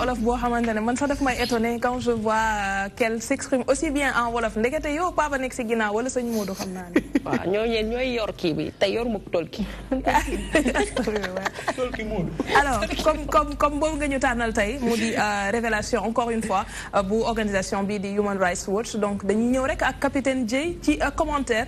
Olaf Bohamantane, man ça m'a étonné quand je vois euh, qu'elle s'exprime aussi bien en Wolof. Ndekete yo papa nek ci ginaaw wala señ modou xam naa ne. Waaw ñoo ñeen ñooy yor kii bi te yor muk tol ki. Tol ki modou. Alors comme comme comme boobu nga ñu tànnal tey mu euh, révélation encore une fois euh, bu organisation bi di Human Rights Watch donc dañuy ñëw rek ak capitaine Jay, ci commentaire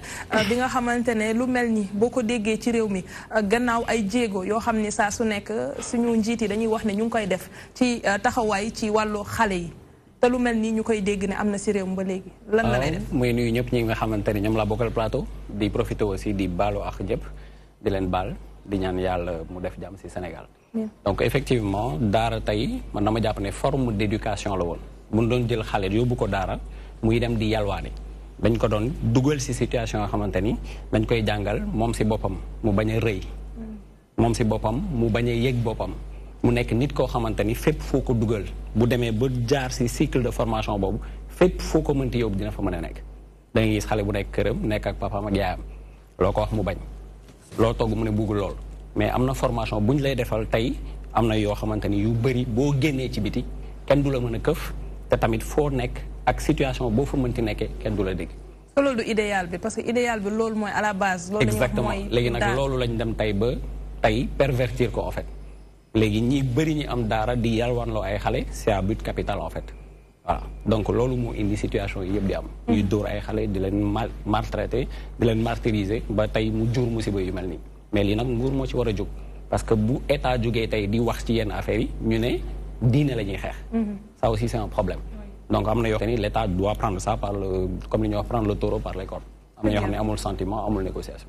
bi nga xamante ne lu mel ni boo ko déggee ci réew mi gannaaw ay jéego yoo xam ni su nekk suñu njiit dañuy wax ne ñu koy def ci. taxawaay ci wàllu xale yi te lu mel nii ñu koy dégg ne am na si réew mba ba léegi. lan la lay ah, def muy nuyu ñëpp ñi nga xamante ne ñoom laa bokkal plateau di profité aussi di baalu ak jëpp di leen baal di ñaan yàlla mu def jàmm si Sénégal. donc effectivement daara tey man dama jàpp ne forme d' la woon. mun doon jël xale yóbbu ko daara muy dem di yalwaane dañ ko doon dugal si situation yoo xamante ni dañ koy jàngal moom si boppam mu bañ a rëy. Mm. moom si boppam mu bañ a yëg boppam. mu nekk nit koo xamante ni fépp foo ko dugal bu demee ba jaar si cycle de formation boobu fépp foo ko mënti yóbbu dina fa mën a nekk da gis xale bu nekk këram nekk ak papaam ak yaayam loo ko wax mu bañ loo togg mu ne buggul lool mais am na formation bu ñu lay defal tey am na yoo xamante ni yu bëri boo génnee ci biti kenn du la mën a këf te tamit foo nekk ak situation boo fa mënti nekkee kenn du la dégg. loolu du idéal parce que idéal bi loolu mooy à la base. loolu exactement nag loolu lañ dem tey ba tey pervertir ko en léegi ñi bëri ñi am daara di yalwaanloo ay xale c'est à but capital en fait voilà donc loolu moo indi situation yi yëpp di am ñuy hmm. dóor ay xale di leen mal maltraité di leen martyriser ba tey mu jur mu musiba yu mel nii mais lii nag nguur moo ci war a jóg parce que bu état jógee tey di wax ci yenn affaires yi ñu ne diine la ñuy xeex hmm. ça aussi c'est un problème donc am na yoo xam ne l'état doit prendre saa par le comme li ñuy wax prendre le taureau par les cornes am na yoo xam ne amul sentiment amul négociation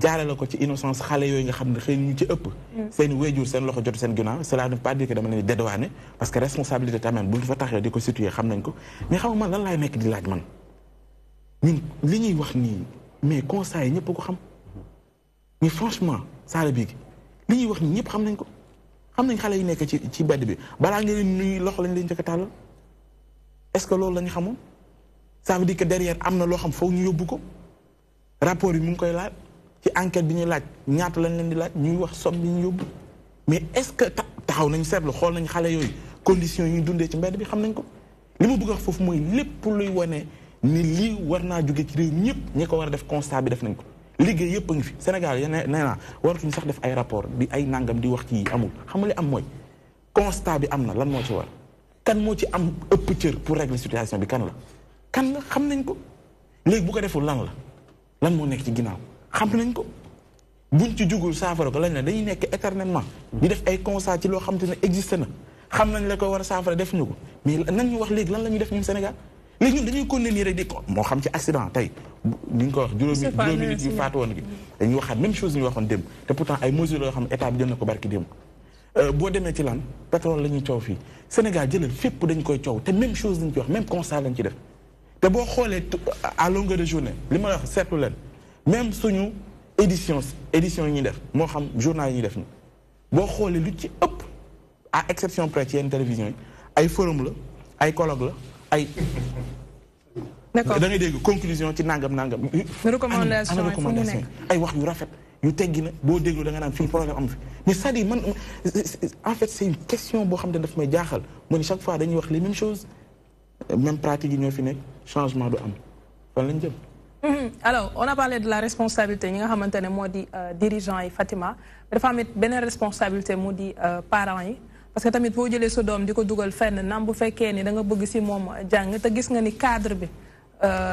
jaare la ko ci innocence xale yooyu nga xam ne xëy ñu ci ëpp mm. seen wéyjur seen loxo jotu seen ginnaaw cela ne veut pas dire que dama leen responsabilité tamit buñ fa taxee di ko situer xam nañ ko mais xam lan laay nekk di laaj man ñun li ñuy wax nii mais conseil ñëpp ko xam mais franchement saala biigi li ñuy wax nii ñëpp xam nañ ko xam nañ xale yi nekk ci ci bedd bi balaa nga leen nuyu loxo lañ leen njëkk a tàllal est-ce que loolu la ñu xamoon ça veut dire que derrière am na loo xam foog ñu yóbbu ko rapport yi ci enquête bi ñuy laaj ñaata lañ leen di laaj ñuy wax somme bi ñu yóbbu mais est-ce que taxaw nañ seetlu xool nañ xale yooyu conditions yi ñuy dundee ci mbedd bi xam nañ ko li ma bugg a wax foofu mooy lépp luy wane ni lii war naa jóge ci réew ñëpp ñi ko war a def constat bi def nañ ko liggéey yëpp a ngi fi Sénégal nee naa waratuñu sax def ay rapport bi ay nangam di wax ci amul xam nga li am mooy constat bi am na lan moo ci war kan moo ci am ëpp pour régler situation bi kan kan la xam nañ ko léegi bu ko deful lan la lan moo nekk ci ginnaaw xam nañ ko bu buñ ci jugul saafara ko lañ dañuy nekk éternellement di def ay constat ci loo xam te ne existé na xam nañ la ko war saafara def ñu ko mais nan ñu wax léegi lan la ñuy def ñun Sénégal léegi ñun dañuy continuer nii rek di ko moo xam ci accident tey ni ñu ko wax juróomi juróomi nit yu faatu woon gi dañuy waxaat même chose ñu waxoon dem te pourtant ay mesures yoo xam ne état bi jël na ko barki démb euh, boo demee ci lan pétrole la ñuy coow fii Sénégal jëlal fépp dañ koy coow te même chose lañ ci wax même constat lañ ci def te boo xoolee à longueur de journée li ma wax seetlu leen même nous édition édition yi def xam journal yi def lu ci ëpp à exception près ci télévision ay forum la ay colloque la ay. d'accord da ngay dégg conclusion ci nangam nangam. recommandation wax yu rafet da nga problème am mais man en fait c'est une question nous xam may jaaxal chaque fois dañuy les mêmes choses même pratique yi fi changement du am Mhm. alors on a parlé de la responsabilité ñi nga xamante ne euh, dirigeant yi Fatima Mais am bien responsabilité mu euh, parents yi parce que tamit boo jëlee sa doom di ko dugal fenn naam bu fekkee ni da nga bëgg si moom euh, jàng te gis nga ni cadre bi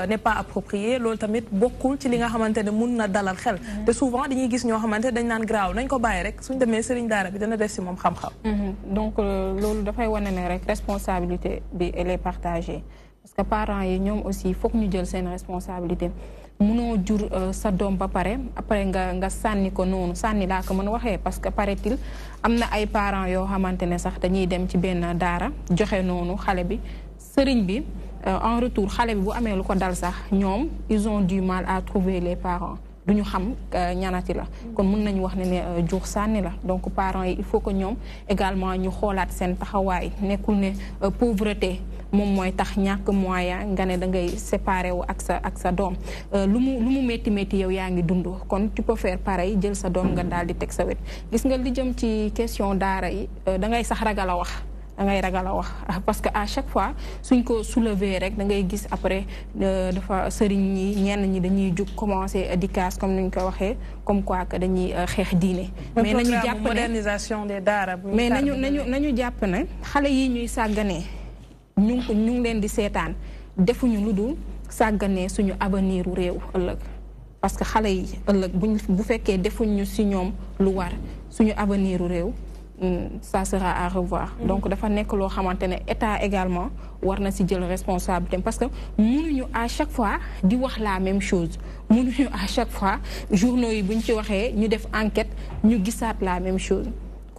n'est pas approprié loolu tamit beaucoup, ci li nga xamante ne na dalal xel mhm. te souvent dañuy gis ñoo xamante dañ naan graaw nañ ko bàyyi rek suñ demee sëriñ daara bi dana def si moom xam-xam mhm. donc loolu de wane ne rek responsabilité bi elle est partagée parce que parents yi ñom aussi foog ñu jël seen responsabilité mëno jur euh, sa dom ba paré après nga nga sanni ko noonu sanni la ko mën waxé parce que paraît-il amna ay parents yo xamantene sax dañuy dem ci ben daara joxé nonu xalé bi sëriñ bi euh, en retour xalé bi bu amé lu ko dal sax ñom ils ont du mal à trouver les parents duñu xam euh, ñaanati la kon mën nañu wax ne ne jur sanni la donc parents yi il faut que ñom également ñu xoolaat seen taxaway nekul ne pauvreté mom moy tax ñak moyen nga ne da ngay séparer wu ak sa ak sa doom euh, lu mu lu mu métti métti yow yaangi dundu kon tu peux faire pareil jël sa dom nga daal di teg sa wet gis nga li jëm ci question daara yi euh, da ngay sax ragala wax da ngay ragala wax parce que à chaque fois suñ ko soulever rek da ngay gis après euh, dafa sëriñ ñi ñenn ñi dañuy juk commencer di comme ni ko waxé comme quoi que dañuy xex diiné mais nañu japp modernisation des daara. mais nañu nañu nañu jàpp ne xale yi ñuy sagané nous ngi ñu ngi leen di defuñu suñu parce que yi buñ bu defuñu si ñoom lu war mm, ça sera à revoir mm. donc dafa également war si jël parce que mënuñu à chaque fois di wax la même chose Nous, à chaque fois journaux yi buñ ci enquête ñu la même chose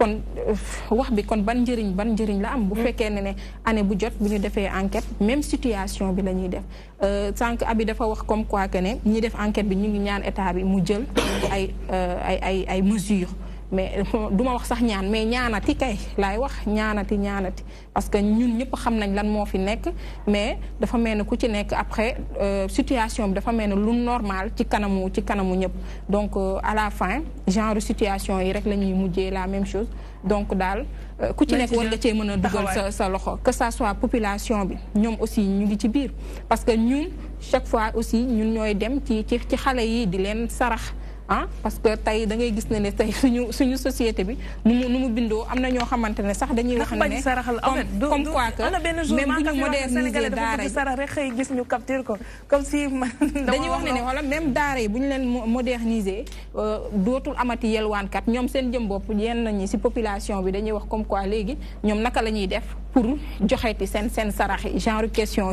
kon euh, wax bi kon ban njëriñ ban njëriñ la am. bu hmm. fekkee ne ne année bu jot bu ñu defee enquête même situation bi la ñuy def euh, sànq abi dafa wax comme quoi que ne ñi def enquête bi ñu ngi ñaan état bi mu jël ay euh, ay ay ay mesures. mais duma wax sax ñaan mais ñaanati kay laay wax ñaanati ñaanati parce que ñun ñëpp xam nañ lan moo fi nekk mais dafa mel ne ku ci nekk après euh, situation bi dafa mel lu normal ci kanamu ci kanamu ñëpp donc euh, à la fin genre situation yi rek la ñuy mujjee la même chose donc daal euh, ku ci nekk war nga cee mën a dugal sa sa loxo que ça soit population bi ñoom aussi ñu ngi ci biir parce que ñun chaque fois aussi ñun ñooy dem ci ci ci xale yi di leen sarax ah parce que tey da ngay gis ne ne tey suñu suñu société bi nu mu nu mu bindoo am na ñoo xamante ne sax dañuy wax ne ne comme quoi que même bu ñu moderniser daara yi sarax rek xëy gis ñu capture ko comme si dañuy wax ne ne wala même daara yi bu ñu leen moderniser euh, dootul amati yelwaankat ñoom seen jëm bopp yenn ñi si population bi dañuy wax comme quoi léegi ñoom naka la ñuy def pour joxeeti sen sen sarax genre question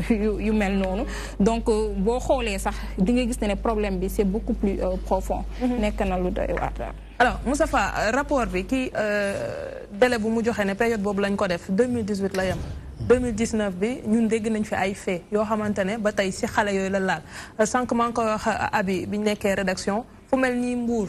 yu mel noonu donc euh, bo xolé sax di nga gis problème bi c'est beaucoup plus euh, profond mhm. nek na lu doy waar alors Moustapha rapport bi kii euh, délai bu mu joxé né période bobu lañ ko def 2018 la yam 2019 bi ñun dégg nañ fi ay fait yo xamante ba tay ci xalé yooyu la laal Sans maa ko wax abi bi ñu rédaction fu mel Mbour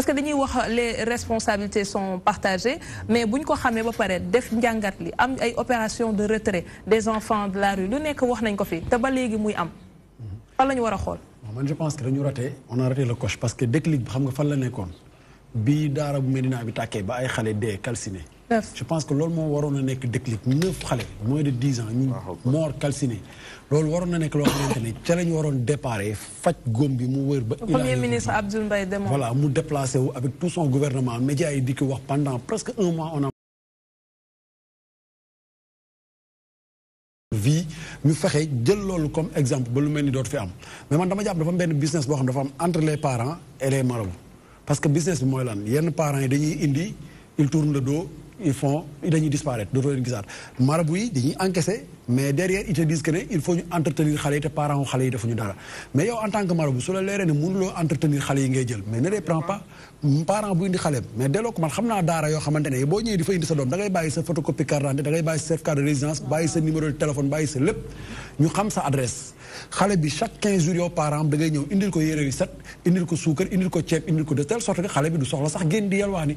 parce que dañuy wax les responsabilités sont partagées mais buñ ko xamee ba paré def njàngat li am ay opération de retrait des enfants de la rue lu nekk wax nañ ko fi te ba légui muy am fan lañu wara xol man je pense que dañu raté on a raté le coche parce que déclic xam nga fan la nekkoon bi daara bu Médina bi také ba ay xalé dé calciné. je pense que lool mo warona a déclic neuf xalé moins de 10 ans ñu mort calciné loolu waroon na nekk loo xamante ni ca la ñu waroon déparé faj góom bi mu wër ba. premier ministre Abdoul Mbaye demoon voilà mu déplacé wu avec tout son gouvernement médias yi di ko wax pendant presque un mois on a. vie ñu fexe jël loolu comme exemple ba lu mel ni dootu fi am mais man dama jàpp dafa am benn business boo xam dafa am entre les parents et les marabouts parce que business bi mooy lan yenn parents yi dañuy indi il tourne le dos. ils font dañuy disparaître dootoo leen gisaat marabu yi dañuy encaisser mais derrière ils te disent ne il faut ñu entretenir xale yi te parents xale yi defuñu dara mais yow en tant que marabu su la leeree ne mënuloo entretenir xale yi ngay jël mais ne les pas parent bu indi xaleem mais delloo ko man xam naa daara yoo xamante ne boo ñëwee di fa indi sa doom da ngay bàyyi sa photocopie carte d'identité da ngay bàyyi sa certificat de résidence bàyyi sa numéro de téléphone bàyyi sa lépp ko yére yu set indil ko suukar ko ceeb indil ko de telle sorte que xale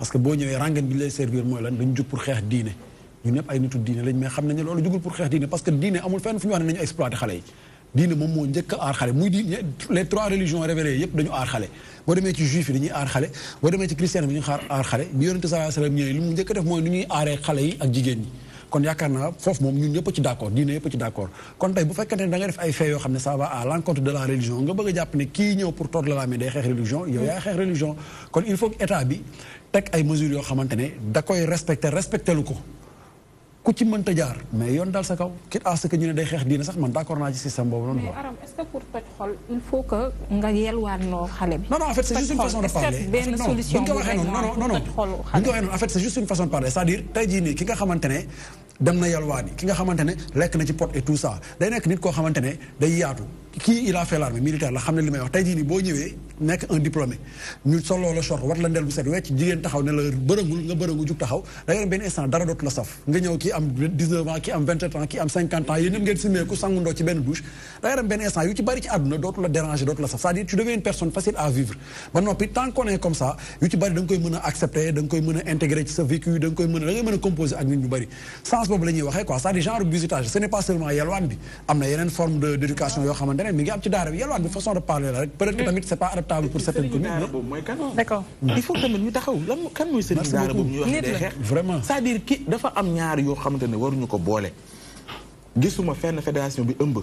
parce que boo ñëwee rengaine bi ñu lay servir mooy lan dañ jug pour xeex diine ñu ñëpp ay nitu diine lañ mais xam ne loolu jugul pour xeex diine parce que diine amul fenn fu ñu wax ne nañu exploité xale yi diine moom moo njëkk aar xale boo demee ci juif yi dañuy aar xale boo demee ci christian bi ñu aar xale bi yonente salaa salaam ñëwee li njëkk def mooy nu ñuy aaree xale yi ak jigéen ñi kon yaakaar naa foofu moom ñun ñëpp ci d'accord diine yëpp teg ay mesures yoo xamante ne da koy respecté respecté lu ko ku ci mënta jaar mais yoon daal sa kaw quitte à ce que ñu ne day xeex diina sax man d' accord naa ci système boobu noonu. mais Aram est ce que pour toj xol il faut que nga yelwaanoo xale bi. non non en fait c' est juste une façon de parler benn solution bu rek non non non non bu ñu ko waxee noonu en fait c' est juste une façon de parler c' est à dire tey jii nii ki nga xamante ne dem na yelwaani ki nga xamante ne lekk na ci pot et tout ça day nekk nit koo xamante ne day yaatu. kii il a fait l'armée militaire la xam limay wax tay jii nii boo ñëwee nekk un diplômé ñu solo la short war la ndel bu set wecc jigéen taxaw ne la bërëngul nga bërëngu juk taxaw da ngay ben instant dara dot la saf nga ñëw ki am 19 ans ki am 27 ans ki am 50 ans yéen ñëpp ngeen simeeku sangundoo ci ben douche da ngay ben instant yu ci bari ci aduna dootu la déranger dootu la saf c'est-à-dire tu deviens une personne facile à vivre ba noppi tant qu'on est comme ça yu ci bari da nga koy mën accepter da nga koy mën intégrer ci sa vécu da nga koy mën da ngay mën composer ak nit ñu bari sens boobu lañuy waxé waxee quoi c'est-à-dire genre busitage ce n'est pas seulement yelwaan bi amna na yeneen forme d'éducation yo xamante leneen mi ngi am ci daara bi yalwaan bi façon de parler la rek peut-être que tamit c'est pas adaptable pour certaines communes mooy kan daara boobu ñuy wax dee xeex vraiment cest à ki dafa am ñaar yoo xamante ne waruñu ko boole gisuma fenn fédération bi ëmb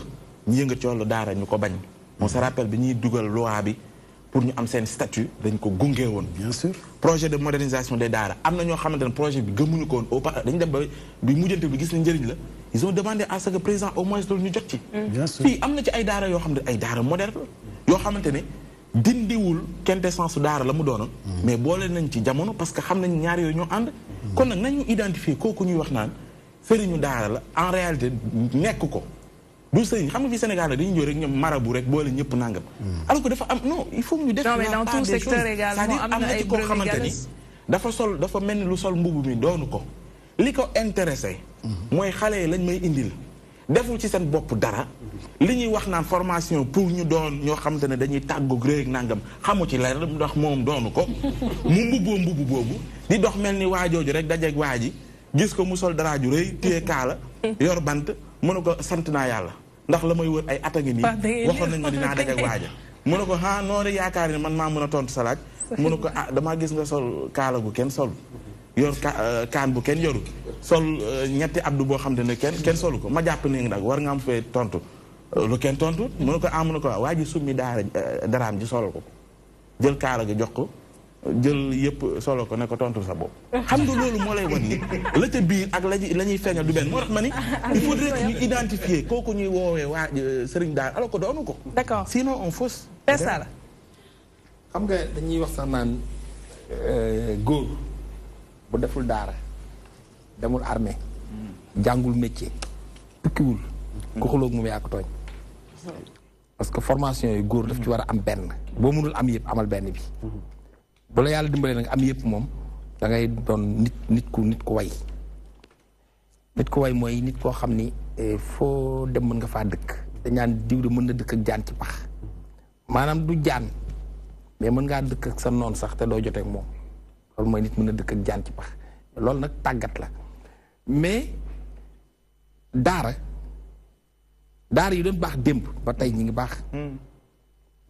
ñi yëngat ci wàllu daara ñu ko bañ moo se rappelle bi ñuy dugal loi bi pour ñu am seen statut dañ ko gunge woon. projet de modernisation des daara am na ñoo xamante projet bi gëmuñu ko woon au part dañu dem ba bi mujjante bi gis na njëriñ la ils ont demandé à ce que président au moins loolu ñu jot ci. Mm. fii am na ci ay daara yoo xam ne ay daara moderne yoo xamante ne dindiwul quintessence su daara la mu doonoon. Mm. mais boole nañ ci jamono parce que xam nañ ñaar yooyu ñoo ànd. Mm. kon nag nañu identifier kooku ñuy wax naan sëriñu du sëriñ xam nga fi Sénégal dañuy ñëw rek ñoom mara bu rek boole ñëpp nangam. Hmm. alors ko dafa am non il faut ñu def. non mais dans tout secteur également am na ni dafa sol dafa mel ni lu sol mbubu mi doonu ko li ko intéressé. Hmm. mooy xale yi lañ may indil. deful ci seen bopp dara. li ñuy wax naan formation pour ñu doon ñoo xamante ne dañuy tàggu rek nangam xamu ci la ndox moom doonu ko. mu mbubboo mbubu boobu di dox mel ni waajooju rek dajeeg waa ji gis ko mu sol dara ju rëy téye kaala yor bant. mu ne ko sant naa yàlla ndax la may wër ay at ngi nii waxoon nañ ma dinaa daje ak waaja mu ne ko ah noonu yaakaar ne man maa mën a tontu sa laaj mu ko ah damaa gis nga sol kaala gu kenn sol yor eh, kaan bu kenn yoru sol eh, ñetti abdu boo xam te ne kenn kenn solu ko ma jàpp ni nag war nga am fee tontu lu kenn tontu mu ne ko ah mu ne ko waa ji summi daara eh, daraam ji solal ko jël kaala gi jox ko jël yëpp solo ko ne ko tontu sa bopp. xam nga loolu moo lay wan ak la la ñuy du benn moo tax ma kooku ñuy woowee waa euh, sëriñ daal alors que doonu ko. d'accord on fausse. c'est ça nga dañuy wax sax euh, góor bu deful daara demul armée jàngul métier tukkiwul. ku xuloog moom yaa ko tooñ. parce que formation yi góor daf ci war a am benn boo mënul am yëpp amal benn bi. bu la yàlla dimbalee nag am yëpp moom da ngay doon nit nit ku nit ku way nit ku way mooy nit koo xam ni eh, foo dem mën nga faa dëkk dañaan diw de mën na dëkk ak jaan ci pax maanaam du jaan mais mën ngaa dëkk ak sa noon sax te doo joteek moom loolu mooy nit mën na dëkk ak jaan pax loolu nag tàggat la mais daara daara yi doon baax démb ba tey ñi ngi baax hmm.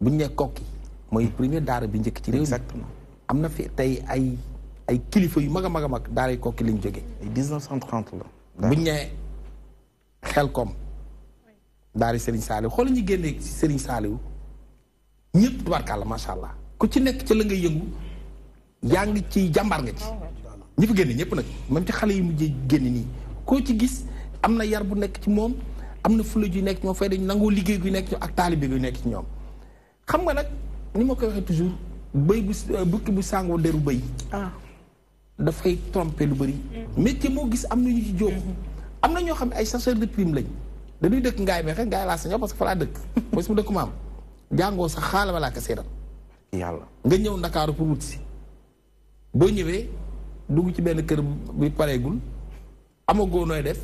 buñ ne kokki mooy premier daara bi njëkk ci réew mi am na fi tey ay ay kilifa yu mag a mag a mag daaray kokki lañ jóge ay 1930 la. buñ ne xel koom daari Serigne Saliou xoolal ñu génnee ci Serigne Saliou ñëpp tubaarkàlla macha allah ku ci nekk ci la ngay yëngu yaa ngi ci jàmbaar nga ci. ñu fi génne ñëpp nag même ci xale yi mujjee génne nii koo ci gis am na yar bu nekk ci moom am na fula ju nekk ñoom fay dañ nangoo liggéey gu nekk ci ak taalibe gu nekk ci ñoom xam nga nag ni ma koy waxee toujours. bëy bu euh, bukki bu sàngoo deru bëy ah. dafay tromper lu bari métier moo gis am na ñu ci jóom mm-hmm. am na ñoo xam ne ay chasseur de prime lañ dañuy dëkk ngaay meexe ngaay laa sañoo parce que fa dëkk mooy su ma dëkk maam jàngoo sax xaala balaa ka seeram yàlla nga ñëw ndakaaru pour wut si boo ñëwee dugg ci benn kër bi pareegul amagoo nooy def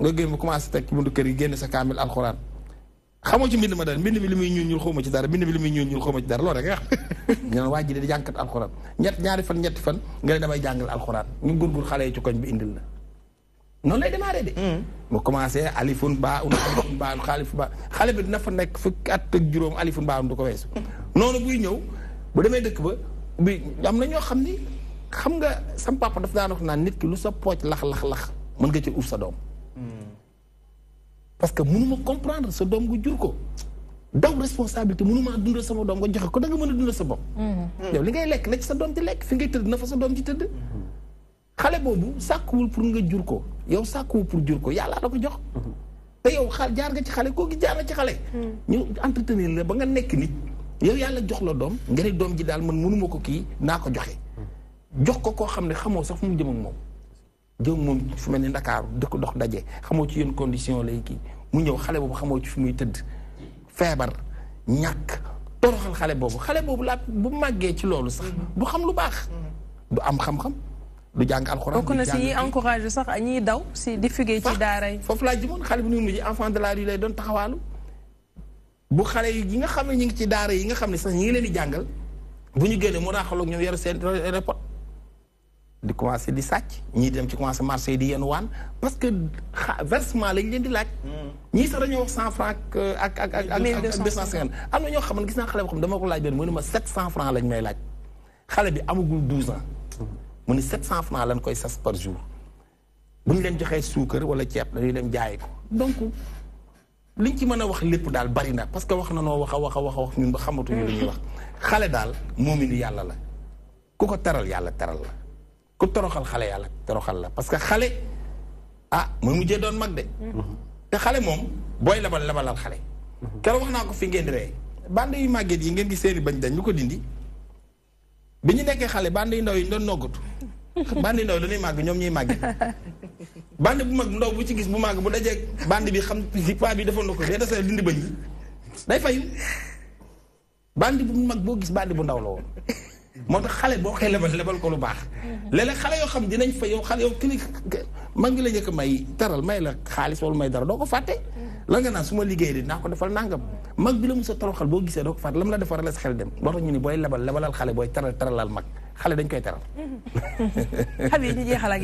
nga génn commencé teg ci buntu kër yi génn sa kaamil alxuraan xamoo ci mbind ma dara mbind mi li muy ñuul ñuul xawma ci dara mbind mi li muy ñuul ñuul xawma ci dara loolu rek nga xam ñu ne ñaari fan ñetti fan nga ne damay jàngal alxuraan ñu gurgur xale yi ci koñ bi indil la noonu lay démarré de hmm. commencé alifun baa baa un xaalifu baa xale bi dina fa nekk fukki at ak juróom alifun baa un ko weesu hmm. noonu buy ñëw bu demee dëkk ba bi am na ñoo xam ni xam nga sam papa daf daan wax naan nit ki lu sa pooc lax lax lax mën nga ci uuf sa doom parce que mënuma comprendre sa doom nga jur ko daw responsabilité mënuma dundal sama doom nga joxe ko da nga mën a dundal sa bopp. Mm-hmm. yow li ngay lekk na ci sa doom ci lekk fi ngay tëdd na fa sa doom ci tëdd. xale boobu sàkkuwul pour nga jur ko yow sàkkuwul pour jur ko yàlla la ko jox. Mm-hmm. te yow xaal jaar nga ci xale koo gi jaar na ci xale. Mm. ñu entretenir la ba nga nekk nit. yow yàlla jox la doom nga ne doom ji daal man mënuma ko kii naa ko joxe. Mm. jox ko koo xam ne xamoo sax fu mu jëm ak jëm moom fu mel ni Ndakaaru dëkk dox daje xamoo ci yenn condition lay kii mu ñëw xale boobu xamoo ci fi muy tëdd feebar ñàkk toroxal xale boobu xale boobu laa bu màggee ci loolu sax du xam lu baax du am xam-xam du jàng alxuraan bokk na si ñi encouragé sax ñiy daw si di fugee ci daara yi foofu laa jëmoon xale bu ñuy mujj enfant de la rue lay doon taxawaalu bu xale yi nga xam ne ñu ngi ci daara yi nga xam ne sax ñi ngi leen di jàngal bu ñu génnee mu raaxaloog ñoom yor seen repot di commencé di sàcc ñii dem ci commencé marché yi di yenn waan parce que versement lañ leen di laaj. Hmm. ñii sax dañoo wax cent franc ak ak ak. mille deux cent cinquante am na ñoo xam ne gis naa xale boo xam dama ko laaj benn mu ne ma sept cent franc lañ may laaj xale bi amagul douze ans. Hmm. mu ne sept cent franc lañ koy sas par jour bu ñu leen joxee suukar wala ceeb dañuy dem jaayi ko donc liñ ci mën a wax lépp daal bari na parce que wax na noo wax a wax a wax a wax ñun ba xamatuñu lu ñuy hmm. wax xale daal moomi ni yàlla la ku ko teral yàlla teral la. ku toroxal xale yàlla toroxal la parce que xale ah mu mujjee doon mag de te xale moom booy labal labalal xale keroog wax naa ko fi ngeen ree bande yu màgget yi ngeen gi seeni bañ dañ lu ko dindi bi ñu nekkee xale bande yu ndaw yi ñu doon noggatu bande yu ndaw dañuy màgg ñoom ñuy màgget band bu mag ndaw bu ci gis bu màgg bu dajee bande bi xam si bi defoon na ko dee dasal dindi bañ yi day fayu bande bu mag boo gis bande bu ndaw la woon moo tax xale boo koy lebal lebal ko lu baax léeg-léeg xale yoo xam dinañ fa yow xale yow kili ma ngi la njëkk may taral may la xaalis wala may dara doo ko fàtte la nga naan su ma liggéey di naa ko defal nangam mag bi la musa toroxal boo gisee doo ko fàtte la mu la defar la sa xel dem moo tax ñu ne booy lebal lebalal xale booy taral taralal mag xale dañ koy taral xam yi ñu jeexal ak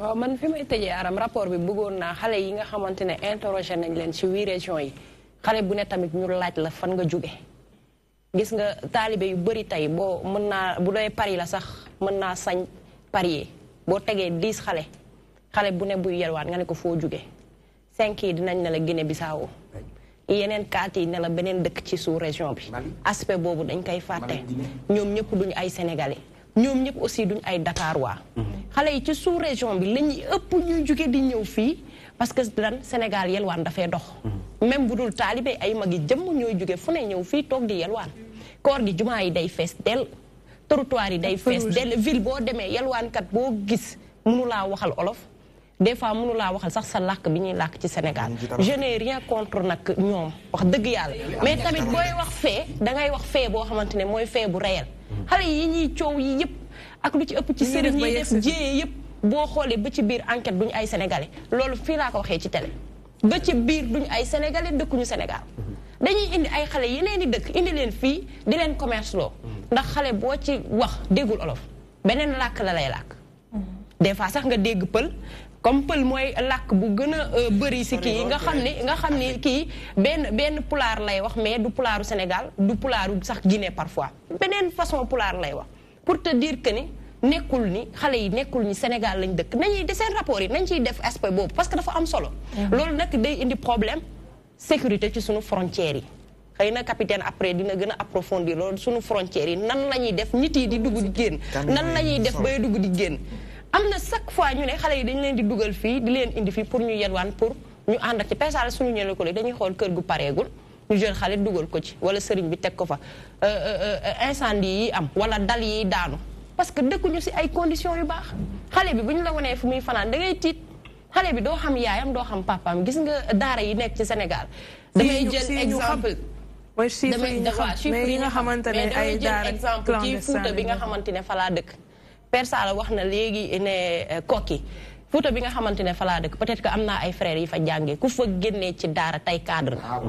waaw man fi may tëjee aram rapport bi bëggoon naa xale yi nga xamante ne interrogé nañ leen si huit régions yi xale bu ne tamit ñu laaj la fan nga jóge gis nga taalibe yu bëri tey boo mën naa bu doy pari la sax mën naa sañ parier boo tegee dix xale xale bu ne buy yelwaat nga ne ko foo jóge cinq yi dinañ ne la Guinée Bissau yeneen kaat yi ne la beneen dëkk ci sous région bi aspect boobu dañ koy fàtte ñoom ñëpp duñu ay sénégalais ñoom ñëpp aussi duñ ay Dakar waa mhm. xale yi ci sous région bi la ëpp ñuy jóge di ñëw fii parce que lan Sénégal yelwaan dafay dox. même bu dul taalibe ay mag yi jëmm ñooy jóge fu ne ñëw fii toog di yelwaan koor gi jumaa yi day fees dell trottoir yi day fees dell ville boo demee yelwaankat boo gis laa waxal olof des fois mënulaa waxal sax sa làkk bi ñuy làkk ci Sénégal je rien contre nag ñoom wax dëgg yàlla mais tamit booy wax fee dangay wax fee boo xamante ne mooy fee bu réel xale yi ñuy coow yi yëpp ak lu ci ëpp ci sëriñ yi yëpp boo xoolee ba ci biir enquête duñu ay sénégalais loolu fii laa ko waxee ci télé ba ci biir ñu ay sénégalais dëkkuñu Sénégal dañuy indi ay xale yeneen di dëkk indi leen fii di leen commerce loo ndax xale boo ci wax déggul olof beneen làkk la lay làkk des fois sax nga dégg pël comme pël mooy làkk bu gën a euh, bëri si kii nga xam ni nga xam ne kii benn benn pulaar lay wax mais du pulaaru Sénégal du pulaaru sax Guinée parfois beneen façon pulaar lay wax pour te dire que nekkul ni xale yi nekkul ni Sénégal lañ dëkk nañuy de seen rapport yi nañ ciy def aspect boobu parce que dafa am solo. Mhm. loolu nag day indi problème sécurité ci suñu frontières yi. xëy na capitaine après dina gën a approfondir loolu suñu frontières yi nan la ñuy def nit yi di dugg di génn. nan la ñuy def bay dugg di génn. am na chaque fois ñu ne xale yi dañ leen di dugal fii di leen indi fii pour ñu yelwaan pour ñu ànd ak ci pesaale suñu ñële ko dañuy xool kër gu pareegul. ñu jël dugal ko ci wala sëriñ bi teg ko fa euh, euh, euh, incendie yi am wala dal yi daanu parce que dëkkuñu si ay conditions yu baax xale bi bu ñu la wanee fu muy fanaan da ngay tiit xale bi doo xam yaayam doo xam papaam gis nga daara yi nekk ci Sénégal. damay jël exemple mooy chiffre yi nga xamante ne ay daara exemple ci Fuuta euh, bi nga xamante ne fa dëkk. Père Sala wax na léegi ne kokki Fuuta bi nga xamante ne fa dëkk peut-être que am na ay frères yi fa jàngee ku fa génnee ci daara tey cadre nga. Ah,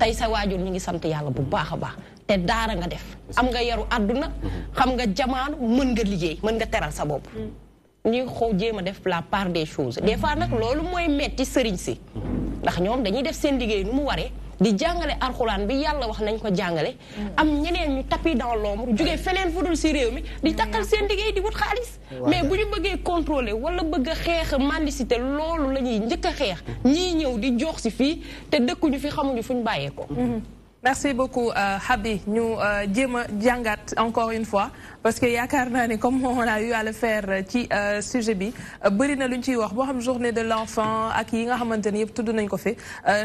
tey sa waajur ñu ngi sant yàlla bu baax a baax. te daara nga def am nga yaru aduna xam nga jamaan mën nga liggéey mën nga teral sa bop ñi xow jema def la part des choses des fois nak lolu moy metti sëriñ si ndax ñom dañuy def seen liggéey nu mu waree di jàngale alcorane bi yalla wax nañ ko am ñeneen ñu tapi dans l'ombre jugé fenen fudul réew mi di takal seen liggéey di wut xaliss mais buñu bëggé contrôler wala bëgg a mandicité lolu lañuy ñëk ñuy ñi di jox ci fi te dëkkuñu fi xamuñu fuñ bayé ko mhm. merci beaucoup euh, Habi ñu euh, jéem a encore une fois parce que yaakaar naa comme on a eu à le faire euh, ci sujet bi bëri na lu ñu wax xam journée de l'enfant ak yi nga xamante ni tout tudd nañ ko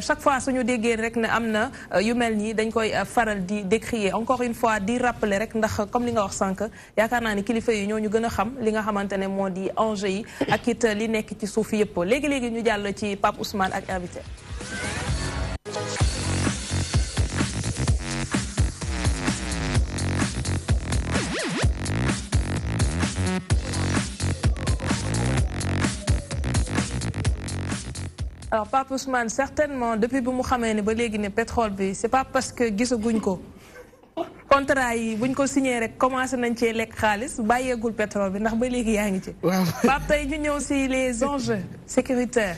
chaque fois suñu déggee rek n'a am na yu mel nii dañ koy faral di décrier encore une fois di rappeler rek ndax comme li nga wax sànq yaakaar naa ne kilifa yi ñoo ñu gën a xam li nga xamante ne moo di enjeu yi ak it li nekk ci suuf yëpp léegi ñu jàll ci Pape Ousmane ak invité. alors Pape Ousmane certainement depuis que mu xamee ne ba pétrole ce c'est pas parce que gisaguñ ko contrat yi buñ ko signé rek commencé nañ cee lekk xaalis bàyyeegul pétrole bi ndax ba léegi yaa ngi ci. waaw Pape ñu les enjeux sécuritaires.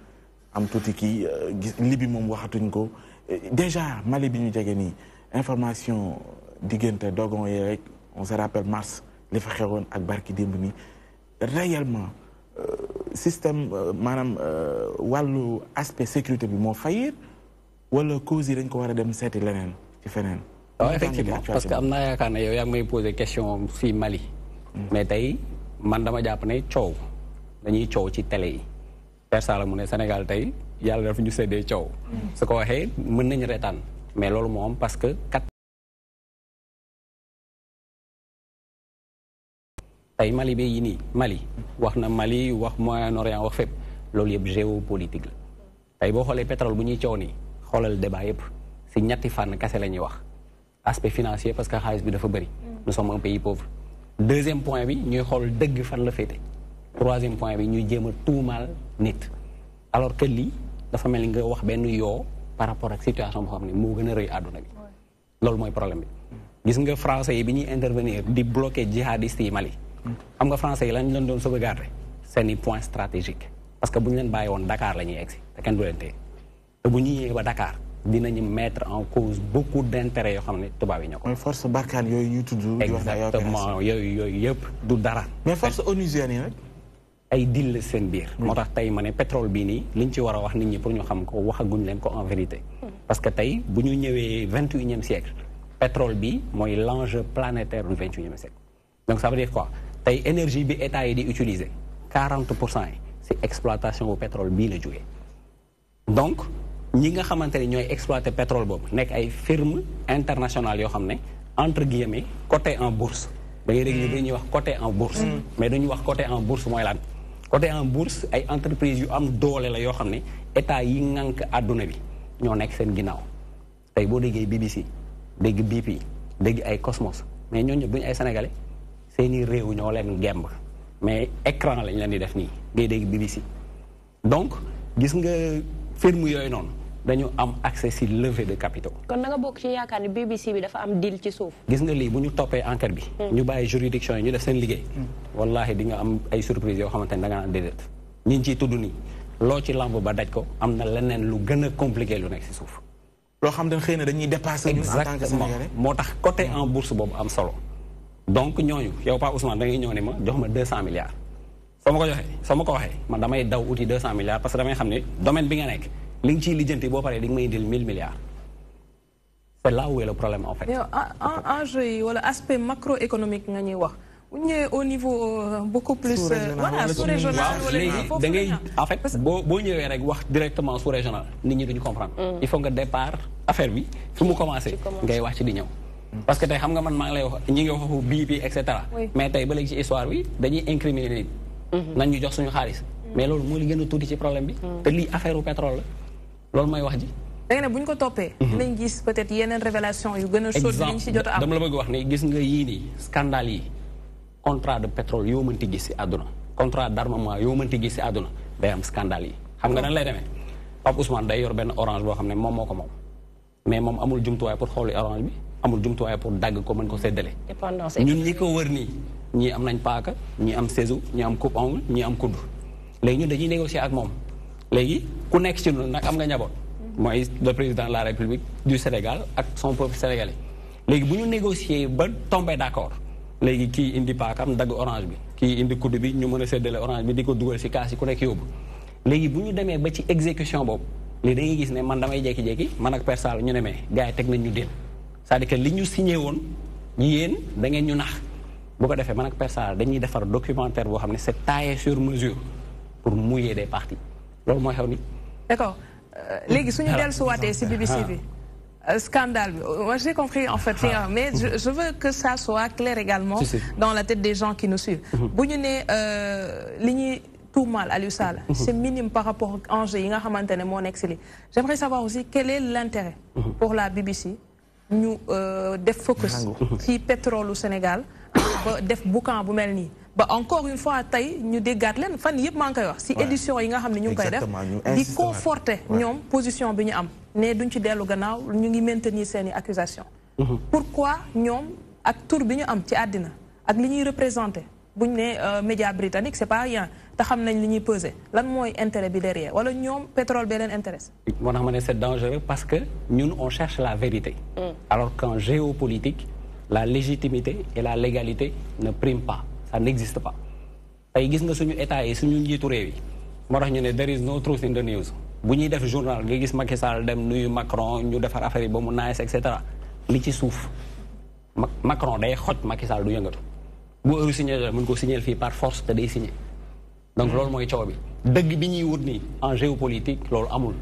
am tuuti ki euh, libi mom waxatuñ ko déjà Mali bi ñu jege information diggante dogon yé rek on se rappelle mars li fa xéwon ak barki démb ni réellement euh, système euh, manam walu aspect sécurité bi mo faillir wala cause yi dañ ko wara dem séti leneen ci feneen. waaw effectivement parce que amna naa yow yaa ngi may posé question fi Mali. Mm. mais tay man dama japp ne ciow dañuy ciow ci télé yi. Père Sall mu ne Sénégal tey yàlla dafa ñu séddee coow. su ko waxee mën nañu reetaan mais loolu moo am parce que kat. Mali bi yi nii Mali wax na Mali wax Moyen-Orient wax fépp loolu yëpp géopolitique la tey boo xoolee pétrole bu ñuy coow nii xoolal débat yëpp si ñetti fànn kese la ñuy wax aspect financier parce que xaalis bi dafa bëri. nous sommes un pays pauvre. deuxième point bi ñuy xool dëgg fan la féete. troisième point bi ñuy jéem a tuumaal nit alors que lii dafa mel ni nga wax benn yoo par rapport ak situation boo xam ne moo gën a rëy àdduna bi loolu mooy problème bi gis nga français yi bi ñuy intervenir di bloquer jihadistes yi Mali xam nga français yi lañ leen doon sauvegarder seen i point stratégique parce que bu ñu leen bàyyi woon Dakar la ñuy egsi te kenn du leen téye te bu ñu ba Dakar dinañu mettre en cause beaucoup d' intérêt yoo xam ne tubaab yi ñoo ko. mooy force Barkhane yooyu ñu tudd. di wax exactement yooyu yooyu yëpp du dara. mais force onusienne yi nag. ay dil la seen biir. moo tax tey ma ne pétrole bii nii liñ ci war a wax nit ñi pour ñu xam ko waxaguñ leen ko en vérité. Hmm. parce que tey bu ñu ñëwee vingt et unième siècle pétrole bi mooy l' enjeu planétaire du vingt et unième siècle donc ça veut dire quoi tey énergie bi état yi di utiliser quarante pour cent yi si exploitation bu pétrole bii la jógee donc ñi nga xamante ne ñooy exploiter pétrole boobu nekk ay firme internationale yoo xam ne entre guillemets côté en bourse da ngay dégg ñu hmm. ñuy wax côté en bourse hmm. mais dañu wax côté en bourse mooy lan. côté en bourse ay entreprise yu am doole la yoo xam ne état yi ŋànk àdduna bi ñoo nekk seen ginnaaw tey boo déggee BBC dégg BP dégg ay Cosmos mais ñooñu bu ay sénégalais seeni réew ñoo leen gemb mais écran lañ leen di def nii ngay dégg BBC donc gis nga firme yooyu noonu dañu am accès si levée de capitaux. kon na nga bokk ci yaakaar ne BBC bi dafa am deal ci suuf. gis nga lii bu ñu toppee enquête bi. Hmm. ñu bàyyi juridiction yi ñu def seen liggéey. Hmm. wallahi di am ay surprise yoo xamante ne da ngaa déedéet. ñi ñu tudd nii loo ci lamb ba daj ko am na leneen lu gën a compliqué lu nekk si suuf. loo xam ne xëy na dañuy dépassé. ñu moo tax côté hmm. en bourse boobu am solo. donc ñooñu yow Paa Ousmane da ñëw ne ma jox ma 200 milliards. soo ma ko joxee soo domaine bi nga nekk li nga ciy lijjanti boo paree di nga may indil 1000 milliards. c'est là où est le problème en fait. mais enjeu yi wala aspect macroéconomique nga ñuy wax. au niveau euh, beaucoup plus. Euh, voilà sous régional wala léegi da ngay en fait boo boo ñëwee rek wax directement sous régional nit ñi duñu comprendre. Mm. il faut nga départ affaire bi fi mu commencé. ngay wax ci di ñëw. Mm. parce que tey xam nga man maa ngi lay wax ñi ngi waxu bii bi et cetera. mais tey ba léegi ci histoire bi dañuy incriminer nit. Mm-hmm. nañ jox suñu xaalis. Mm. mais loolu moo li gën tuuti ci problème bi. te lii affaire la. loolu mooy wax ji. da ne bu ñu ko toppee. Mhm. dinañ gis peut-être yeneen révélation yu gën a. sóot dinañ si jot a am dama la bëgg wax ni gis nga yii nii scandale yi contrat de pétrole yoo mënti gis si àdduna contrat d'armement yoo mënti gis si àdduna day am scandale yi. xam nga nan lay demee Pape Ousmane day yor benn orange boo xam ne moom moo ko moom mais moom amul jumtuwaay pour xooli orange bi amul jumtuwaay pour dagg ko mën ko séddale. dépendance ñun ñi ko wër nii ñii am nañ paaka ñii am ciseau ñii am coupe-ongle ñii am kudd léegi ñun dañuy négocier ak moom léegi. ku nekk ci ñun nag am nga njaboot. mooy le président de la république du Sénégal ak son peuple sénégalais. léegi bu ñu négocier ba tombé d' accord léegi kii indi paakam dagg orange bi kii indi kuddu bi ñu mën a séddale orange bi di ko dugal si kaas yi ku nekk yóbbu. léegi bu ñu demee ba ci exécution boobu léegi da ngay gis ne man damay jékki-jékki man ak persal ñu demee gars yi teg nañ ñu dél c'est-à-dire que li ñu signé woon yéen da ngeen ñu nax bu ko defee man ak persal dañuy defar documentaire boo xam ne c'est taillé sur mesure pour mouiller des parties loolu mooy xew ni D'accord. ce euh, suñu ah. dellusiwaatee le BBC ah. euh, scandale moi j'ai compris en fait rien ah. mais je veux que ça soit clair également dans la tête des gens qui nous suivent mm-hmm. bu ligne tout mal, mal à Aliou mm-hmm. c'est minime par rapport à enjeu yi nga a un certain j'aimerais savoir aussi quel est l'intérêt mm-hmm. pour la BBC de euh, def focus qui pétrole au Sénégal de boucan à mel ba encore une fois tay ñu déggaat leen fan yëpp maa ngi koy wax si édition yi nga xam ne ñu ngi koy def di conforter ñoom position bi ñu am ne duñ ci dellu gannaaw ñu ngi maintenir seen i accusation mhm. pourquoi ñoom ak tour bi ñu am ci àddina ak li ñuy représenter buñ ne euh, média britannique c'est pas rien te xam nañ li ñuy peser lan mooy intérêt bi derrière wala ñoom pétrole bee leen intéresse moo tax ma ne c'est dangereux parce que ñun on cherche la vérité mm. alors qu'en géopolitique la légitimité et la légalité ne priment pas ça n'existe pas tey gis nga suñu état yi suñu njitu réew yi moo tax ñu ne there is no truth in the news bu ñuy def journal nga gis Macky Sall dem nuyu Macron ñu defar affaire yi ba mu naes et cetera li ci suuf Macron day xoj Macky Sall du yëngatu bu heure signé mën ko signé fi par force te day signé donc loolu mooy coow bi dëgg bi ñuy wut ni en géopolitique loolu amul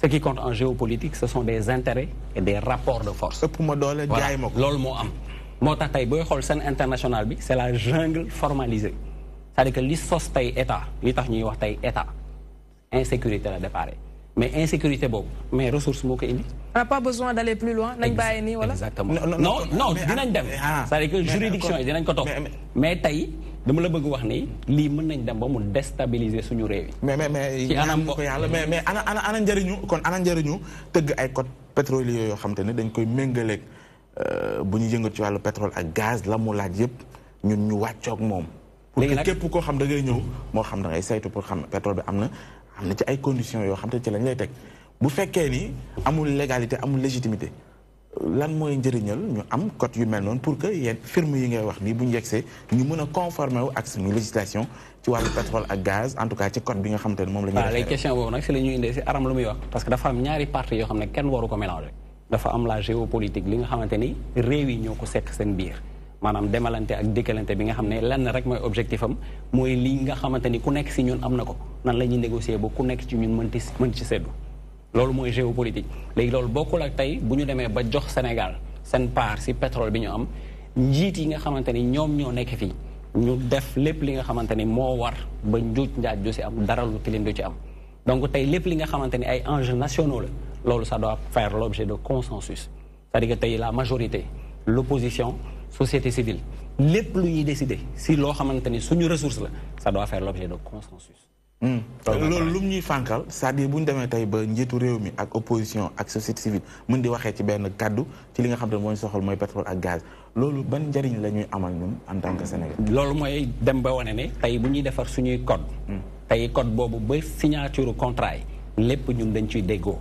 ce qui compte en géopolitique ce sont des intérêts et des rapports de force ëpp ma doole jaay ma ko loolu moo am moo tax tey booy xool scène internationale bi c'est la jungle formalisée c'est-à-dire que li sos tay état li tax ñuy wax tay état insécurité la déparé mais insécurité bob mais ressources moko indi. on n'a pas besoin d'aller plus loin nañ baye ni wala. exactement non non dinañ ah, dem ah. c'est-à-dire que juridiction yi dinañ ko top mais tay dama la bëgg wax ni lii mën nañ dem ba mu déstabiliser suñu réew yi. mais mais mais ci anam ko yàlla mais mais ana ana njëriñu kon ana njëriñu tëgg ay code pétrolier yoo xam te ne dañ koy méngaleeg. Euh, bu ñu yëngat ci wàllu pétrole ak gaz la mu laaj yëpp ñu ñu wàccoog moom pour que képp koo xam da ngay ñëw moo xam da ngay saytu pour xam pétrole bi am na am na ci ay conditions yoo xam te ci lañ lay teg bu fekkee ni amul légalité amul légitimité lan mooy njëriñal ñu am code yu mel noonu pour que yenn a conformer wu ak suñu gaz en tout cas ci code bi nga xam te ne moom la ñu. parce que dafa am ñaari parti yoo xam ne kenn waru ko mélanger. dafa am la géopolitique li nga xamante ni réew yi ñoo ko seq seen biir maanaam demalante ak dëkkalante bi nga xam ne lenn rek mooy objectif am mooy li nga xamante ni ku nekk si ñun am na ko nan la ñuy négocier ba ku nekk ci ñun mën ci mën ci seddu loolu mooy géopolitique léegi loolu bokkul ak tey bu ñu demee ba jox Sénégal seen part si pétrole bi ñu am njiit yi nga xamante ni ñoom ñoo nekk fii ñu def lépp li nga xamante ni moo war ba njuuj njaaj du si am dara lu tilim du ci am donc tay lepp li nga xamanteni ay enjeux nationaux la ça doit faire l'objet de consensus c'est-à-dire que tay la majorité l'opposition société civile lepp lu ñuy décider si lo xamanteni suñu ressource la ça doit faire l'objet de consensus hmm. Lolu lu ñuy fankal, c'est-à-dire bu ñu tay ba njiitu réew mi ak opposition ak société civile mën di waxé ci ben cadeau ci li nga xam moy soxal pétrole ak gaz Lolu ban njëriñ la ñuy amal ñun en tant que Sénégal Lolu moy dem ba wane ne tay bu ñuy defar suñuy code hmm. tey code boobu ba signature contrat yi lépp ñun dañ ciy déggoo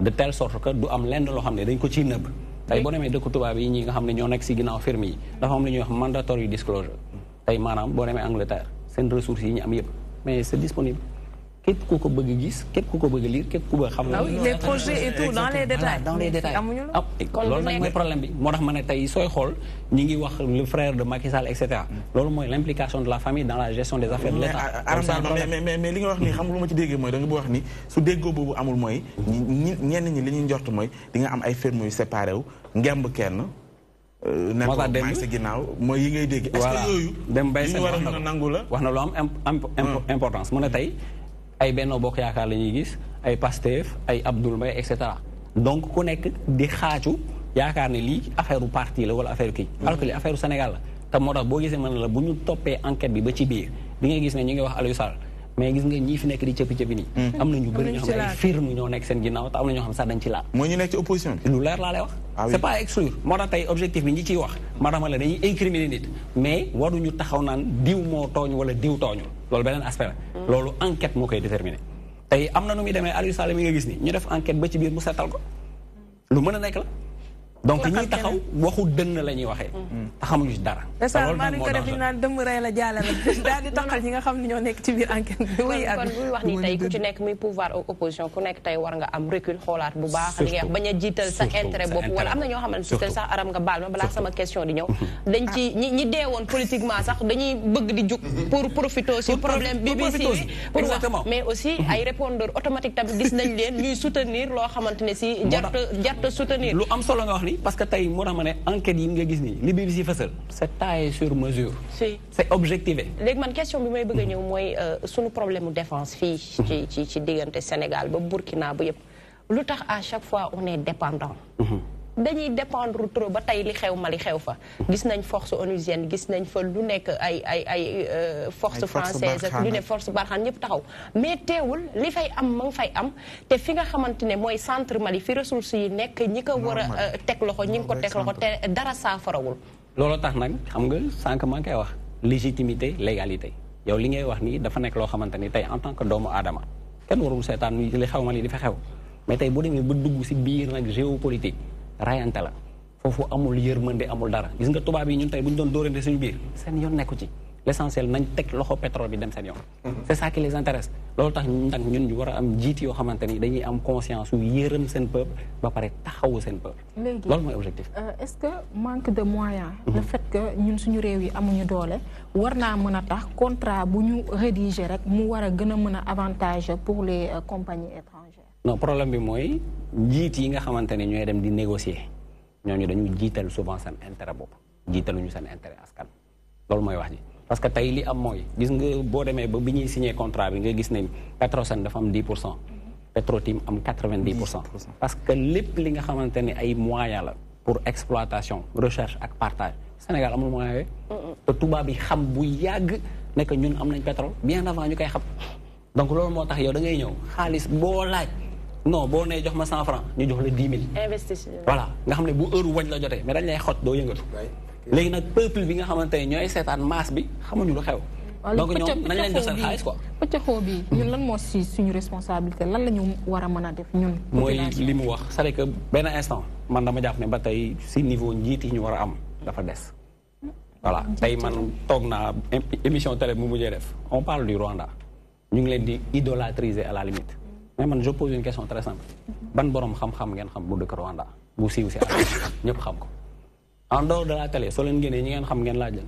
de telle sorte que du am lenn loo xam ne dañ ko ciy nëbb tey boo demee dëkk tubaab yi ñi nga xam ne ñoo nekk si ginnaaw firme yi dafa am lu ñuy wax mandatory disclosure tey maanaam boo demee Angleterre seen ressources yi ñu am yëpp mais c'est disponible képp ku ko bëgg a gis képp ku ko bëgg a lire képp ku ko xam. ah oui les projets et tout dans les détails. dans les détails amuñu la. Ah, loolu nag mooy problème bi moo tax ma ne tey sooy ñi ngi wax le frère de Macky Sall et cetera. loolu mooy l' de la famille dans la gestion des affaires de ah, l' mais mais mais li nga wax nii xam lu ma ci déggee mooy da nga bëgg wax ni su déggoo boobu amul mooy. ñi ñi li ñuy njort mooy di nga am ay firme yu séparé wu ngemb kenn. Euh, moo tax sa ginnaaw mooy yi ngay dégg. est ce que yooyu. dem bay seen wax na lu am importance mu ne tey ay Benno Bokk Yaakaar la ñuy gis ay Pastef ay Abdoul Mbaye et cetera donc ku nekk di xaaju yaakaar ne lii affaire parti la wala affaire kii alors que lii affaire u Sénégal la te moo tax boo gisee mën la bu ñu toppee enquête bi ba ci biir di nga gis ne ñu ngi wax Aliou Sall mais gis nga ñii fi nekk di cëppi-cëppi nii hmm. am na ñu bëri ñoo xam ne ay firme ñoo nekk seen ginnaaw te am na ñoo xam sax dañ ci laal mooy ñu nekk ci opposition bi lu leer laa lay wax ah c'est pas exclure moo tax tey objectif bi ñi ciy wax ma dama la dañuy incriminer nit mais waruñu taxaw naan diw moo tooñ wala diw tooñul loolu beneen aspect la loolu enquête moo koy déterminer tey am na nu muy demee Aliou Sall mi nga gis ni ñu def enquête ba ci biir mu setal ko lu mën a nekk la donc ñi taxaw waxu deun la waxe waxee. Mm. Mm. taxamuñu ci dara. def la di ñi nga ñoo nekk ci biir enquête kon wax ni ku ci nekk muy pouvoir opposition ku nekk war nga am recul bu baax. li sa intérêt wala sax aram nga ma sama question di mm-hmm. dañ ci ah. ñi politiquement sax dañuy bëgg di mm-hmm. pour problème BBC mais aussi mm-hmm. ay répondeur automatique gis nañ leen ñuy soutenir soutenir lu am solo nga wax ni parce que tay mo ramane enquête yi nga gis ni li BBC fësal c'est taille sur mesure. si c'est objectivé. léegi man question bi may bëgg a moy mooy euh, sunu problème mu défense fi ci ci ci diggante Sénégal ba Burkina ba yépp lutax à chaque fois on est dépendant. Mm-hmm. dañuy dépendre trop ba tey li xew Mali xew fa gis nañ force onusienne gis nañ fa lu nekk ay ay ay euh, force française ak lu ne force Barkhane ñëpp taxaw mais teewul li fay am ma ngi fay am te fi nga xamante ne mooy centre Mali fi ressources yi nekk ñi ko war a euh, teg loxo ñi ngi ko teg loxo te dara saafarawul loolu tax nag xam nga sànq maa ngi koy wax légitimité légalité yow li ngay wax nii dafa nekk loo xamante ni tey en tant que doomu aadama kenn warul seetaan li xew xew mais tey boo demee dugg si biir nag géopolitique rayante la foofu amul yërmande amul dara gis nga tubaab yi ñun tey bu ñu doon dóorante suñu biir seen yoon nekku ci l' essentiel nañ teg loxo pétrole bi dem seen yoon mhm. c' est ça qui les intéresse loolu tax nag ñun ñu war a am jiit yoo xamante ni dañuy am conscience yu yërëm seen peuple ba pare taxawu seen peuple loolu mooy objectif euh, est ce que manque de moyens mhm. le fait que ñun suñu réew yi amuñu doole war naa mën a tax contrat bu ñu rédiger rek mu war a gën a mën a avantage pour les euh, compagnies non problème bi mooy njiit yi nga xamante ne ñooy dem di négocier ñooñu dañu jiital souvent seen intérêt bopp jiitaluñu seen intérêt askan loolu mooy wax ji parce que tey li am mooy gis nga boo demee ba bi ñuy signé contrat bi nga gis ne Petrosen dafa am 10 pour cent Petrotim am 90 pour cent parce que lépp li nga xamante ne ay moyens la pour exploitation recherche ak partage Sénégal amul moyen yooyu te tubaab bi xam bu yàgg ne que ñun am nañ pétrole bien avant ñu koy xam donc loolu moo tax yow da ngay ñëw xaalis boo laaj non boo nee jox ma cent franc ñu jox la dix mille. investissement voilà nga xam ne bu heure wañ la jotee mais dañ lay xoj doo yëngatu. léegi nag peuple bi nga xamante ne ñooy seetaan masse bi xamuñu lu xew. donc ñoom nañ leen jox moo suñu responsabilité lan la ñu war a mën a def ñun. mooy li mu wax c'est que benn instant man dama jàpp ne ba tey si niveau njiit yi ñu war a am dafa des. voilà tey man toog naa émission télé bu mujjee def on parle du Rwanda ñu ngi leen di idolatriser à la limite. mais man je pose une question très simple ban borom xam-xam ngeen xam bu dëkk Rwanda bu siiw si àll ñëpp xam ko en dehors de la télé leen génnee ñi ngeen xam ngeen laajal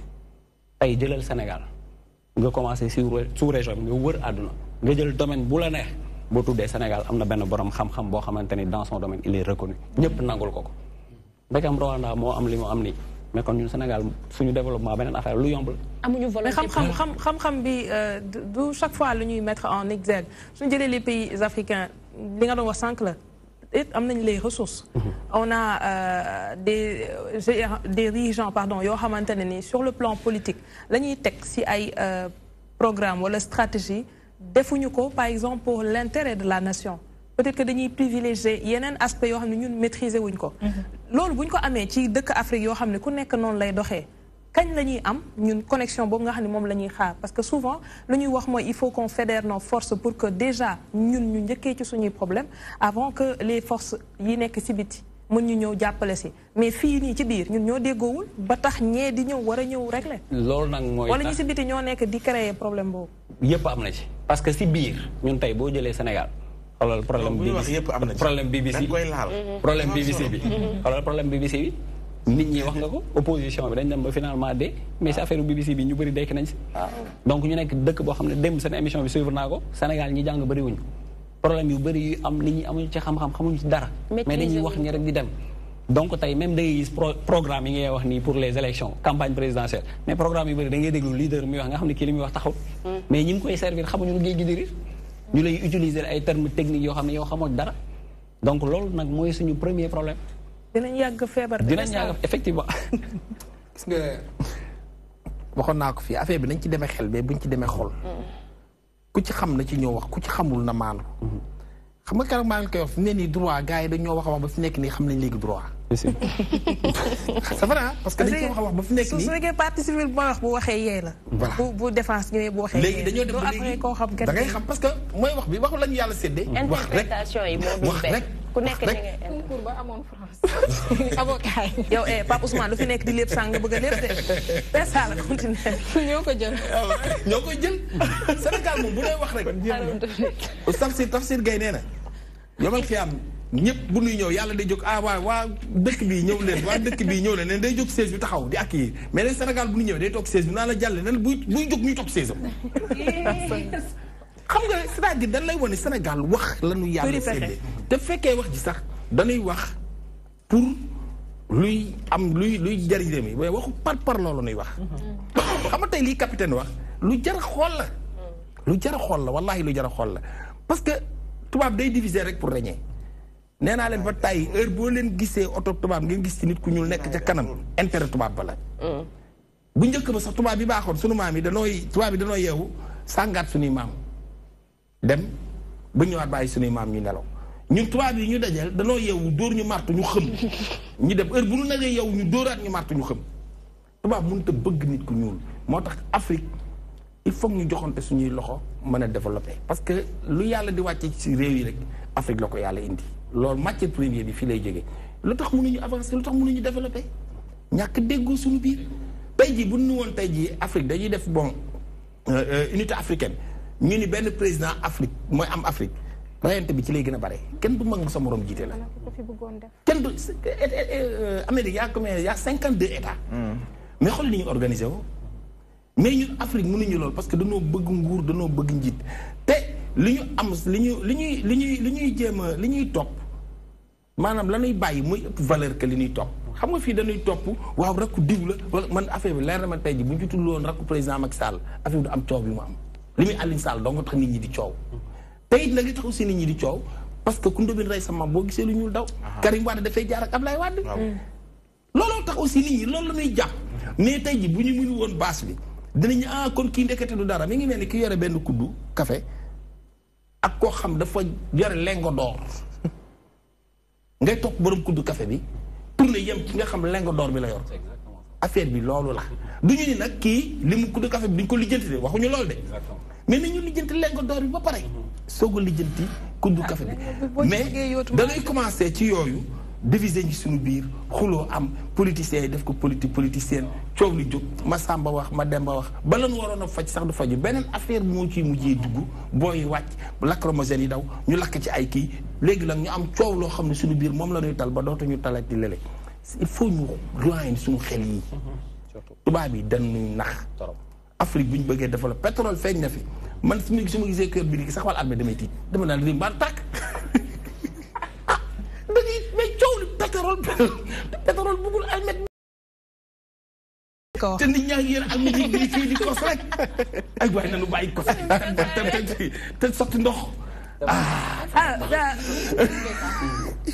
tey jëlal Sénégal nga commencé si sous région bi nga wër àdduna nga jël domaine bu la neex boo tuddee Sénégal am na benn borom xam-xam boo xamante ni dans son domaine il est reconnu ñëpp nangul ko ko ndekam Rwanda moo am li am nii. mais quand nous Sénégal suñu développement nous affaire lu yomb la. amuñu volonté xam-xam xam xam-xam bi euh, du chaque fois lu ñuy mettre en exergue suñu que les pays africains li nga doon wax sank la et amnañ les ressources. on a euh, euh, des dirigeants pardon yo xamante ni sur le plan politique lañuy ñuy des si ay programme wala stratégie defuñu ko par exemple pour l'intérêt de la nation peut-être que dañuy privilégier yeneen aspect yoo xam ne ñun maîtriser wuñ ko mhm. loolu buñ ko amee ci dëkk Afrique yoo xam ne ku nekk noonu lay doxee kañ la ñuy am ñun connexion boobu nga xam ne moom la ñuy xaar parce que souvent lu ñuy wax mooy il faut qu'on fédère nos forces pour que déjà ñun ñu njëkkee ci suñuy problème avant que les forces yi nekk si biti mën ñu ñëw jàppale si mais fii nii ci biir ñun ñoo déggoowul ba tax ñee di ñëw war a ñëw régler loolu nag mooy wala ñu si biti ñoo nekk di créer problème boobu yëpp am na ci parce que si biir ñun tey boo jëlee Sénégal xoolal problème BBC problème bi nit ñi wax nga ko opposition bi dañ dem ba finalement de mais si affaire BBC bi ñu bëri dekk nañ si ah. donc ñu nekk dëkk boo xam ne dem seen émission bi suivre naa ko Sénégal ñi jàng bëri wuñu problème yu bëri am nit ñi amuñu ci xam-xam xamuñu dara mais dañuy wax ñi rek di dem donc tey même day programme yi ngay wax nii pour les élections campagne présidentielle mais programme yu bëri da ngay déglu leader mi wax nga xam ne kii li muy ñu lay utiliser ay termes techniques yoo xam ne yow xamoo dara donc loolu nag mooy suñu premier problème. dinañ yàgg feebar. dinañ yàgg effectivement. gis nga waxoon naa ko fii affaire bi nañ ci demee xel mais ñu ci demee xol. Mm. ku ci xam na ci ñoo wax ku ci xamul na maanu. Mm-hmm. xam nga keroog maa koy fi mu ne nii droit gars yi dañ ñoo wax a wax ba fi nekk nii xam nañ léegi droit. c'est vrai parce que dañ ko wax ba fi nekk nii su fekkee partie civile bu wax bu waxee yee la. bu bu défense ñëwee bu waxee. léegi dañoo dem léegi koo xam da ngay xam parce que mooy wax bi waxu lañu yàlla séddee. wax rek wax rek ku nekk ni ngay amoon France. avocat yi. yow eh Pape fi nekk di lépp sàng nga bëgg a lépp de. c'est ça continuer. ñoo ko jël. Ah ñoo koy jël Sénégal moom bu dee wax rek. alhamdulilah. Tafsir Tafsir Gueye nee na yomal xiyaam ñëpp bu ñuy ñëw yàlla day jóg ah waa waa dëkk bi ñëw leen waa dëkk bii ñëw leen day jóg siège yu taxaw di yi mais leen Sénégal bu ñu ñëwee day toog siège bi naa la jàlle nen buy buy jóg ñuy toog siège am xam nga c'est-à-dire dañ lay wane Sénégal wax la ñu yàlla séddee te fekkee wax ji sax dañuy wax pour luy am luy luy jariñ mi mais waxu par loolu nuy wax mm-hmm. xam nga tey lii capitaine wax lu jar xool la mm. lu jar xool la wallaahi lu jar xool la parce que tubaab day diviser rek pour régner nee naa leen ba tàyyi heure boo leen gisee oto tubaab ngeen gis ci nit ku ñuul nekk ca kanam intérêt tubaab ba la mm. bu njëkk ba sax tubaab yi baaxoon sunu maam yi danooy tubaab yi danoo yeewu sàngaat sunuy maam dem ba ñëwaat bàyyi sunuy maam ñu nelaw ñun tubaab yi ñu dajal danoo yeewu dóor ñu martu ñu xëm ñu dem heure bu nu naree yeewu ñu dóoraat ñu martu ñu xëm tubaab mënut a bëgg nit ku ñuul moo tax Afrique il faut ñu joxante suñuy loxo mën a développé parce que lu yàlla di wàcce ci réew yi rek Afrique la ko yàlla indi loolu matière première bi fii lay jógee lu tax mënuñu avancer lu tax mënuñu développer ñàkk déggoo suñu biir tey jii bu nu woon tey jii Afrique dañuy def bon euh, euh, unité africaine ñu ni benn président Afrique mooy am Afrique rayante bi ci lay gën a bare kenn bu mag ma sa morom jiite la. kenn du eh, eh, eh, euh, Amérique y' a combien y' a cinquante deux états. Hmm. mais xool ni ñu organisé woo mais ñun Afrique mënuñu loolu parce que danoo bëgg nguur danoo bëgg njiit te. li ñu am li ñu li ñuy li ñuy li ñuy jéem a li ñuy topp maanaam la ñuy bàyyi muy ëpp valeur que li ñuy topp xam nga fii dañuy topp waaw rakku diw la wala man affaire bi leer na ma tey ji bu ñu woon rakku président Macky Sall affaire bi am coow bi mu am li muy Aliou Sall dong tax nit ñi di coow te it nag li tax ñi di coow parce que ku ndóbin rey sa boo gisee lu ñuul daw Karim Wade dafay jaar ak Ablaye Wade mm. looloo tax aussi nit ñi loolu la ñuy jàpp mais tey ji bu ñu mënu woon baas bi dinañu ah kon kii ndekete du dara mi ngi mel ni ki yore benn kuddu café ak koo xam dafa yore lengo d'or ngay topp borom kuddu café bi pour ne yem ki nga xam lengo d'or bi la yor affaire bi loolu la du ñu ni nag kii li mu kuddu café bi duñ ko lijjanti de waxuñu loolu de mais nañu lijjanti lengo d'or bi ba pare mm-hmm. soog a lijjanti kuddu café bi mais dangay commencé ci yooyu diviser ñi suñu biir xuloo am politiciens yi def ko politique politicienne coow li jóg ma sàmba wax ma demba wax ba lan waroon a faj sax du faju beneen affaire moo ciy mujjee dugg booy wàcc lakk lacrymogène yi daw ñu lakk ci ay kii léegi nag ñu am coow loo xam ne suñu biir moom la ñuy tal ba dootuñu talati lële il faut ñu doyen suñu xel yi tubaab yi dañuy nax Afrique bu ñu bëggee développé pétrole feeñ na fi man su ma gisee kër bi sax wal armée damay tiit dama naan pétrole pétrole bëggul almet te sotti ndox ah. Ah, ah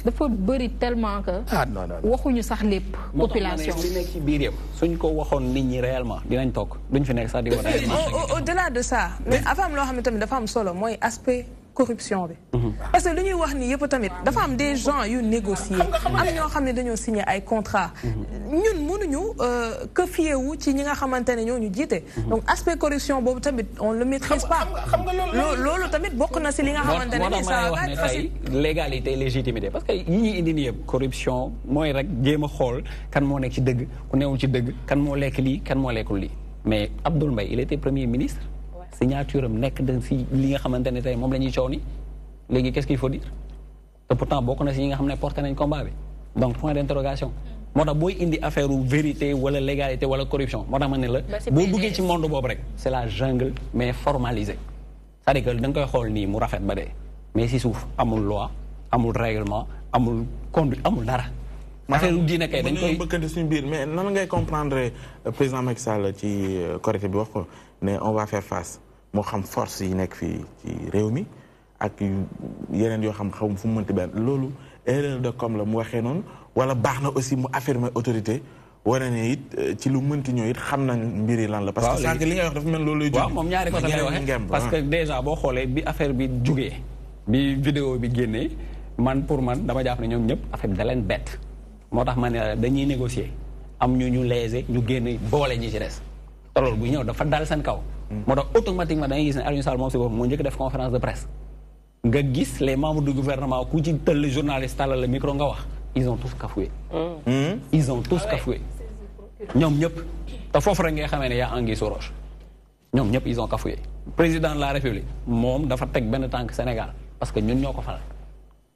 dafa bari tellement que. ah waxuñu sax lépp. population li nekk ci biir yëpp suñ ko waxoon nit ñi réellement dinañ toog duñ fi nekk sax di. au delà de ça mais avant loo xam ne solo mooy aspect. corruption mhm. parce que lu ñuy wax ni yëpp tamit dafa am des gens yu négocier am ñoo xam ne dañoo signer ay contrat mhm. ñun mënuñu euh, que fiyewu ci ñi nga xamante ne ñoo ñu mhm. donc aspect corruption boobu tamit on le maîtrise pas. loolu tamit bokk na ci li nga xamante ne ça va facile. légalité légitimité parce que ñi indi ni corruption moy rek jéem xol kan mo nek ci dëgg ku newul ci dëgg kan mo lek li kan mo lekul li mais Abdoul Mbaye il était premier ministre signature am nekk da si li nga xamante ne tey moom la ñuy coow ni léegi qu'est-ce qu'il faut dire te pourtant bokk na si ñi nga xam ne porté nañ combat bi donc point d'interrogation hmm. moo tax booy indi affaire vérité wala légalité wala corruption moo tax ma ne la bah, boo duggee ci monde boobu rek c'est la jungle mais formalisée Ça à dire que da koy xool nii mu rafet ba dee mais si suuf amul loi amul règlement amul conduite amul dara affaire diine kay dañ koy bëkkante suñu biir mais nan ngay comprendre euh, président Macky Sall ci euh, Korité bi wax ko ne on va faire face moo xam force yi nekk fii ci réew mi ak yeneen yoo xam xaw fu mu mënti benn loolu erreur de comme la mu waxee noonu wala baax na aussi mu affirmer autorité wane ne it euh, ci lu mënti ñëw it xam nañ mbir yi lan la. parce que sànq li nga wax dafa men loolu lay. waaw moom ñaari côté lay waxee parce ah. boo xoolee bi affaire bi jugee bi vidéo bi génnee man pour man dama jàpp ne ñoom ñëpp affaire da leen bett moo tax ma ne dañuy négocier am ñu ñu léser ñu génne boole ñi ci des te loolu bu ñëw dafa dal seen kaw. moo tax automatiquement da ngay gis ne Aliou Sall moom si boppam moo conférence de presse. nga gis les membres du gouvernement ku ci tëll journaliste tàllal le micro nga wax ils ont tous cafouillé. Hmm. ils ont tous ah cafouillé. ñoom ñëpp te foofu rek ngay xamee ne yaa anguille sous roche ñoom ñëpp ils ont cafouillé président de la république moom dafa teg benn tànk Sénégal parce que ñun ñoo ko fal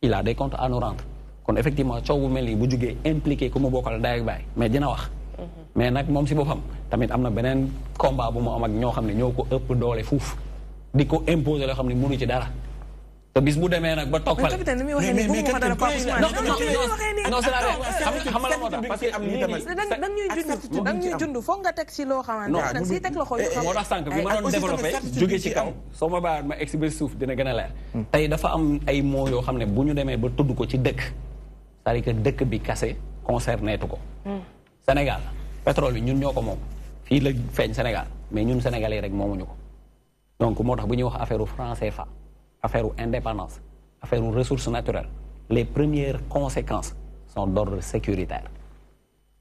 il a des comptes à nous rendre kon effectivement coow bu mel nii bu jugee impliqué ku mu bokkal ak baay mais dina wax. mais nag moom si boppam tamit am na beneen combat bu mu am ak ñoo xam ne ñoo ko ëpp doole fuuf di ko imposer loo xam ne mënu ci dara te bis bu demee nag ba toog fale. mais capitaine non xam nga la moo tax parce que da ñuy jund da ñuy jund foog nga teg si loo xamante ne nag eh, eh, sànq bi eh, développé jóge ci kaw soo ma baax suuf dina gën a leer. Hmm. tey dafa am ay mots yoo xam ne bu ñu demee ba tudd ko ci dëkk c'est-à-dire dëkk bi kase concerné ko hmm. Sénégal pétrole bi ñun ñoko mom fi la feeñ Sénégal mais ñun sénégalais rek moomuñu ko donc motax bu ñu wax affaireu u franc CFA affaire indépendance affaireu ressources naturelles les premières conséquences sont d'ordre sécuritaire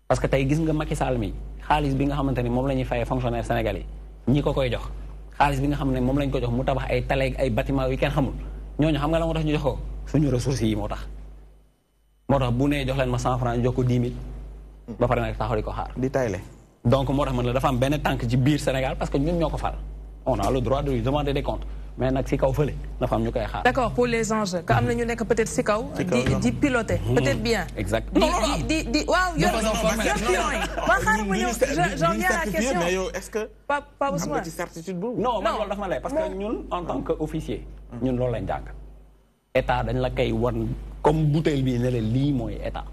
parce que tay gis nga Macky Sall mi xaalis bi nga xamanteni mom lañuy fayé fonctionnaire sénégalais ñi ko koy jox xaalis bi nga xamné mom lañ ko jox mu tabax ay talé ay bâtiment yu kenn xamul ñoñu xam nga la moo tax ñu jox ko suñu ressources yi moo tax moo tax bu né jox leen ma 100 francs jox ko 10000 ba pare nag taxaw di ko xaar. di tayle. donc moo tax man la dafa am benn tànk ci biir Sénégal parce que ñun ñoo ko fal on a le droit de lui demander des comptes mais nag si kaw fële dafa am ñu koy xaar. d' accord pour les anges. que am na ñu nekk peut être si kaw. di di piloter. Hmm. peut être bien. exact non di di di waaw yor yor pion yi. waaw xaaral ma ñëw j'en viens à la question mais yow est ce que. pas Pa Ousmane am certitude boobu. non man loolu dafa ma lay parce que ñun en tant que officier. Hmm. ñun loolu lañ jàng. état dañ la koy wan comme bouteille bi ne la lii mooy état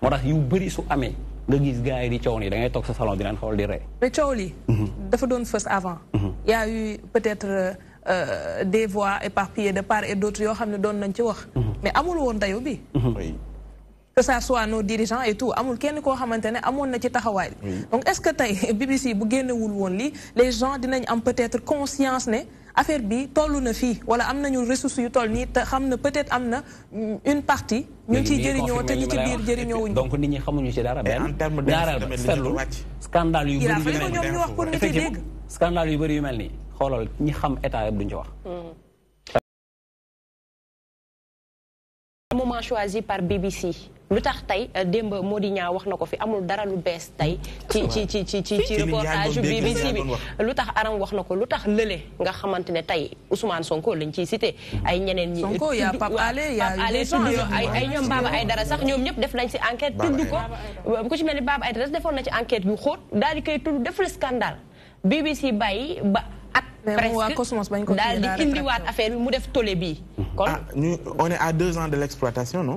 moo tax yu bëri su amee nga gis gars yi di coow nii da ngay toog sa salon di leen xool di rey. mais coow li. Mhm. dafa doon fës avant. Mhm. y a eu peut-être euh, euh, des voix éparpillées de part et d'autre yoo xam ne doon nañ ci wax. Mhm. mais amul woon dayo bi. que ça soit nos dirigeants et tout amul kenn koo xamante ne amoon na ci taxawaay. donc est-ce que tey BBC bu génnewul woon lii les gens dinañ am peut-être conscience ne affaire bi tollu na fii wala am nañu ressources yu toll nii te xam na peut-être am na mm, une partie. ñu ci ciy jëriñoo te ñu ci biir jëriñoowuñu. donc nit ñi xamuñu ci dara benn. ñaareel ba seetlu scandale yu bëri yu mel nii scandale yu bëri yu mel nii xoolal ñi xam état yëpp duñ ci wax. Mm. moment choisi par BBC. lu tax tey euh, démb Modiña wax na ko fi amul dara lu bees tey. ci ci ci ci ci ci reportage BBC bi lu tax Aram wax na ko lu tax lële nga xamante ne tey Ousmane Sonko lañ ciy cité. ay ñeneen ñi Sonko y' a ay ay sax ñoom ñëpp def nañ ci enquête. tudd ko euh, ku ci mel ni Baba Aïdara defoon na ci enquête yu xóot daal di koy tudd def la scandale BBC bàyyi ba. presque daal di indiwaat affaire bi mu def tole bii. kon ah, on est à deux ans de l'exploitation non.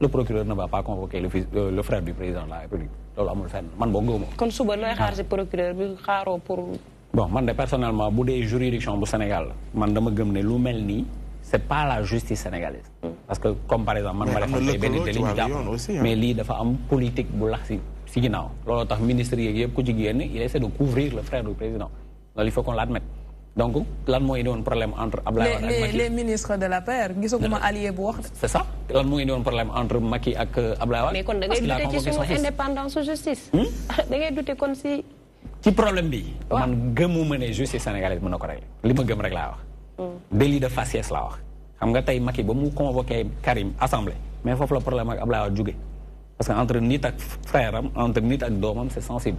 le procureur ne va pas convoquer le euh, frère du président de la république C'est Je man ah. procureur pour. bon personnellement juridiction au Sénégal man pas la justice sénégalaise. Hmm. parce que comme par exemple man ma des hein. mais politique il essaie de couvrir le frère du président il faut qu'on l'admette donc lan moo indi problème entre Ablaye ak Macky les ministres de la paire gisaguma allié bu wax. c' est ça lan moo indi woon problème entre Macky ak euh, Ablaye Wade. mais kon da ngay dute ci suñu indépendance justice. Hmm? da ngay dute kon si. ci problème bi. man gëmu ma justice sénégalaise mën na ko régler li ma gëm rek laa wax. Hmm. délit de faciès la wax. xam nga tey Macky ba mu convoqué Karim assemblée mais foofu la problème ak Ablaye Wade jóge parce que entre nit ak frère am entre nit ak doomam c' est sensible.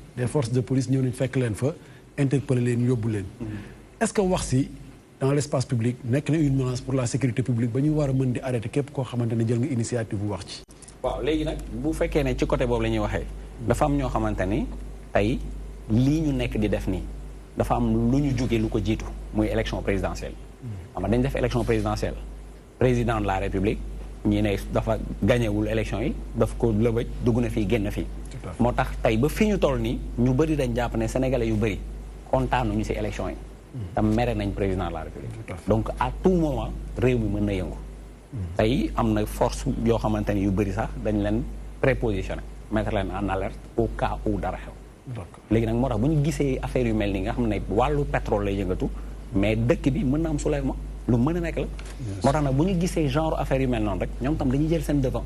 des forces de police ñëw nañ fekk leen fa interpeller leen yóbbu leen. Mm-hmm. est-ce que wax si dans l'espace public nekk na une menace pour la sécurité publique ba ñu war a mën di arrêter képp koo xamante ne jël nga initiative wax ci. waaw léegi nag bu fekkee ne ci côté boobu la ñuy waxee. dafa am ñoo xamante ni tey lii ñu nekk di def nii dafa am lu ñu jóge lu ko jiitu muy élection présidentielle. Mm-hmm. xam nga dañ def élection présidentielle président de la république ñi ne dafa wul élection yi daf ko lëbëj dugg na fii génn fii. moo tax tey ba fi ñu toll nii ñu bëri dañ jàpp ne sénégalais yu kontaanu kontaanuñu ci élection yi. Hmm. te mere nañ président la république. donc à tout moment réew mi mën na yëngu. Hmm. tey am na force yoo xamante ni yu bëri sax dañ leen prépositionné mettre leen en alerte au cas où dara xew. léegi nag moo tax bu ñu gisee affaire yu mel nii nga xam ne wàllu pétrole lay yëngatu mais dëkk bi mën na am soulèvement lu mën a nekk la. moo tax nag bu ñu gisee genre affaire yu mel noonu rek ñoom tam dañuy jël seen devant.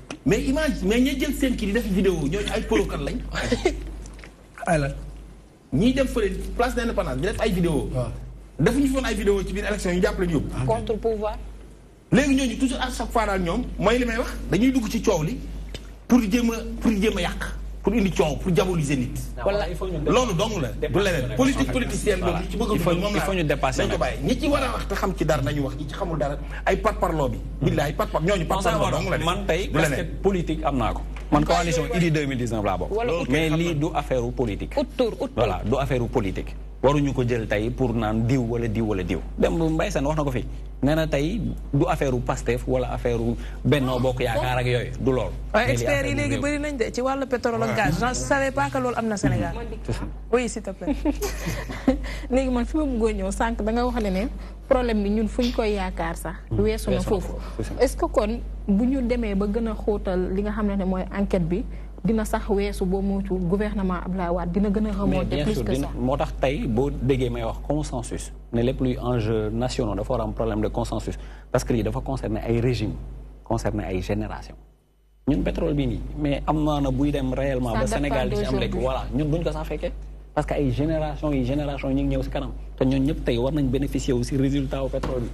mais image mais ñi jël seen kii di def vidéo ñooñu ay polokat lañ. ay la ñiy dem fële place d'indépendance di def ay vidéo defuñu foon ay vidéo ci biir élection ñu jàppale ñu yóbbu. Ah, contre pouvoir. léegi ñooñu toujours à chaque fois daal ñoom mooy li may wax dañuy dugg ci coow li pour jéem a pour jéem a yàq. pour indi coow pour diaboliser nit. wala loolu dong la. du leneen politique politicienne ñu a. il faut il faut ñu ci war wax te xam ci dara nañu wax ñi ci xamul dar ay par parloo bi. Hmm. billaay ay pat par ñooñu pat parloo man tey parce am naa ko. man coalition Idy 2019 laa bokk. mais lii du affaire politique. ut tur du affaire politique. waruñu ko jël tey pour naan diw wala diw wala diw dem Mbaye Sane wax na ko fi nee na tey du affaire Pastef wala affaire Benno Bokk Yaakaar ak yooyu du lool. waaye léegi bëri nañ de ci wàllu pétrole ak gaz. je loolu am na Sénégal. Ah. oui s'il te plaît. léegi man fi ma bëggoo ñëw sànq da nga wax ne ne problème bi ñun fuñ koy yaakaar sax. Hmm. weesu na foofu est-ce que kon bu ñu demee ba gën a xóotal li nga xam ne mooy enquête bi. dina sax weesu boo moytu gouvernement Abdoulaye Wade dina gën a remonter plus que ça moo tax tey boo déggee may wax consensus ne lépp luy enjeu nationaux dafa war am problème de consensus parce que lii dafa concerner ay régimes concerner ay générations. ñun pétrole bi nii mais am naa na buy dem réellement ba Sénégal di ci am léegi voilà ñun duñ ko sax fekkee parce que ay génération yi génération ñu ngi ñëw si kanam te ñun ñëpp tey war nañ bénéficié wu si résultat wu pétrole bi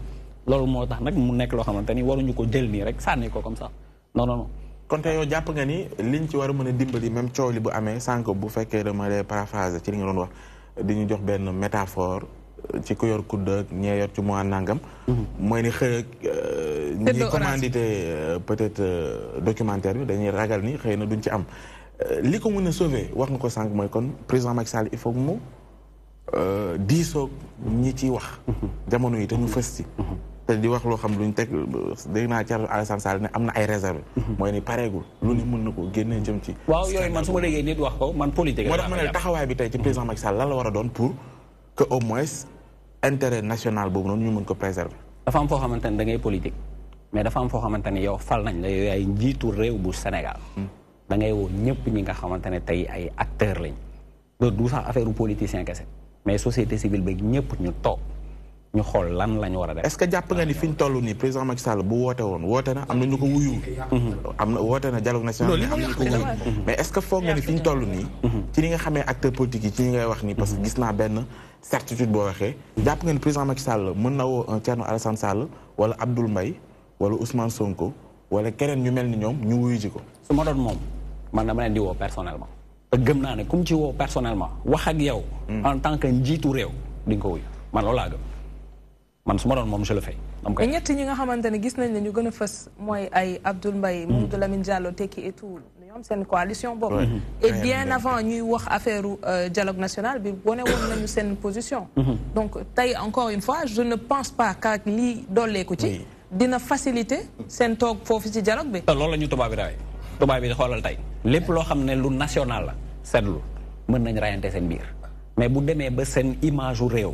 loolu moo tax nag mu nekk loo xamante ni waruñu ko jël nii rek sànni ko comme ça non non non kon tey yow jàpp nga ni liñ ci war a mën a dimbali même coow li bu amee sànq bu fekkee dama lay paraphrase ci li nga doon wax di ñu jox benn métaphore euh, ci ku yor kudd ak ñee yor ci mu nangam. Mhm. mooy ni xëy na euh, ñi commandité euh, peut-être documentaire bi dañuy ragal ni xëy na duñ ci am. li ko mën a sauver wax nga ko sànq mooy kon président Macky Sall il faut mu diisoog ñi ciy wax. Mhm. jamono yi te ñu fës ci. Mhm. te di wax lo xam luñ tek dégg na ci Alassane Sall ne amna ay réserve moy mhm. ni pareegul lu ni mën nako génné jëm ci waaw yoy man suma ma nit wax ko man politique mo tax ma taxaway bi tay ci président Macky Sall la la wara a doon pour que au moins intérêt national bobu non ñu mën ko préserver dafa am fo xamante da ngay politique mais dafa am fo xamante yow fal nañ la yoy ay njitu réew bu Sénégal da ngay wo ñepp ñi nga xamante tay ay acteur lañ do du sax affaire politicien kessé mais société civile bi ñepp ñu toog ñu xool lan la ñu war a def. est-ce que jàpp nga ni fi ñu toll nii président Macky Sall bu woote woon woote na am na ñu ko wuyu. Mhm. woote na dialogue national mhm. mais est-ce que foog nga ni fi ñu toll nii. Mhm. ci li nga xamee acteur politique yi ci ñi ngay wax nii. parce que gis naa benn certitude boo waxee. jàpp nga ni président Macky Sall mën na woo un Thierno Alassane wala Abdoul Mbaye wala Ousmane Sonko wala keneen ñu mel ni ñoom ñu wuyu ji ko. su ma doon moom man dama leen di woo personnellement. te gëm naa ne ku mu ci woo personnellement wax ak yow. en tant que njiitu réew di ko wuyu man loolu man suma ma doon moom je le fais. am kay ñett ñi nga xamante ne gis nañ ne ñu gën a fës mooy ay Abdoul Mbaye. Mamadou Lamine Diallo tekki et tout. ñu am seen coalition boobu. Hmm. et bien avant ñuy wax affaire euh, dialogue national bi wane woon nañu seen position. Hmm. Hmm. donc tey encore une fois je ne pense pas qu'ak lii dooleeku ci. dina faciliter seen toog foofu ci dialogue bi. loolu la ñu tubaab bi daawee tubaab bi xoolal tey lépp loo xam ne lu national la seetlu mën nañ rayante seen biir mais bu demee ba seen image u réew.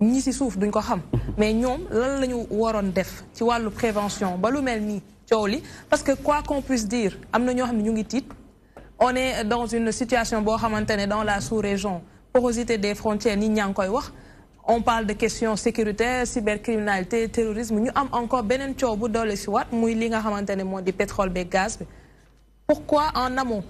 ñi si suuf duñ ko xam mais ñoom lan lañu ñu waroon def ci wàllu prévention ba lu mel nii coow li parce que quoi qu'on puisse dire am na ñoo xam ne ñu ngi tiit on est dans une situation boo xamante ne dans la sous-région porosité des frontières nit ñaa ngi koy wax on parle de questions sécuritaires cybercriminalité terrorisme ñu am encore beneen coow bu doole si waat muy li nga xamante ne moo di pétrole beeg gaz bi pourquoi en amont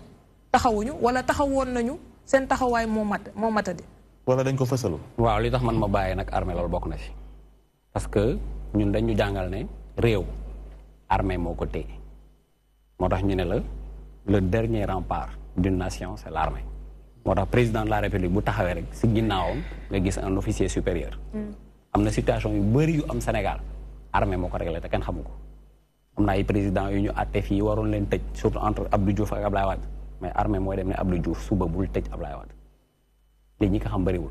taxawuñu wala taxawoon nañu seen taxawaay moo mat moo matadi wala dañ ko fësalu. waaw li tax man ma bàyyi nag armée loolu bokk na si parce que ñun dañu jàngal ne réew armée moo ko téye moo tax ñu ne la le dernier rempart d'une nation c'est l'armée moo tax président de la république bu taxawee rek si ginnaawam nga gis un officier supérieur. Hmm. am na situation yu bëri yu am Sénégal armée moo ko réglé te kenn xamu ko am na ay président yu ñu àtte fii waroon leen tëj surtout entre Abdou Diouf ak Ablaye Wade mais armée mooy dem ne Abdou Diouf suba bul tëj Ablaye Wade léegi ñi ko xam bëriwul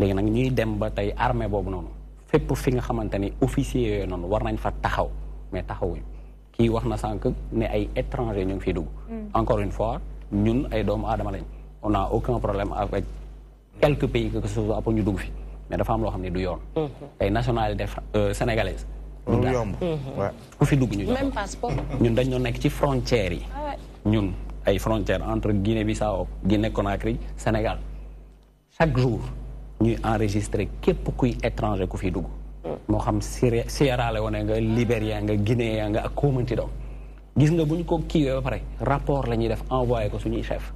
léegi nag ñuy dem ba tey armée boobu noonu fépp fi nga xamante ni officier yooyu noonu war nañ fa taxaw mais taxawuñu kii wax na sànq ne ay étranger ñu ngi fiy dugg. Mm. encore une fois ñun ay doomu aadama lañ on a aucun problème avec quelques pays que ce soit pour ñu dugg fi mais dafa am loo xam ne du yoon. Mm-hmm. ay nationalité euh, sénégalaise. du yomb mm-hmm. ku fi dugg ñu. même passeport ñun dañoo nekk ci frontière yi. Ah ñun ay frontière entre Guinée Bissau Guinée Conakry Sénégal. chaque jour ñuy enregistré képp kuy étranger ku fi dugg. moo xam Sierra Leone nga Libéria nga Guinée nga ak koo mënti doon. gis nga buñ ko kiiwee ba pare rapport la def envoyer ko suñu chef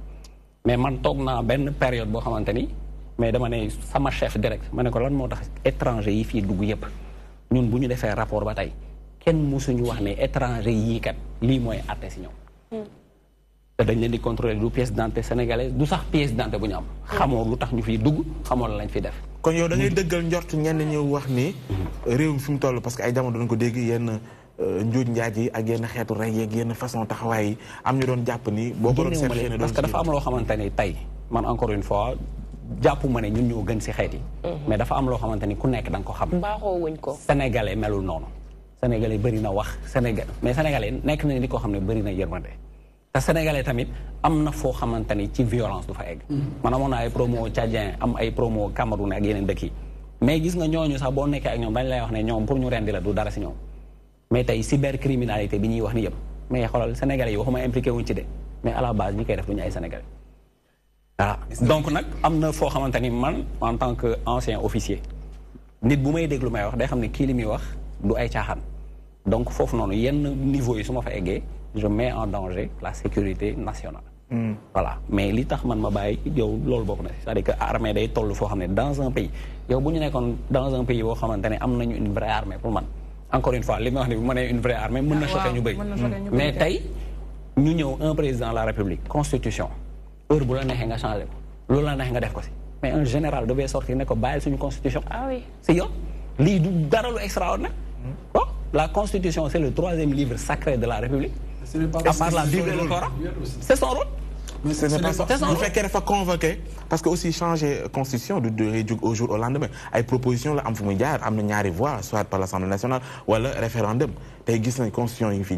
mais man tok na ben période bo xamanteni mais dama né sama chef direct mané ko lan moo tax étranger yi fi dugg yépp ñun buñu défé rapport ba tay kenn mësuñu wax né étranger yi kat li moy atté ci ñom hmm. te dañ leen di contrôler du pièce d'identité sénégalaise du sax pièce d'identité bu ñu am. xamoo lu tax ñu fiy dugg xamoo lañ fi def. kon yow da ngay dëggal njort ñenn ñu wax ni. Mhm. réew mi fi mu toll parce que ay jamono doon ko dégg yenn euh, njuuj njaaj yi ak yenn xeetu rek yeeg yenn façon taxawaay yi am ñu doon jàpp ni. boo ko doon seet parce que dafa am loo xamante ni tey man encore une fois. jàpp ma ne ñun ñoo gën si xeet yi. Mhm. mais dafa am loo xamante ni ku nekk da nga ko xam. baaxoo ko. sénégalais melul noonu. sénégalais bëri na wax sénégal mais sénégalais nekk nañ li ko xam ne bëri na yërmande te sénégalais tamit am na foo xamante ni ci violence du fa egg. Mm-hmm. man amoon naa ay promo tchadien am ay promo camerounais ak yeneen dëkk yi mais gis nga ñooñu sax boo nekkee ak ñoom dañ lay wax ne ñoom pour ñu rendi la du dara si ñoom mais tey cybercriminalité bi ñuy wax ni yëpp mais xoolal sénégalais yi waxuma impliqué wuñ ci de mais à la base ñi koy def du ñu ay sénégalais. voilà donc nag am na foo xamante ni man en tant que ancien officier nit bu may déglu may wax day xam ne kii li muy wax du ay caaxaan donc foofu noonu yenn niveau yi su ma fa eggee. je mets en danger la sécurité nationale. Hmm. voilà mais li tax man ma bàyyi c'est-à-dire que l'armée day dans un pays Si on est dans un pays où xamante une vraie armée pour man encore une fois li ma wax une vraie armée na mais tey ñu un président de la république constitution heure bu la neexee nga changé ko loolu la neexee nga mais un général devait sortir ne ko une constitution ah oui C'est yoon lii du dara extraordinaire hmm. bon la constitution c'est le troisième livre sacré de la république à part la Bible et le Coran c'est son rôle mais ce n'est pas ça. Le fait qu'elle soit convoquée, parce que aussi changer constitution de de du, au jour au lendemain, ay proposition la am fu muy jaar voix soit par l'Assemblée nationale wala référendum y a une constitution qui fi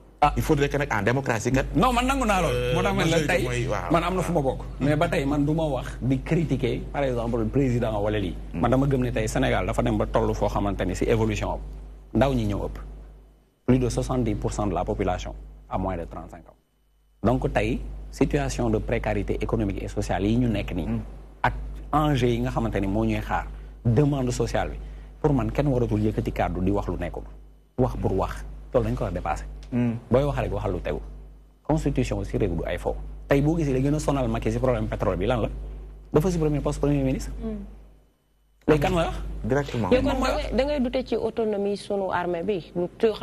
Ah, il faut que ait en démocratie non man Madame naa euh, man la man amna ah. mais ba man wax critiquer par exemple président wala Madame man dama gëm Sénégal dafa dem ba évolution ndaw plus de 70% de la population à moins de 35 ans. donc tay situation de précarité économique et sociale yi ñu hmm. ak enjeu yi nga demande sociale pour man kenn waratul di wax lu wax pour wax dañ ko booy wax rek waxal lu tegu constitution aussi réew du ay fo tey boo gisee la gën a sonal Macky si problème pétrole bi lan la dafa supprimer poste premier ministre hmm. léegi kan mooy wax directement yow kon da ngay dute ci bi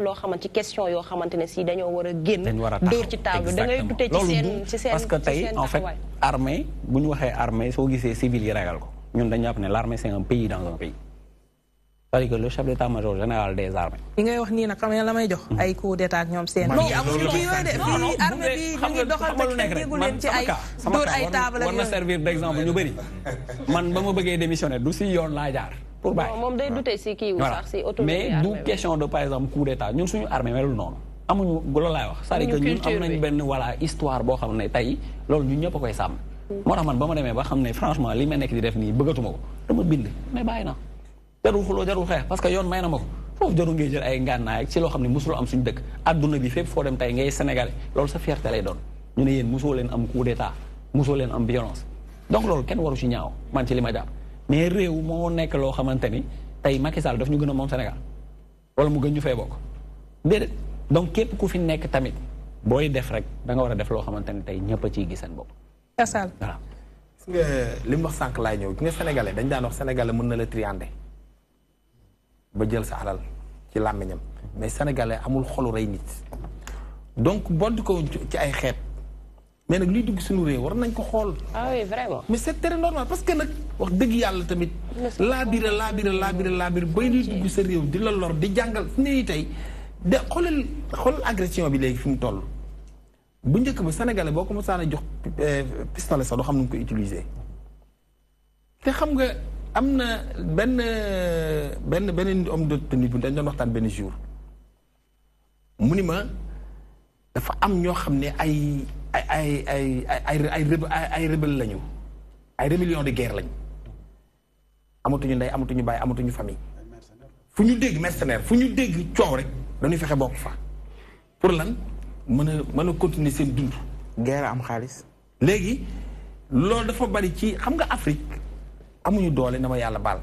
loo xamante ci question yoo xamante ne si dañoo war a génn dóor ci table da ngay dute ci seen que tey en fait armée bu ñu waxee armée soo gisee civil yi ragal ko ñun dañu jàpp ne l' armée c' est dans un pays c'est-à-dire que le chef d'état-major général des armées. li ngay wax nii nag xam nga la may jox. Hmm. ay coup d'état ak ñoom seen. non amuñu kii na servir ñu bëri. man ba ma bëggee démissionner du si yoon laa jaar. pour bàyyi moom day dute si kii wu sax si autorité mais du question de par exemple coup d'état ñun suñu armée melul noonu. amuñu loolu laay wax. saa à dire que ñun am nañu benn voilà histoire boo xam ne tey loolu ñun ñëpp koy sàmm. moo tax man ba ma demee ba xam ne franchement li ma nekk di def nii bëggatuma ko dama bind mais bàyyi naa jarul xuloo jarul xex parce que yoon may na ma ko foofu jarul ngay jël ay ngànnaay ci loo xam ne mosuloo am suñu dëkk adduna bi fépp foo dem tey ngay sénégalais loolu sa fierté lay doon ñu ne yéen mosoo leen am coup d'état mosoo leen am violence donc loolu kenn waru ci ñaaw man ci li ma jàpp mais réew moo nekk loo xamante ni tey Macky Sall daf ñu gën a Sénégal wala mu gën ñu fay bokk déedéet donc képp ku fi nekk tamit booy def rek da nga war a def loo xamante ni tey ñëpp a ciy gis seen bopp. Sall voilà. nga lim wax sànq laay ñëw ki nga sénégalais dañ daan wax sénégalais mën la triander. ba jël sa alal ci làmmiñam mais sénégalais amul xolu rey nit donc bond ko ci ay xeet mais nag liy dugg suñu réew war nañ ko xool. ah oui vraiment. mais c'est très normal parce que nag wax dëgg yàlla tamit. laabira laabira laabira laabira bay liy dugg sa réew di la lor di jàngal fu ne tey de xoolal xoolal agression bi léegi fi mu toll. bu njëkk ba sénégalais boo ko mosaan a jox eh, pistolet sax doo xam nu mu ko utiliser te xam nga. am na benn benn benn homme de tenue bu dañ doon waxtaan benn jour mu ni ma dafa am ñoo xam ne ay ay ay ay ay ay rebelle lañu ay rébellion de guerre lañu amatuñu ndey amatuñu bàyyi amatuñu famille fu ñu dégg mercenaire fu ñu dégg coow rek dañuy fexe bokk fa pour lan mën a mën a continuer seen dund. guerre am xaalis. léegi loolu dafa bari ci xam nga Afrique. amuñu doole na ma yàlla baal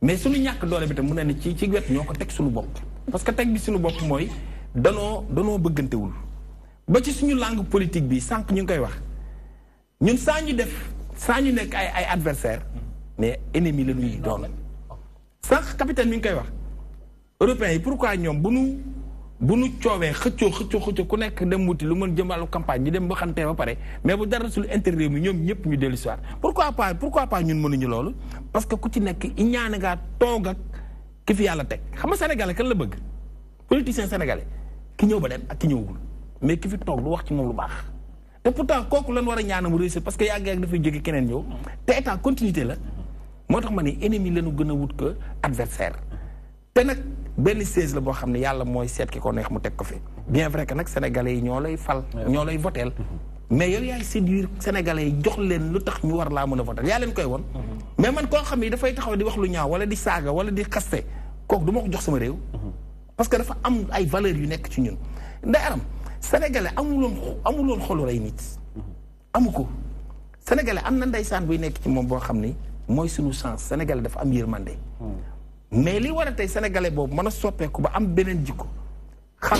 mais suñu ñàkk doole bi tam mu ne ni ci wet ñoo ko teg suñu bopp parce que teg bi suñu bopp mooy danoo danoo bëggantewul ba ci suñu langue politique bi sànq ñu ngi koy wax ñun saa ñu def saa ñu nekk ay ay adversaire mais ennemi la ñuy doon sànq capitaine mi ngi koy wax européens yi pourquoi ñoom bu nu bu nu coowee xëccoo xëccoo xëccoo ku nekk dem wuti lu mën jëmbalu campagne ñu dem ba xantee ba pare mais bu dara suñu intérêt mi ñoom ñëpp ñu dellu soir pourquoi pas pourquoi pas ñun mënuñu loolu parce que ku ci nekk ñaana ngaa toog ak ki fi yàlla teg xam nga sénégalais kan la bëgg politicien sénégalais ki ñëw ba dem ak ki ñëwul mais ki fi toog du wax ci moom lu baax te pourtant kooku lan war a ñaanam réussir parce que yàgg yàgg dafay jóge keneen ñëw te état continuité la moo tax ma ne ennemi lañu gën a wut que adversaire ben siège la bo xamné yàlla moy set ki ko neex mu tek ko fi bien vrai que nak sénégalais ñolay fal ñolay lay mais yow yaay séduire sénégalais jox leen lu tax ñu war la mëna a voteel yaa leen koy won mais man ko xam da fay taxaw di wax lu ñaaw wala di saga wala di xaste kok duma ko jox sama réew parce que dafa am ay valeur yu nekk ci ñun nday aram sénégalais amuloon amuloon xolu ray nit amuko sénégalais am na ndeysaan buy nekk ci mom bo xamni moy suñu chance sénégal dafa am yërmande mais li war a tey sénégalais boobu mën a soppeeku ba am beneen jikko xal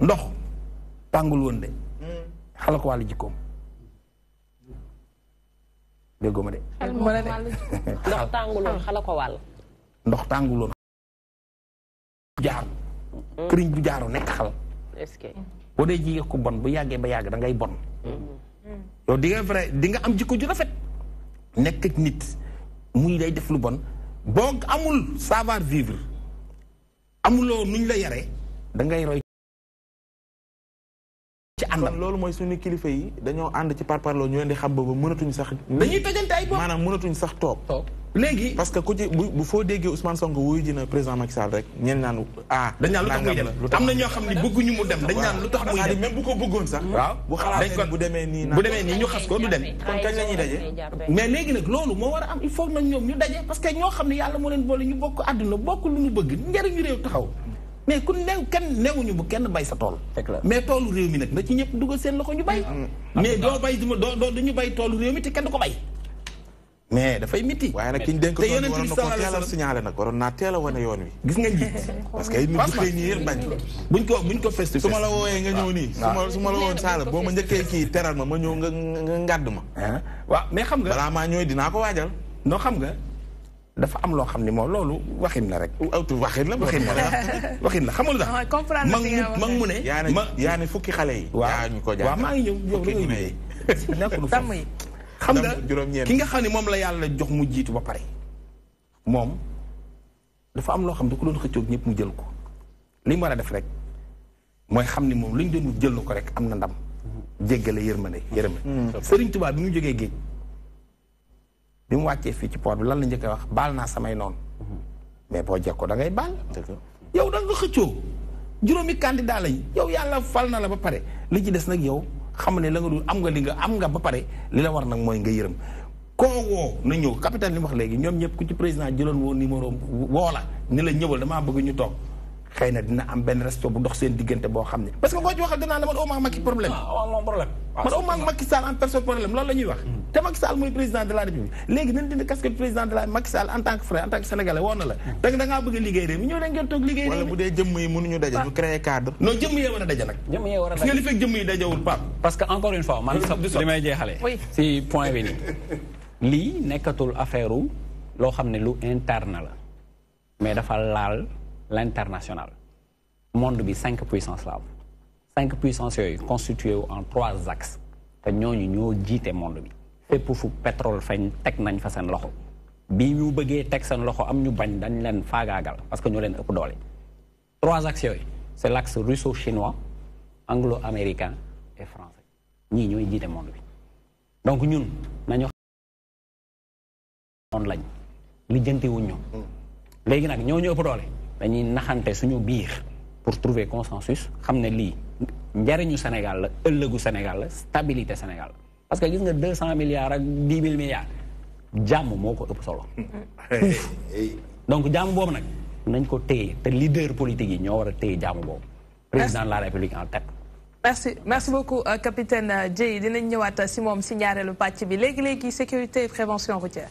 ndox tàngul woon de xala ko wàllu jikkoom déggoo ma de ndox tàngul woon ko wàll ndox tàngul woon jaaru këriñ bu jaaru nekk xal boo dee jigéen ko bon bu yàggee ba yàgg da ngay bon mm-hmm. yow di nga vrai am jikko ju rafet nekk nit muy day def lu bon boo amul savoir vivre amuloo ñu la yare da ngay roy ci àndam loolu mooy suñu kilifa yi dañoo ànd ci parparloo ñoo di xam boobu mënatuñ sax. dañuy tëjante ay bopp maanaam mënatuñ sax toog. léegi parce que ku ci bu bu foo déggee Ousmane Sonko wuyu ji a président Macky Sall rek ñeen naan ah, ah. dañ naan lu tax muy dem am na ñoo xam ne bëgguñu mu dem dañ naan lu tax muy dem ko bëggoon sax. waaw bu xalaatee bu demee nii bu demee nii ñu xas ko du dem. kon kañ la ñuy daje. mais léegi nag loolu moo war a am il faut nag ñoom ñu daje parce que ñoo xam ne yàlla moo leen boole ñu bokk àdduna bokk lu ñu bëgg njëriñu réew taxaw. mais ku new kenn newuñu bu kenn bay sa tool mais toolu réew mi nag na ci ñëpp dugal seen loxo ñu bay mais doo bay duma doo doo duñu bay toolu réew kenn du ko mais dafay miti. waaye nag ki ñu dénk te yéen a ngi teel a signalé nag waroon naa teel yoon wi. gis nga njiit parce que ay nit ñu xëy nii yéen bañ. buñ ko buñ ko festi su ma la wooyee nga ñëw nii. waaw ma la wooyee Sall boo ma njëkkee kii teral ma ma ñëw nga nga ngàdd ma. waaw mais xam nga balaa maa ñëwee dinaa ko waajal. noo xam nga dafa am loo xam ni moom loolu waxin na rek. awtu waxin la waxin la waxin la xamul nga. comprendre li nga wax mu ne. yaa ne fukki xale yi. waaw waaw maa ngi ñëw yow xam nga ki nga xam ne moom la yàlla jox mu jiitu ba pare moom dafa am loo xam ne ku doon xëccoog ñëpp mu jël ko li mu war a def rek mooy xam ni moom lu ñu doon wut jël na ko rek am na ndam jéggale yërmande yërmande mm. sëriñ Tuubaa bi mu jógee géej bi mu wàccee fii ci port bi lan la njëkk a wax baal naa samay noonu mais boo jekkoo da ngay baal yow da nga xëccoo juróomi candidat lañ yow yàlla fal na la ba pare li ci des nag yow xam ne la nga dul am nga li nga am nga ba pare li la war nag mooy nga yërëm koo woo na ñëw capital li wax léegi ñoom ñëpp ku ci président jëloon woo numéro woola la ni la ñëwal damaa bëgg ñu toog xeyna dina am ben resto bu dox sen diggante bo xamni parce que koo ci waxal danaa la man o maa Macky problème ah, ah, man o maa Macky sal en personne problème loolu lañuy wax hmm. te Macky sal mooy président de la république légui nañ dindi casque président de la Macky sal en tant que frère en tant que sénégalais wona la dag da nga bëgg liggéey réew mi ñëw da ngeen toog liggéey réew wala bu dé jëm yi mënu ñu dajé ah. ñu créer cadre non jëm yi wara dajé nak jëm yi wara dajé a daje li fek jëm yi dajewul pap parce que encore une fois man li may jeexale ci point bi nii lii nekkatul affaire lo xam lu interne la mais dafa laal l'international monde de cinq puissances là, cinq puissances constituées en trois axes nous, ñoo le monde bi que fu pétrole en train nañ fa loxo bi loxo am ñu bañ dañ leen parce que leen ëpp trois axes c'est l'axe russo-chinois anglo-américain et français ñii ñooy jiite monde bi donc ñun nañu mm. ñoo dañuy naxante suñu biir pour trouver consensus xam ne lii njariñu Sénégal la ëllëgu Sénégal la stabilité Sénégal la parce que gis nga 200 milliards ak dix mille milliards jàmm moo ko ëpp solo donc jàmm boobu nag nañ ko téye te leader politique yi ñoo war a téye jàmm boobu président de la république en tête merci merci beaucoup euh, capitaine euh, Dièye dinañ ñëwaat euh, si moom si ñaareelu pàcc bi léegi-léegi sécurité et prévention routière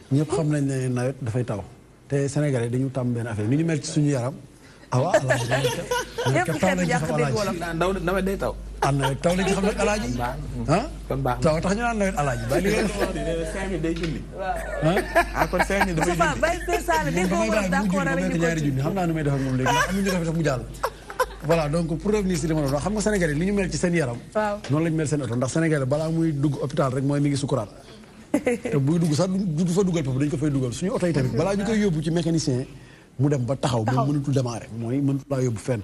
ñëpp xam nañ ne nawet dafay taw te Sénégalais dañu tàmm benn affaire ni ñu mel ci suñu yaram. ah waaw alaaji nawet day taw. ah nawet taw la ñu xam nag alaaji. ah taw tax ñu naan nawet alaaji. bàyyi li ngeen day julli. ah kon dafay julli. ñaari junni xam naa nu may def ak moom léegi am ñu def mu jàll. voilà donc pour revenir si li ma doon wax ñu mel ci seen yaram. waaw noonu la mel seen oto ndax Sénégalais balaa muy dugg hôpital rek mooy mi ngi sukuraat te buy dugg sax du fa dugal papa dañ ko fay dugal suñu oto yi tamit balaa ñu koy yóbbu ci mécanicien mu dem ba taxaw moom mënatul démarrer mooy mënatul laa yóbbu fenn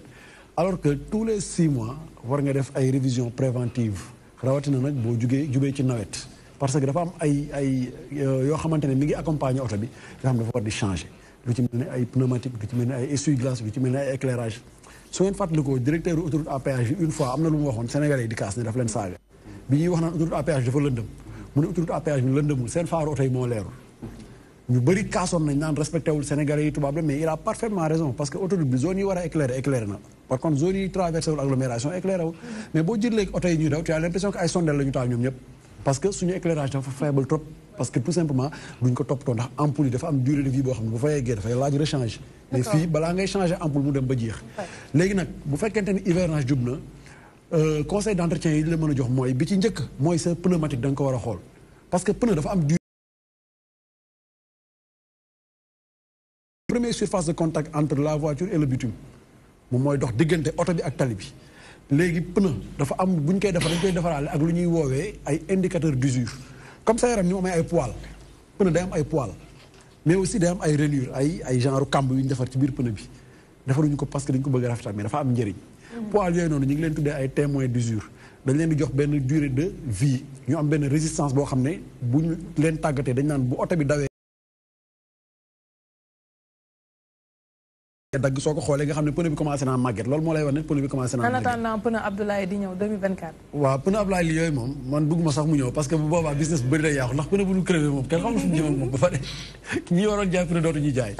alors que tous les six mois war nga def ay révision préventive rawatina nag boo jugee jubee ci nawet parce que dafa am ay ay euh, yoo xamante ne mi ngi accompagner oto bi yoo xam dafa war di changer lu ci mel ne ay pneumatique lu ci mel ne ay essuie-glace lu ci mel ne ay éclairage waxoon Sénégalais yi di kaas ne dafa leen wax naan autoroute à mu ne autoroute à bi lëndëmul seen faaru oto moo leerul ñu bëri kaasoon nañ naan respecté wul yi tubaab la mais il a parfaitement raison parce que autoroute bi zone yi war a éclairer éclairé na par contre zone yi traversé agglomération éclairé wul mais boo jëlee oto yi ñuy daw tu as l'impression que ay sondel la taal ñoom ñëpp parce que suñu éclairage dafa faible trop parce que tout simplement duñ ko toppatoo ndax ampoule dafa am Euh, conseil d' entretien yi la mën a jox mooy bi ci njëkk mooy sa pneumatique da ko war a xool parce que pneu dafa am durée. surface de contact entre la voiture et le bitume moom mooy dox diggante oto bi ak tali bi léegi pneu dafa am bu ñu koy defar dañ koy defaraale ak lu ñuy woowee ay indicateur d' usure comme sa yaram ni mu amee ay poils pneu day am ay poils mais aussi day am ay rainures ay ay genre kamb yu ñu defar ci biir pneu bi defaruñu ko parce que dañ ko bëgg a mi dafa am njëriñ. poids yooyu noonu ñu ngi leen tuddee ay témoins d'usure dañ leen di jox benn durée de vie ñu am benn résistance boo xam ne bu ñu leen tàggatee dañ naan bu oto bi dawee daanaka dagg soo ko xoolee nga xam ne pneu bi commencé naa màgget loolu moo lay wax ne pneu bi commencé naa. en attendant pneu Abdoulaye di ñëw 2024. waaw pneu Abdoulaye li yooyu moom man bëgguma sax mu ñëw parce que bu boobaa business bu bëri day yàqu ndax pneu bu ñu crevé moom kenn xamul fu mu jëm ak moom ba pare ñi waroon jaay pneu dootu ñu jaay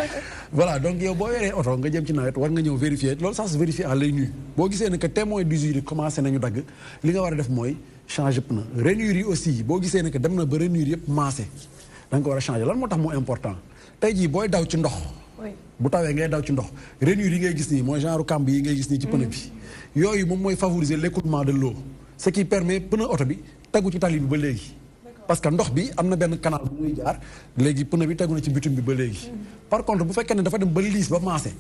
voilà donc yow boo yoree oto nga jëm ci nawet war nga ñëw vérifier loolu sax se vérifier à l'œil nu boo gisee ne que témoin d'usure yi commencé nañu dagg li nga war a def mooy changer pneu rainures yi aussi boo gisee ne que dem na ba rainures yëpp maase da nga ko war a changer lan moo tax mu important tey jii booy daw ci ndox bu tawee ngay daw ci ndox rainures yi ngay gis nii mooy genre kàmb yi ngay gis nii ci pneu bi mm. yooyu moom mooy favoriser l'écoulement de loo ce qui permet pneu oto bi tegu ci tali bi ba léegi parce que ndox bi am na benn canal bu muy jaar bi tegu na ci bitum bi ba léegi mm. par contre bu fekkee ne dafa dem ba liis ba maase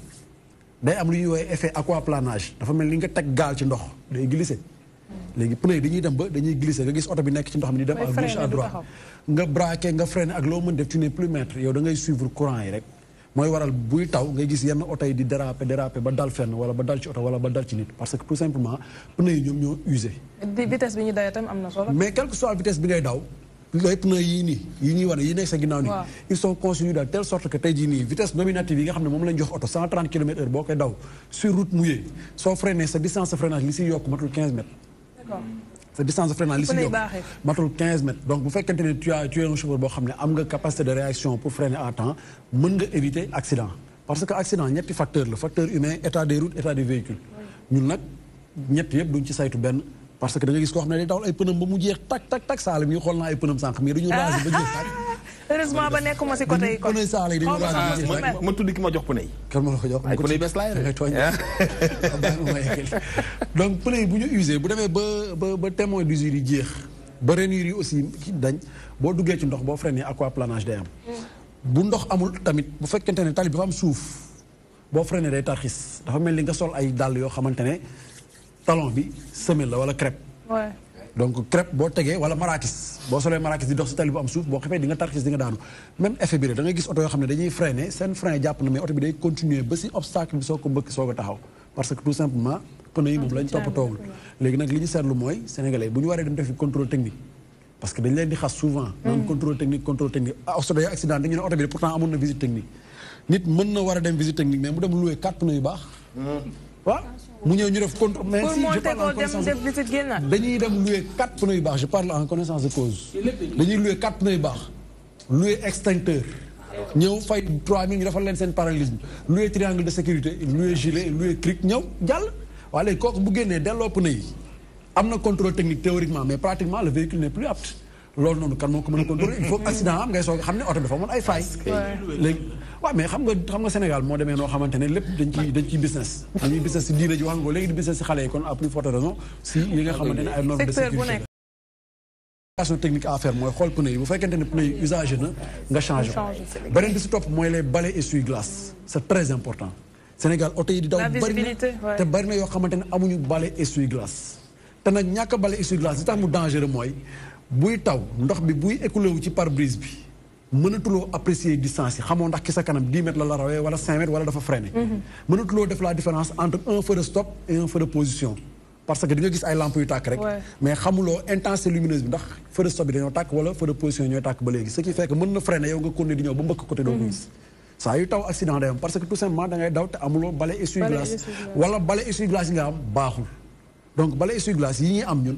day am lu ñuy woowee effet aquaplanage dafa mel ni nga teg gaal ci ndox day glisser mm. léegi pneu yi dañuy dem ba dañuy glisser nga gis oto bi nekk ci ndox mi di dem à gauche à droite nga braqué nga freiné ak loo mën def tu n'es plus maître yow da ngay suivre courant yi rek mooy waral buy taw ngay gis yenn oto yi di déraper déraper ba dal fenn wala ba dal ci oto wala ba dal ci nit parce que tout simplement pneu yi ñoom ñoo usé. vitesse bi ñu daw itam am na mais quelle que soit vitesse bi ngay daw. lépp na yii nii yi ñuy wane yi nekk sa ginnaaw nii ils sont conçus de telle sorte que tey jii nii vitesse nominative yi nga xam ne moom lañ jox oto 130 heure boo koy daw sur route mouillée soo freiné sa distance sa freinage li si yokk matul 15 la distance de frein à si yokk 15 mètres donc vous faites qu'un tu as tu un chauffeur boo xam une capacité de réaction pour freiner à temps mën éviter l'accident. parce que accident ñetti facteur Le facteur humain état des routes état des véhicules Nous, avons ñett yëpp ci saytu parce que da nga gis koo xam ne day dawal ay pënam ba mu jeex tak tak tak saala mi xool naa ay pënam sànq mais dañu raasi ba jeex tak heureusement ba nekkuma si côté yi kon pneu saala yi dañu raasi ma tudd ki ma jox pneu yi kan ma la ko jox ay pneu bés laay rek tooñ donc pneu yi bu ñu usé bu demee ba ba ba témoin d'usure yi jeex ba renure yi aussi dañ boo duggee ci ndox boo freiné aquaplanage day am mm. bu ndox amul tamit bu fekkente ne tali bi dafa am suuf boo freiné day tarxis dafa mel ni nga sol ay dàll yoo xamante ne talon bi semelle la wala crêpe. donc crêpe boo tegee wala marakis boo solee marakis di dox si tali bu am suuf boo xefee di tarxis di daanu même effet bi da ngay gis oto yoo xam ne dañuy freiner seen frein jàpp na mais bu ñu waree dem defi contrôle technique parce que dañ leen di xas souvent naan mm. technique contrôle technique ah, oto day accident dañu ne oto bi pourtant amoon na visite technique nit mën na war a dem visite technique mais waaw ah, mu ñëw ñu def contre mais si je parle en connaissance dañuy dem louer quatre pneus yu baax je parle en connaissance de cause dañuy louer quatre pneus yu baax louer extincteur ñëw fay 3000 ñu defal leen seen paralysme louer triangle de sécurité louer gilet louer cric ñëw jàll waaye léegi kooku bu génnee delloo pneu yi am na contrôle technique théoriquement mais pratiquement le véhicule n'est plus apte loolu noonu kan moo ko mën a contrôler il faut accident am ngay soog xam ne oto bi dafa amoon ay fay. léegi waaw mais xam nga xam nga Sénégal moo demee noo xamante ne lépp dañ ciy dañ ciy business dañuy business si diine ji wax nga ko léegi di business si xale yi kon à plus forte raison si li nga xamante ne ay normes de sécurité ation technique à faire mooy xool pneu yi bu fekkente ne pneu yi usagé na nga changé ko beneen bi si topp mooy les balais essuie-glace c'est très important Sénégal oto yi di daw bari na te bari na yoo xamante ne amuñu balais essuie-glace te nag ñàkk a balais essuie-glace li tax mu dangereux mooy buy taw ndox bi buy écoulé wu ci pare-brise bi mënatuloo apprécier distance yi xamoo ndax ki sa kanam 10 mètres la la rawee wala 5 mètres wala dafa freiné. Mm-hmm. mënatuloo def la différence entre un feu de que di nga gis ay lampes yu mais xamuloo intensité lumineuse bi ndax feu de stop bi ba léegi ce qui fait que mën na freiné yow nga di ñëw ba mbëkk côté doo ko mm-hmm. gis. saa yu taw accident da ngay daw te amuloo balai essuie-glace. wala yi nga am baaxul. donc balai essuie yi am ñun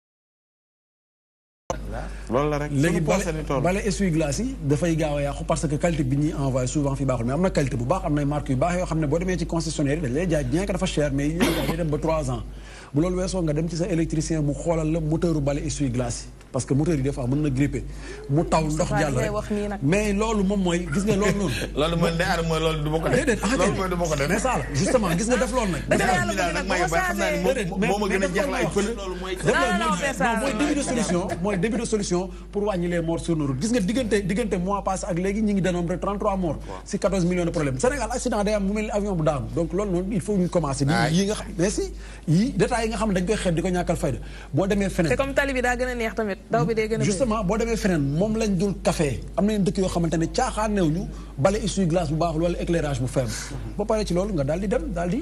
loolu la rek léegi bale essuie-glace yi dafay gaaw a yàqu parce que qualité bi ñuy envoyé souvent fi baaxul mais am na qualité bu baax am na marque yu baax yoo xam ne boo demee ci concessionnaire yi dañ lay jaay bien que dafa cher mais yi dem ba 3 ans bu loolu weesoo nga dem ci sa électricien mu xoolal la moteuru bale essuie-glace yi parce que moteur yi des fois mën na grippé mu taw ndox jàll rek mais loolu moom mooy gis nga loolu noonu. loolu mooy nee aar mooy loolu du ma ko def. déedéet loolu du ma ko def mais ça la justement gis nga def loolu nag. def loolu nag mooy xam naa ne moom moo gën a jeex la ay pël. mooy début de solution mooy début de solution pour wàññi les morts sur nos routes gis nga diggante diggante mois passé ak léegi ñu ngi dénombré 33 morts. si 14 millions de problèmes Sénégal accident day am mu mel ni avion bu daanu donc loolu noonu il faut ñu commencer. yi nga xam mais si yi détails yi nga xam dañ koy xeeb di ko ñàkkal fayda boo demee feneen. te comme tali bi daa gën a neex tamit daw bi justement boo demee feneen moom lañ dul café am na yeneen dëkk yoo xamante ne caaxaan new ñu bale essuie glace bu baaxul wala éclairage bu faible ba pare ci loolu nga daal di dem daal di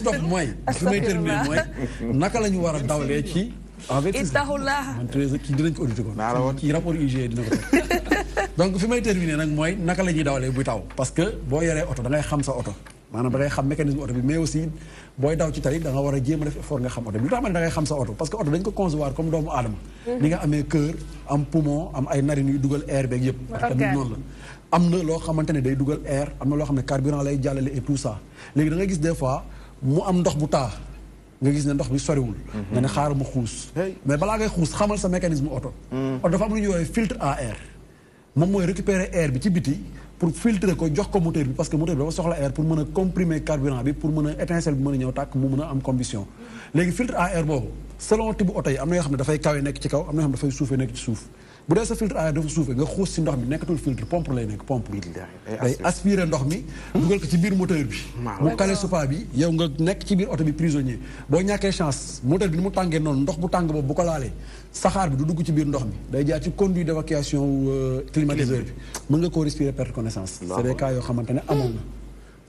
si topp mooy. fi may terminer mooy naka la ñu war a dawalee ci. ittaqullah man Thérèse kii dinañ ko audité ko kii rapport UG dina ko donc fi may terminer nag mooy naka la ñuy dawalee buy taw parce que boo yoree oto da ngay xam sa oto maanaam da ngay xam mécanisme oto bi mais aussi booy daw ci tali da war a jéem a def effort nga xam oto bi lu tax ma ne xam sa oto parce que oto dañ ko concevoir comme doomu aadama mm-hmm. ni nga amee cœur am poumon am ay narine yu dugal air beeg yëpp parce que tamit noonu la am na loo xamante ne day dugal air am na loo xam ne carburant lay jàllale et tout ça léegi da ngay des fois mu am ndox bu taa nga gis ne ndox bi soriwul mhm. nga ne xaaral mu xuus mais balaa ngay xuus xamal sa mécanisme oto mm. oto dafa am lu ñuy woowee filtre à air moom mooy récupérer air bi ci biti pour filtrer ko jox ko moteur bi parce que moteur bi dafa soxla air pour mën a comprimer carburant bi pour mën a étincelle bi mën a ñëw tàkk mu mën a am combustion mm. léegi filtre a air boobu selon type oto yi am na yoo xam ne dafay kawe nekk ci kaw am na yoo xam ne dafay suufee nekk ci suuf bu dee sa filtre à air dafa suufee nga xuus si ndox mi nekkatul filtre pompe lay nekk pompe day aspirer ndox mi dugal ko ci biir moteur bi mu kale supa bi yow nga nekk ci biir oto bi prisonnier boo ñàkkee chance moteur bi ni mu tàngee noonu ndox bu tàng boobu bu ko laalee saxaar bi du dugg ci biir ndox mi day jaar ci conduit d'évacuation euh, climatiseur bi mën nga koo respirer perte connaissance c'est des cas yoo xamante ne amoon na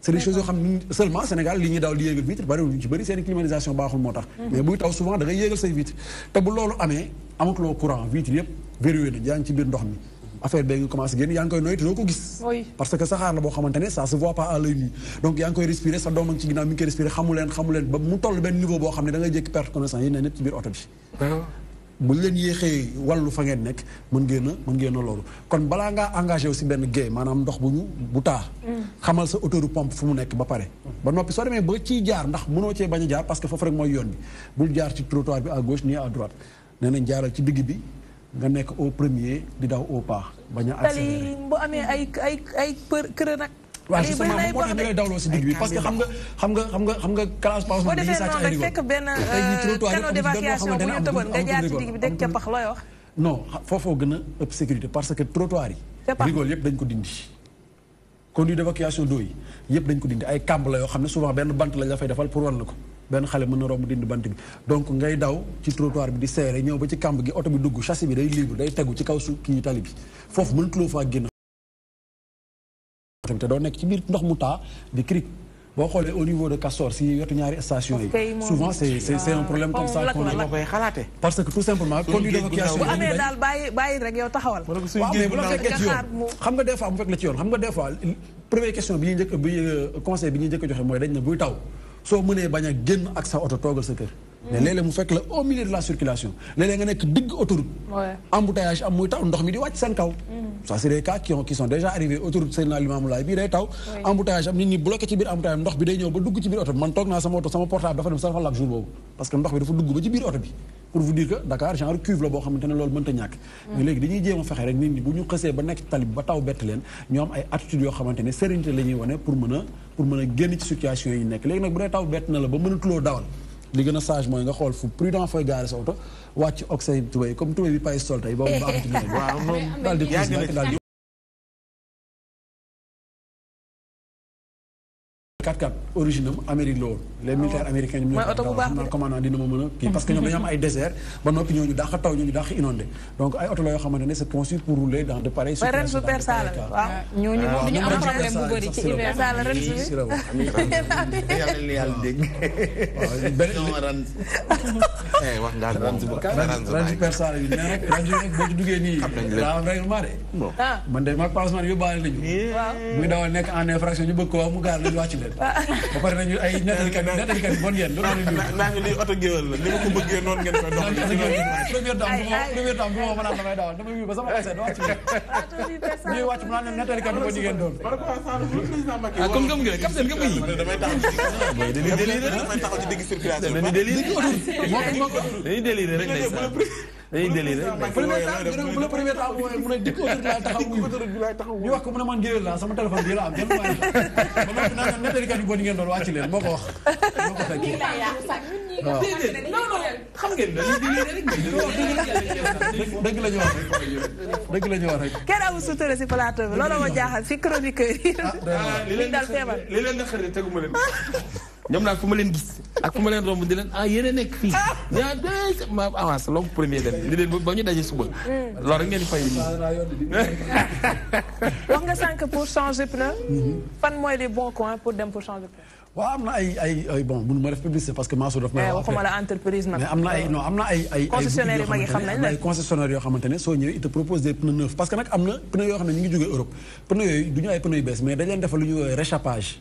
c'est des choses yoo xam ne seulement Sénégal li ñuy daw di yéegal vitre bari ci bëri seen climatisation baaxul moo tax mm-hmm. mais buy taw souvent da ngay yéegal say vitre te bu loolu amee amatuloo courant vitre yëpp verrouillé na yaa ngi ci biir ndox mi affaire bee ngi commencé génn yaa ngi koy noyyi te doo ko gis parce que saxaar la boo xamante ne leen benn ah. yéexee wàllu fa ngeen nekk mën ngeen loolu kon balaa ngaa engagé aussi benn gay maanaam ndox bu ñu bu taa mm. xamal sa autour pompe fu mu nekk ba pare ba noppi soo demee ba ciy jaar ndax mënoo cee bañ a jaar parce que foofu rek mooy yoon bi bul jaar ci trottoir bi à gauche ni à droite nee jaaral ci digg bi nga nekk au premier di daw au pas bañ a. accéléré bu amee ay ay ay kër nag. waaw justement si digg que xam nga xam nga xam nga xam nga classe pass moom dañuy sàcc ay rigol fekk benn euh, canot d'évacuation bi parce que trottoir yi. rigol yëpp dañ ko dindi. conduit d'évacuation d'eau yi yëpp dañ ko dindi ay kàmb la yoo xam ne souvent benn bant lañ la defal pour wan la ko. benn xale mën na romb dindi bant bi donc ngay daw ci trottoir bi di seere ñëw ba ci kàmb gi oto bi dugg châssis bi day libre day tegu ci kaw su kii tali foofu mënatuloo faa génn te ci biir ndox mu taa di boo xoolee au niveau de Castor si wetu ñaari station yi souvent c'est c'est un problème comme ça qu'on a koy xalaate parce que tout simplement conduite d'évacuation bu amee daal bàyyi bàyyi rek yow taxawal mais bu la nga des fois bu la ci yoon xam nga des fois première question bi ñu njëkk bi euh, conseil bi ñuy njëkk joxe mooy dañ na buy taw soo mënee bañ a génn ak sa oto toogal sa kër. mais léeg-léeg mu fekk la au milieu de la circulation léeg-léeg nga nekk digg autoroute embouteillage am muy taw ndox mi di wàcc seen kaw mm. ça c'est des cas qui ont qui sont déjà arrivés autoroute Seydina Limamou Laye bii day taw embouteillage am ni ñi bloqué ci biir embouteillage ndox bi day ñëw ba dugg ci biir oto bi man toog naa sama oto sama portable dafa dem sa dafa jour boobu parce que ndox bi dafa dugg ba ci biir oto bi pour vous dire que Dakar genre cuve la boo xamante ne loolu mënta mm. mais léegi dañuy jéem a fexe rek ni ñi bu ñu xësee ba nekk talib ba taw bett leen ñoom ay attitude yoo xamante ne sérénité la ñuy wane pour mën pour mën a génn ci situation yi nekk léegi nag bu dee taw bett na la ba mënatuloo dawal li gën a sage mooy nga xool fu prudent fooy gaare sa wàcc oxy tubéy comme tubéy bi payi sol tey boobu baax na ci daal di 4-4 origine am Amérique la woon les militaires américains ñoom ñoo xam naa commandant dina ma mën a kii parce que ñoom dañoo am ay désert ba noppi ñooñu daax a taw ñooñu daax a inondé donc ay oto la yoo xamante c'est conçu pour rouler dans de pareils situations ren super saala waaw ñooñu moom duñu am problème bu bëri ci hiver saala ren su si la woon yàlla na yàlla dégg benn wax nga ren super saala yi nee nag ren yi nag boo ci duggee nii daal règlement de man de maag passement yóbbaale nañu muy dawal nekk en infraction ñu bëgg ko mu gaar lañu wàcc ba pare nañu ay nettalikat nettalikat bon ngeen loolu la ñuy. naa ñu lii oto géwél la ni ma ko bëggee noonu ngeen koy doxal. première dame bu ma première dame bu ma ma naan damay dawal damay wii ba sama xase doo wàcc bi ñuy wàcc mu naan leen nettalikat bi ko jigéen doon. ah comme gëm nga capitaine gëm nga yi. damay taxaw ci digg damay taxaw ci digg circulation. dañuy délire rek dañuy déliré bu la premier temps wooyee mu ne dikk autoroute laay taxaw wuyu ñu wax ko mu ne man géwél laa sama téléphone bii la am kenn maa ngi xam ba noppi naan nettalikat yu bon yi ngeen doon wàcc leen moo ko wax moo ko fekkee non non xam ngeen dëgg la ñu wax rek dëgg la ñu wax rek kenn amul sutura si plateau bi loolu ma jaaxal si chroniqueur yi ah, li leen di xëy teguma leen ñoom daal fu ma gis ak fuma len romb di len ah yene nek fi ya ñaa de ma avance longu premier dem di leen ba ñu suba. Mm. loolu rek ngeen di fay. wax nga sank pour changer pneu. Mm-hmm. fan moy les bons coins pour dem pour changer pneu. waaw am na ay ay ay bon mënu ma def publicité parce que Mansour daf may. Eh, waxuma la entreprise nag. mais am na ay non am na ay ay. concessionnaire mag yi xam nañ la ay concessionnaire yoo xamante ne soo ñëwee il te propose des pneus neufs parce que nag am na pneu yoo xam ne ñu ngi jógee Europe pneu yooyu du ñu ay pneu yu bees mais dañ leen defal lu ñuy woowee réchappage.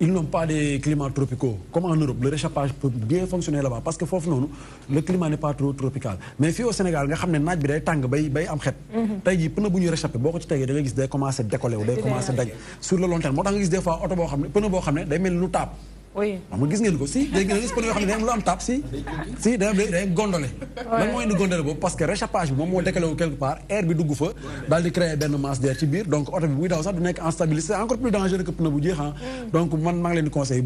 ils n'ont pas des climats tropicaux. Comme en Europe, le réchappage peut bien fonctionner là-bas. Parce que le climat n'est pas trop tropical. Mais ici au Sénégal, on sait que sont en train de à décoller, Sur le long terme, des fois, on des ma gis ngeen ko si day gis pëne yoo xam ne day am lu am taab si si daw en stabilité c'est encore plus dangereux que pneu bu jeex ah donc man maa ngi leen di conseil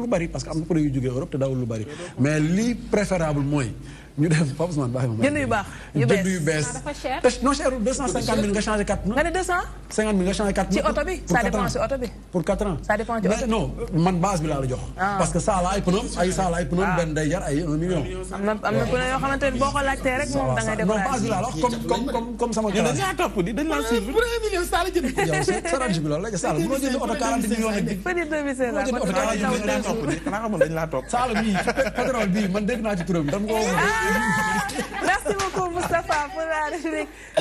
lu bari parce que am na pneu yu jógee Europe te dawul lu bari mais li préférable mooy ñu def Pape Ousmane baax na. jënd yu baax yu bees jënd yu bees. dafa cher non cherul 250000 nga changé 4 nga ne 200. 50 000 nga changé 4 pour 4 ans ci oto bi ça dépend ci oto bi. pour 4 ans ça dépend ci oto bi non man base bi laa la jox. Ah. parce que saa la ay pneu ay saa la ay pneu ah. benn day jar ay 1 million. am na am na pneu yoo xamante ne boo ko laajtee rek moom da ngay découragé. non base bi laa la wax comme comme comme sama. ñu ne ñu naan topp di dañu laa suivre. pour 1 million saa la jënd. yow sa rajo bi loolu la saa la mënoo jënd oto 40 millions ak bi. petit service la mënoo jënd oto 40 millions ak bi. xanaa xamul dañu laa topp. saa la bii pétrole bii man dégg naa ci turam dama ko Merci beaucoup, Moustapha, pour la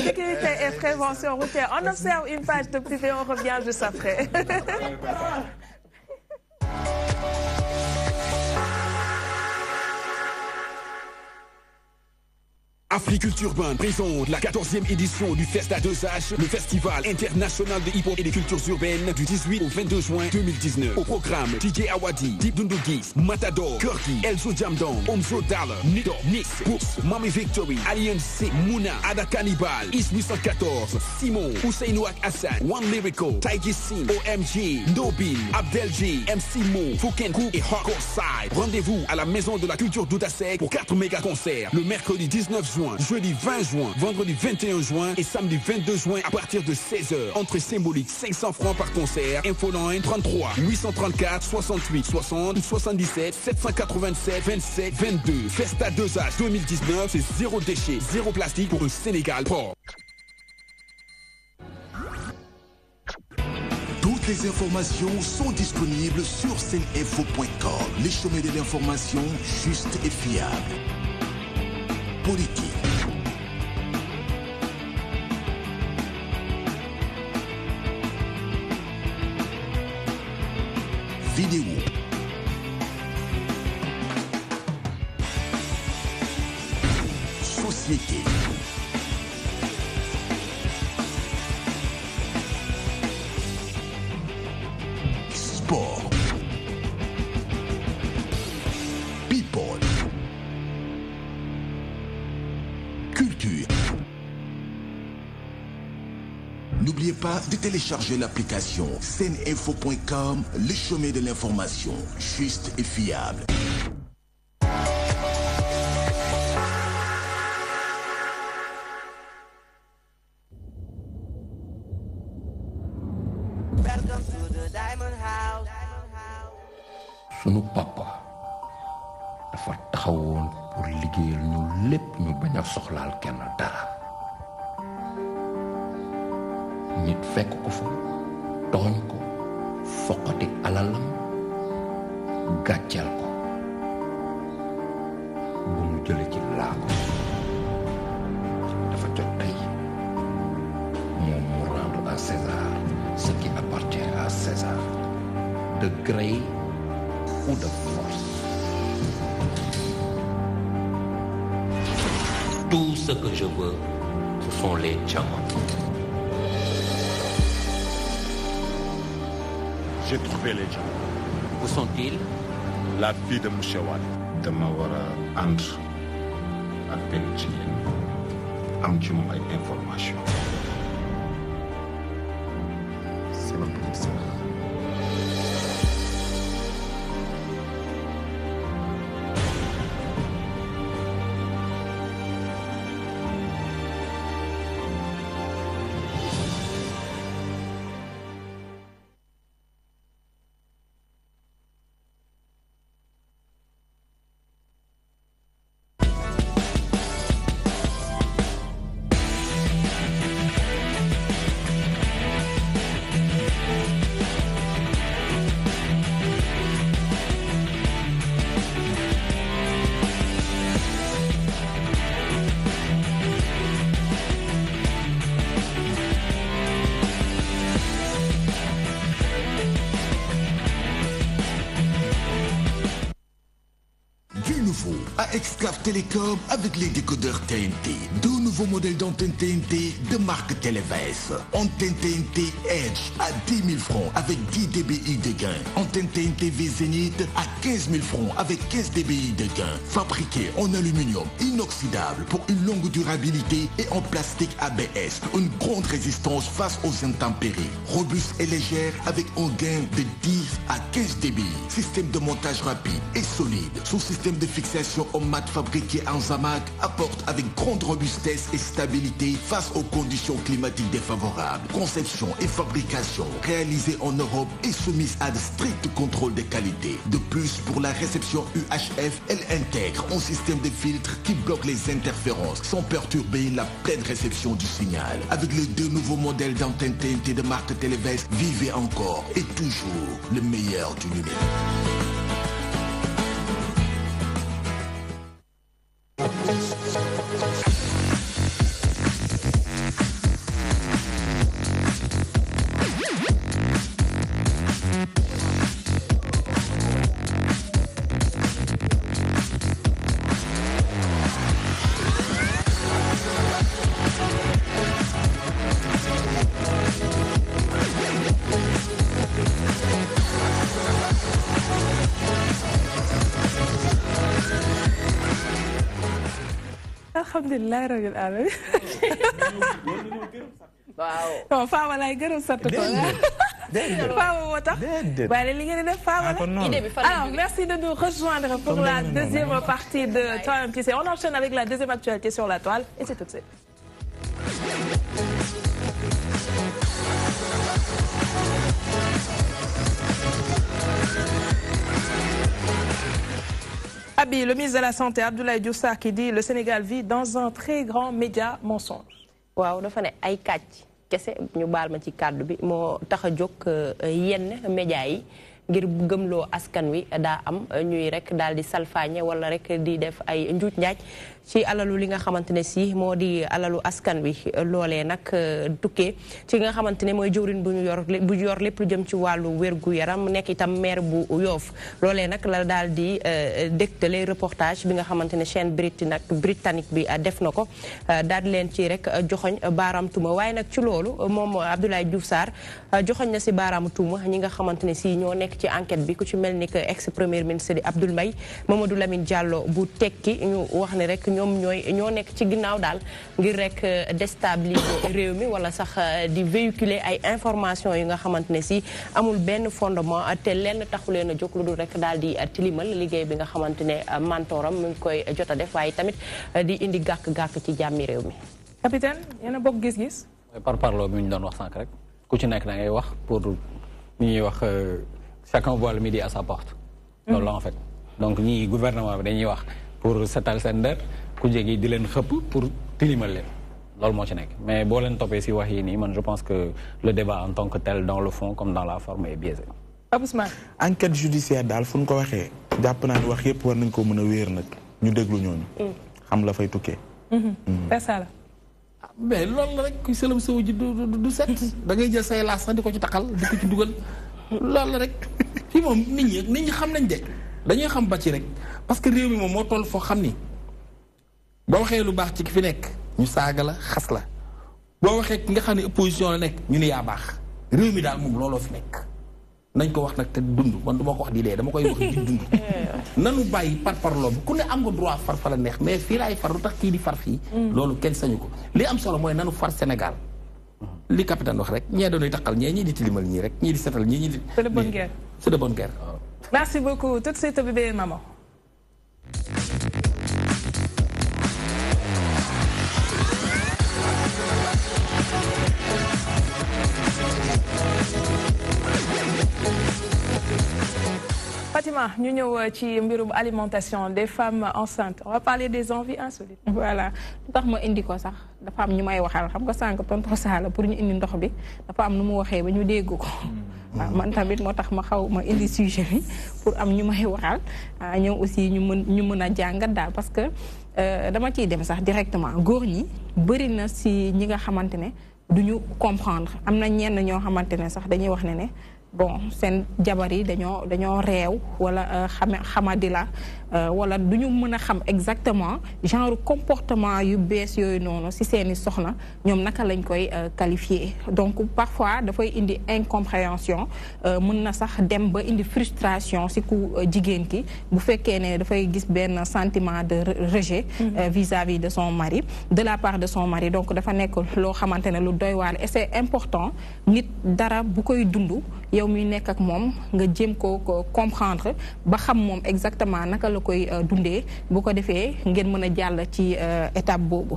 sécurité et prévention routière. On observe une page de privé, on revient juste après. Africulture Urbaine présente la 14e édition du Festa 2H, le festival international de hip-hop et des cultures urbaines du 18 au 22 juin 2019. Au programme, TJ Awadi, Deep Dundugis, Matador, Kirki, Elzo Jamdong, Omzo Dollar, Nido, Nix, Books, Mami Victory, Alien C, Mouna, Ada Cannibal, Is 814, Simon, Ouak Hassan, One Lyrical, Taiji Singh, OMG, Nobin, Abdel MC Mo, Fouken et Hardcore Side. Rendez-vous à la Maison de la Culture d'Outasek pour 4 méga concerts le mercredi 19 juin jeudi 20 juin, vendredi 21 juin et samedi 22 juin à partir de 16h. Entrée symbolique 500 francs par concert. Info 9 33 834 68 60 77 787 27 22. Festa 2H 2019, c'est zéro déchet, zéro plastique pour le Sénégal Toutes les informations sont disponibles sur seninfo.com. Les chemins de l'information juste et fiable. Buriti. Vidéo. Société. de télécharger l'application sceneinfo.com, le chemin de l'information, juste et fiable. sauver les gens. Où sont-ils La fille de Mouchewal. dama war a ànd ak benn jigéen am ci information Télécom avec les décodeurs TNT. Deux nouveaux modèles d'antenne TNT de marque Televes. Antenne TNT Edge à 10 000 francs avec 10 dBi de gain. Antenne TNT V à 15 000 francs avec 15 dBi de gain. Fabriquée en aluminium inoxydable pour une longue durabilité et en plastique ABS. Une grande résistance face aux intempéries. Robuste et légère avec un gain de 10 à 15 dBi. Système de montage rapide et solide. Sous système de fixation au mat fabriqué Riquet en Zamac apporte avec grande robustesse et stabilité face aux conditions climatiques défavorables. Conception et fabrication réalisées en Europe et soumises à de stricts contrôles de qualité. De plus, pour la réception UHF, elle intègre un système de filtres qui bloque les interférences sans perturber la pleine réception du signal. Avec les deux nouveaux modèles d'antenne TNT de marque Televest, vivez encore et toujours le meilleur du numérique. laay ragal àll bi. waaw. non Fama laay gërëm sant ko. déedéet Fama moo tax. déedéet waaye li ngeen def la. idée bi alors merci de nous rejoindre pour la deuxième partie de Toile MTC on enchaîne avec la deuxième actualité sur la toile et c'est tout de suite. Djabi, le ministre de la Santé, Abdoulaye Diouf Sarr, qui dit le Sénégal vit dans un très grand média mensonge. waaw dafa ne ay kàcc kese ñu baal ma ci kàddu bi moo tax a jóg euh, yenn média yi ngir gëmloo askan wi da am euh, ñuy rek daldi salfañe wala rek di def ay njut njaaj ci alalu li nga xamante ne si moo di alalu askan wi loole nag euh, tukkee ci nga xamante ne mooy jëwrin bu ñu yor bu yor lépp lu jëm ci wàllu wérgu yaram nekk itam maire bu Yoof loolee nag la daal di euh, dégtale reportage bi nga xamante ne chaîne briti nag britannique bi euh, def na ko daal di leen ci rek joxoñ baaraam tuma waaye nag ci loolu moom Abdoulaye Diouf Sarr joxoñ na si baaraamu tuuma ñi nga xamante ne si ñoo nekk ci enquête bi ku ci mel ni que ex premier ministre di Abdoul Mbaye du Lamine jàlloo bu tekki ñu wax ne rek ñoom ñooy ñoo nekk ci ginnaaw daal ngir rek euh, déstabiliser réew mi wala sax euh, di véhiculer ay information yi nga xamante ne si amul benn fondement te lenn taxu leen a jóg lu dul rek daal di euh, tilimal liggéey bi nga xamante ne mantooram mu ngi koy jot a def waaye tamit di indi gàkk-gàkk ci jàmmi réew mi. capitaine yéen bokk gis-gis. par parlo bi ñu doon wax sànq rek ku ci nekk da ngay wax pour ni ñuy wax chacun voit mi di à sa porte. Hmm. loolu donc ñii gouvernement bi dañuy wax. pour setal seen der ku jegi di leen xëpp pour tilimal leen loolu moo ci nekk mais boo leen toppee si wax yi nii man je pense que le débat en tant que tel dans le fond comme dans la forme est biaisé. Ousmane. enquête judiciaire daal fu ñu ko waxee jàpp naa ni wax yépp war nañ ko mën a wéer nag ñu déglu ñooñu. Mm. xam la fay tukkee. Fassala. Mm-hmm. Mm. Ah, mais loolu la rek ku sëlam sow ji du du set da ngay jël say laas sax di ko ci taxal di ko ci dugal loolu la rek fii moom nit ñi nit ñi xam nañ de dañuy xam ba ci rek. parce que réew mi moom moo toll foo xam ni boo waxee lu baax ci ki fi nekk ñu saaga la xas la boo waxee ki nga xam ne opposition la nekk ñu ne yaa baax réew mi daal moom looloo fi nekk nañ ko wax nag te dund man du ma ko wax di dee dama koy wax di dund nanu bàyyi par par loobu ku ne am nga droit far fa la neex mais fii laay far lu tax kii di far fii mm. loolu kenn sañu ko li am solo mooy nanu far Sénégal mm. li capitaine wax rek ñee doon taqal ñee ñii di tilimal ñii rek ñii di setal ñii ñii di est de bonne guerre est de bonne guerre merci beaucoup tout de suite bee maman Yeah. Fatima ñu ñëw euh, ci mbirum alimentation des femmes enceintes on va parler des envies insolites. voilà lu tax ma indi ko sax dafa am ñu may waxal xam nga sànq tonton Sala pour ñu indi ndox bi dafa am nu mu waxee ba ñu dégg ko. Hmm. man tamit moo tax ma xaw ma indi sujet bi pour am ñu may waxal ah, ñëw aussi ñu mën ñu mën a daal parce que euh, dama ciy dem sax directement góor ñi bëri na si ñi nga xamante ne du comprendre am na ñenn ñoo xamante ne sax dañuy wax ne ne bon seen jabar yi dañoo dañoo réew wala euh, xame xamadi la euh, wala duñu ñu mën a xam exactement genre comportement yu bees yooyu noonu ci seeni soxna ñoom naka lañ koy euh, qualifier donc parfois dafay indi incompréhension mën na sax dem ba indi frustration ci ku jigéen ki bu fekkee ne dafay gis benn sentiment de rejet mhm. vis-à-vis de son mari de la part de son mari donc dafa nekk loo xamante ne lu doy waar et c'est important nit dara bu koy dund yow mi nekk ak moom nga jéem ko comprendre ba xam moom exactement naka la koy euh, dundee bu ko defee ngeen mën a jàll ci euh, étape boobu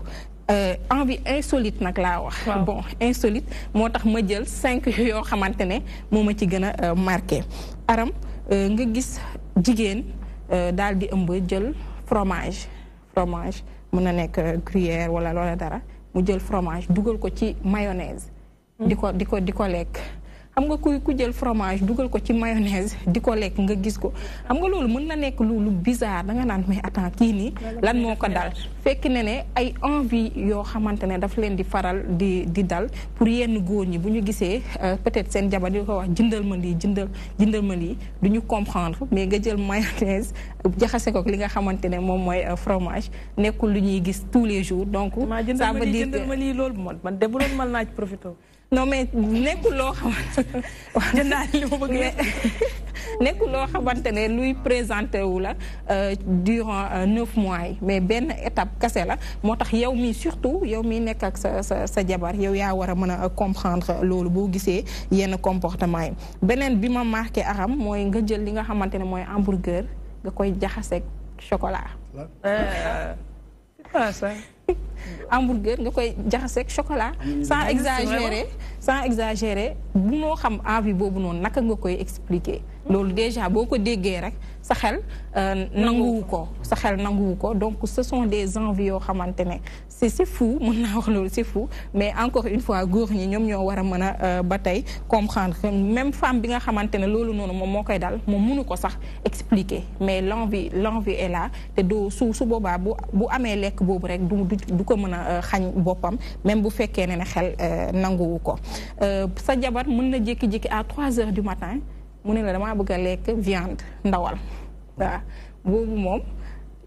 euh, envie insolite nag laa wax bon insolite moo tax ma jël cinq yoo xamante ne moo ma ci gën a marqué aram nga gis jigéen daal di ëmb jël fromage fromage mën na nekk gruyère wala loola dara mu jël fromage dugal ko ci mayonnaise di ko di ko di ko lekk xam nga kuy ku jël fromage dugal ko ci mayonnaise di ko lekk nga gis ko xam nga loolu mën na nekk lu lu bizarre da nga naan mais attends kii nii lan moo ko dal fekk ne ne ay envie yoo xamante ne daf leen di faral di di dal pour yenn góor ñi bu ñu gisee euh, peut-être seen jabar di ko wax jëndal ma lii jëndal jëndal ma lii du ñu comprendre mais nga jël mayonnaise jaxase ko li nga xamante ne moom mooy euh, fromage nekkul lu ñuy gis tous les jours donc ça veut dire que jëndal ma lii jëndal loolu man man de bu naa ci profité non mais nekkul lo xamantene jëndaal li ma bëgg Ne loo xamante ne luy présenté wu la euh, durant euh, neuf mois mais benn étape kese la moo tax yow mi surtout yow mi nekk ak sa sa sa jabar yow yaa war a mën a comprendre loolu boo gisee yenn comportement yi beneen bi ma marqué aram mooy nga jël li nga xamante ne mooy hamburger nga koy jaxaseeg chocolat. Euh. Ça. hamburger nga koy jaxaseeg chocolat mm, sans exagérer sans exagérer bu noo xam envie boobu noonu naka nga koy expliquer loolu déjà boo ko déggee rek sa xel euh, nanguwu ko sa xel nanguwu ko donc ce sont des envies yoo xamante c'est c'est fou mën na wax lolu c'est fou mais encore une fois góor ñi ñom ñoo wara mëna mën euh, ba comprendre même femme bi nga xamantene lolu nonu mom moom koy dal mom mënu ko sax expliquer mais l'envie l'envie est là te doo su su boba bu bu amee lekk boobu rek du du ko mëna a euh, bopam même bu fekkee ne xel nanguwu ko sa jabar mën na jékki à trois heures du matin mu ne la damaa bëgg a lekk viande ndawal waaw boobu moom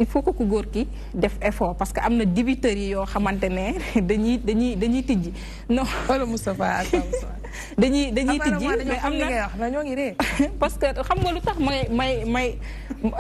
il faut que ku góor ki def effort parce que am na dibiteurs yi yoo xamante ne dañuy dañuy dañuy tijji non wala dañuy dañuy tijji mais am na ñoo ngi ree parce que xam nga lu tax may may may.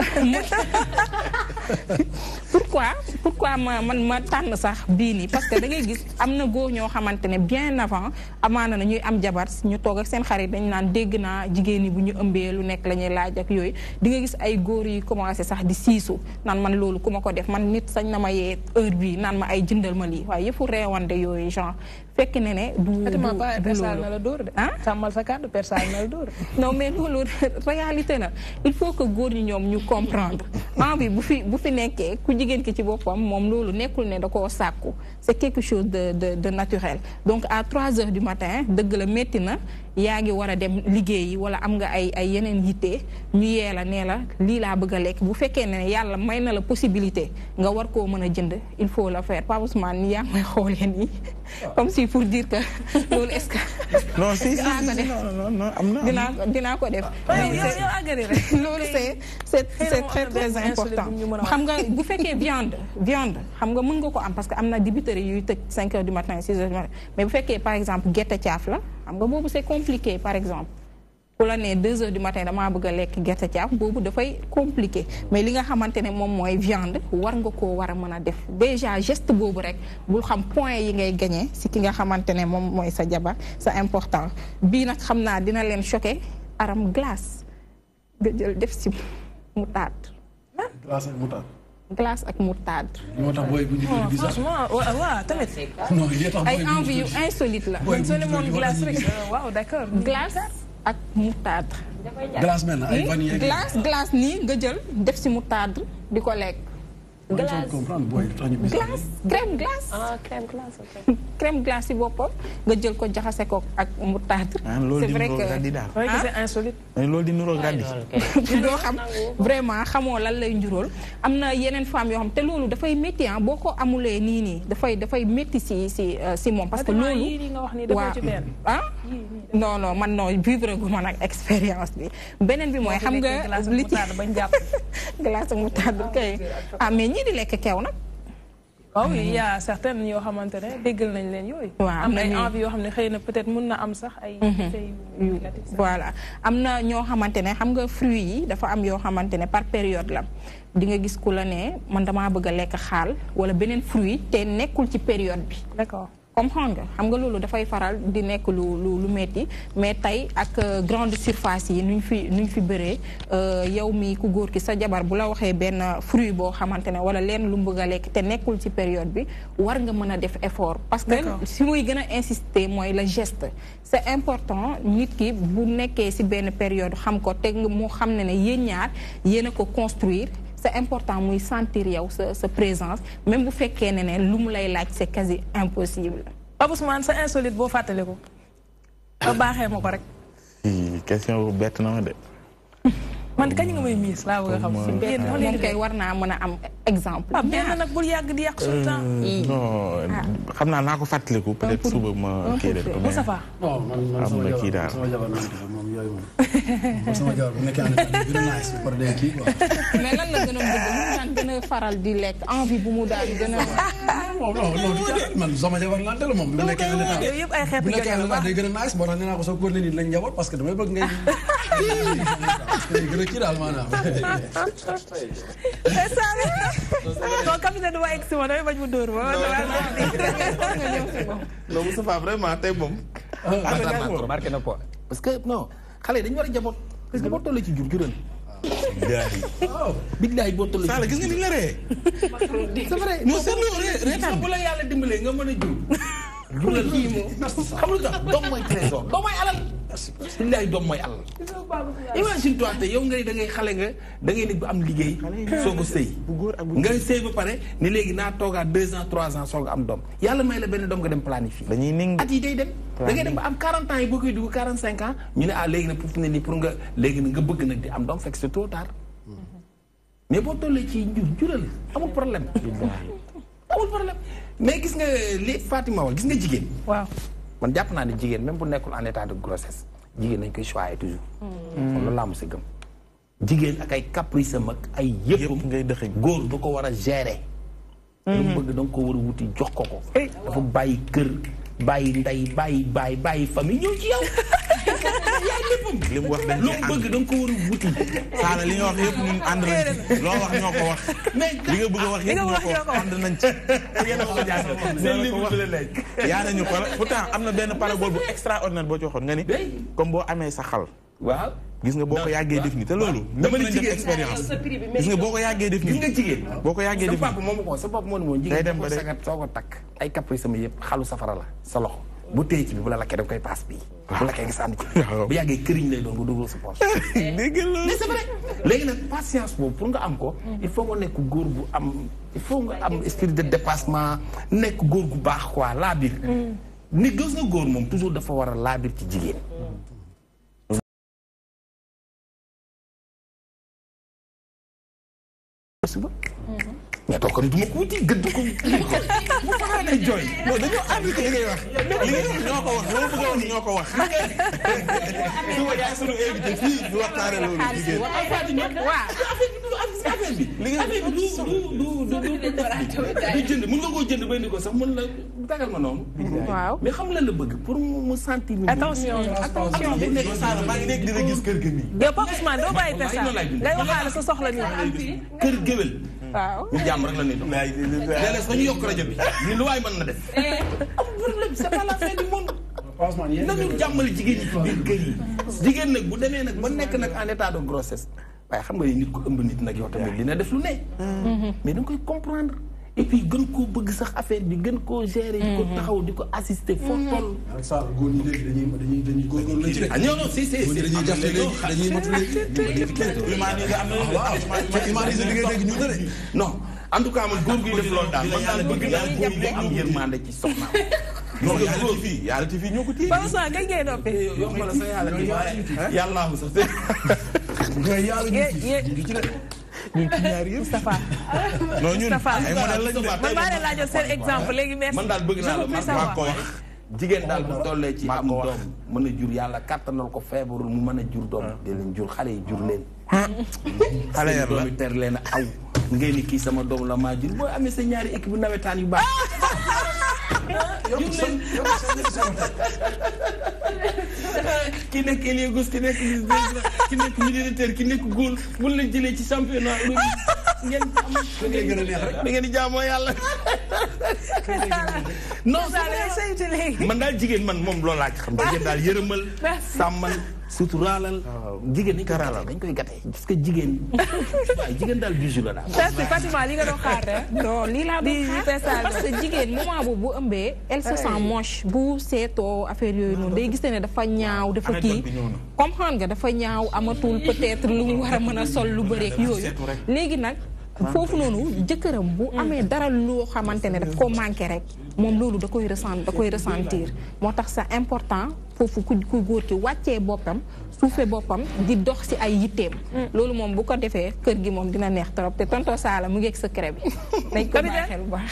pourquoi pourquoi ma man ma tànn sax bii nii parce que da ngay gis am na góor ñoo xamante ne bien avant amaana na ñuy am jabar ñu toog ak seen xarit dañ naan dégg naa jigéen ñi bu ñu ëmbee lu nekk lañuy ñuy laaj ak yooyu di nga gis ay góor yi commencé sax di siisu naan man loolu ku ma ko def man nit sañ na ma yee heure bii naan ma ay jëndal ma lii waaye yëpp reewande yooyu genre fekk ne du du loolu ah sàmmal sa kàddu persaal na la dóor non mais loolu réalité la il faut que góor ñi ñoom ñu comprendre envie bu fi bu fi nekkee ku jigéen ki ci boppam moom loolu nekkul ne da koo sàkku c'est quelque chose de de de naturel donc à 3 heures du matin dëgg la métti na yaa ngi war a dem liggéeyi wala am nga ay ay yeneen yitte ñu yee la nee la lii laa bëgg a lekk bu fekkee ne yàlla may na la possibilité nga war koo mën a jënd il faut la faire pas Ousmane ni yaa may xoolee nii comme si pour dire que loolu est-ce que. non si si non non am na dinaa ko dinaa ko def. loolu c'est c'est c'est très très important xam nga bu fekkee viande viande xam nga mën nga ko am parce que am na dibiterie yuy tëj 5 heures du matin 6 heures du matin mais bu fekkee par exemple gerte caaf la c'est compliqué par exemple pour la 2 deux heures du matin damaa bëgg a lekk gerte caaf boobu compliqué mais li nga xamante ne viande war nga koo war déjà geste boobu rek bul xam point yi ngay gagné si nga c'est important bii nag xam dina leen choqué aram glace nga jël def glace glace ak moutarde. moo ay envie yu la. booy bu glace euh, waaw d'accord. glace ak moutarde. glace mel na ay vanille glace glace nga jël def ci moutarde di ko lekk. glace glace crème glace. ah crème glace crème glace si boppam nga jël ko jaxase ko ak ah, ah? eh, ah, vraiment xamoo lan lay njuróol. am na yeneen femmes xam te loolu si si euh, si moom. parce que non non man non vivre gu expérience bi beneen bi xam nga glace kay ah, mais di ah il y a certaines yoo xamante ne déggal nañ leen am ay peut-être mun am mhm. voilà am na ñoo xam nga fruit yi am par période la di nga gis ku la ne man damaa bëgg a lekk wala fruit te nekkul ci période bi d'accord comprendre nga xam nga loolu dafay faral di nekk lu lu lu metti mais tey ak euh, grande surface yi nuñ fi nuñ fi bëree euh, yow mi ku góor ki sa jabar bu la waxee benn fruit boo xamante ne wala leen lu mu a lekk te nekkul ci période bi war nga mën a def effort parce que si muy gën a insister mooy le geste c'est important nit ki bu nekkee si benn période xam ko te mu xam ne ne yéen ñaar yéen a ko construire c'est important muy sentir yow sa présence même bu fekkee ne ne lu lay laaj c'est quasi impossible. Papa Ousmane c'est insolite boo fàttali ko ba baaxee ma ko rek. question boobu bett na ma de. man kañ nga may miis laa bëgg a xam. si benn man kay war naa mën a am exemple. ah benn nag bul yàgg di yàq suñu temps. Euh, non ah. xam naa naa ko fàttaliku. peut être suba ma kii rek. Moustapha bon man man ah, sama jabar sama jabar moom yooyu moom. moom sama jabar bu nekkee mais lan la gën a bëgg mu daan gën a faral di lekk envie bu mu daan gën a. non non man sama jabar laa dal moom. bu nekkee en état yëpp ay xeetu jabar bu nekkee en état day gën a nice moo tax nee naa ko soo góor ne nii lañ njaboot parce que damay bëgg ngay kii daal maanaam. non capitaine du ma egg ma damay mu dóor ma. non Moustapha vraiment tey moom. marqué na point parce que non xale yi dañu war a jaboot parce ah, que jur juróom. billaay boo tollee ci jur gis nga ni nga ree. c'est vrai non c'est vrai reetaan bu la yàlla dimbalee nga mën a jur. lu la lii xam nga tax doom mooy trésor doom mooy alal. imagine toi te yow nga ne da ngay xale nga da ngay nekk bu am liggéey. soo ko sëy nga sëy ba pare ni léegi naa toogaat deux ans trois ans soo ko am doom yàlla may la benn doom nga dem planifier. dañuy ning at yi day dem. da ngay dem ba am 40 ans yi boo koy dugg 45 ans ñu ne ah léegi nag pour fi ne nii nga bëgg nag di am doom fekk c'est trop tard. mais boo tollee ci njur jural amul problème. mais gis nga li Fatima wax gis nga jigéen. waaw man jàpp naa ne jigéen même bu nekkul en état de grossesse jigéen nañ koy choisir toujours. Hmm. kon loolu laa mos gëm. jigéen ak ay caprice am ak ay yëpp. ngay dëxëñ góor du ko war a gérer. Hmm. lu mu bëgg da ko war a wuti jox ko ko. Eh. dafa bàyyi kër bàyyi ndey bàyyi baay bàyyi famille ñëw ci yaay wax dañ loo a li nga wax yëpp ñun ànd nañ ci loo wax ñoo ko wax li nga bëgg a wax yëpp ñoo ko wax ànd nañ ci yaa nañu para pourtant am na benn parabole bu extraordinaire boo ci waxoon nga ni comme boo amee sa xal waaw gis nga boo ko yàggee def nii te loolu. dama ni jigéen expérience gis nga boo ko yàggee def nii. boo ko yàggee def nii. sa papa moomu ko sa papa moomu moom jigéen soo ko takk ay caprice sama yëpp xalu safara la sa loxo. bu téye ci bi bu la lakkee da nga koy paas bii. bu lakkee nga sànni ci bu yàggee këriñ lay doon bu dugal sa poche. dégg nga mais c'est léegi nag patience boobu pour nga am ko. il faut nga nekk góor gu am il faut nga am esprit de dépassement nekk góor gu baax quoi laabir. Mm. ni gës nga góor moom toujours dafa war a laabir ci jigéen. Mm-hmm. mais kooku du ma ko wuti gëdd ko lii ko bu faral di jooy. non dañoo ànd li ngay wax. li ngay wax ñoo ko wax loolu bëgg wax ñoo ko wax. su ma yaay sunu invité fii ñu waxtaane loolu jigéen. affaire bi li nga affaire bi du du du du jënd mën nga koo jënd ba indi ko sax mën la dagal ma noonu. waaw mais xam la la bëgg pour mu sentir. attention attention bi nekk Saalum maa ngi nekk dina gis kër gi nii. yow Pape Ousmane doo bàyyi pesa ngay waxaale sa soxla nii. kër géwél waaw jàmm rek la ñuy dox. léeg yokk rajo bi ni lu waay mën na def. Eh, am problème c'est jigéen ñi ci biir kër nag bu demee nag ba nekk nag en état de grossesse. waaye xam nga ni nit ko ëmb nit nag yow dina def lu ne. Mm-hmm. mais da koy comprendre. et puis gën koo bëgg sax affaire bi gën koo gérer. di ko mm-hmm. taxaw di ko assister foofu mm-hmm. toll. ak saa góor ñi léegi dañuy dañuy ah, si si si dañuy jàpp dañuy matu léegi. en tout cas man góor guy def loolu daal man daal bëgg naa góor yi am yërmande ci soxnaam. non yàlla ci fii yàlla ci fii ñoo ko téye. Baousa ngay ngay noppi. yow eh, ma la sa yàlla ci waaye yàllaahu sax te. Eh, yàlla eh, ñu ci ñun ci ñaari yëpp. Moustapha. non ñun ay modèle lañu de. man maa leen laajoon seen exemple léegi merci. man daal bëgg naa la maa ko wax. jigéen daal bu tollee ci am man a jur yàlla kàttanal ko feebarul mu mën a jur doom ah. de leen jur xale yi jur leen ah. xale yar la ter leen aw ngeen ni kii sama doom la maa jur boo amee sa ñaari équipe nawetaan yu baax ah. yokk sa yokk sa njëkk sa ki nekk Eliogos ki nekk Liss Dégueur ki nekk militaire ki nekk góol mun la jëlee ci championnat ngeen am ngeen da ngeen di jaamoo yàlla. non man daal jigéen man moom loolu laa ci xam. daal yërëmal sàmmal. surtout raalal. Ah, jigéen dañ koy gàttee parce que jigéen jigéen daal bijou la daal. c'est Fatima li nga doon xaar de. non lii laa doon xaar parce que jigéen moment boobu bu ëmbee. elle se sent moche bu seetoo affaire yooyu noonu day gis ne dafa ñaaw ah, dafa kii. comprendre nga dafa ñaaw amatul peut lu war a mën a sol lu bëreeg yooyu léegi nag. foofu noonu jëkkëram bu hmm. amee dara loo xamante ne daf koo manqué rek moom loolu da koy ressent da koy ressentir moo tax sa important foofu ku ku góor ki wàccee boppam suufee boppam di dox si ay yitteem hmm. loolu moom bu ko defee kër gi moom dina neex trop te tonton saala mu ngeeg secret bi dañ ko bàyyi xel bu baax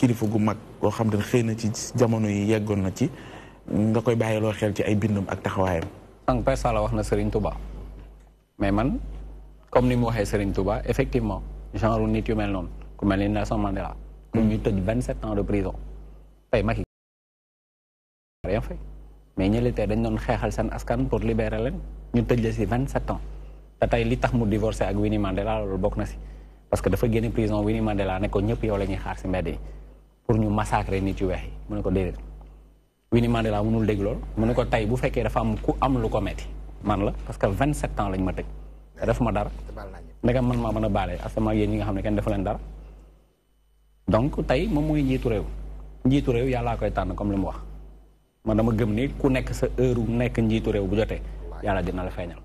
kilifa gu mag koo xam ne xëy na ci jamono yi yeggoon na ci nga koy bàyyiloo xel ci ay bindum ak taxawaayam. sànq Père Sala wax na Serigne Touba mais man comme ni mu waxee Serigne Touba effectivement genre nit yu mel noonu ku mel ni Nelson Mandela. ku ñu tëj 27 ans de prison tey Macky rien fait mais ñële tey dañ doon xeexal seen askan pour libérer leen ñu tëj la si 27 ans te tey li tax mu divorcé ak Winnie Mandela loolu bokk na si parce que dafa génne prison Winnie Mandela ne ko ñëpp yow la ñuy xaar si mbedd yi pour ñu massacrer nit yu weex yi mu ne ko déedéet Winnie Mandela mënul dégg lool mu ne ko tey bu fekkee dafa am ku am lu ko metti man la parce que 27 ans lañ ma tëj te def ma dara nga man ma mën a baale asama yéen ñi nga xam ne kenn defu leen dara donc tey moom mooy njiitu réew njiitu réew yàllaa koy tànn comme li mu wax man dama gëm ni ku nekk sa heure nekk njiitu réew bu jotee yàlla dina la feeñal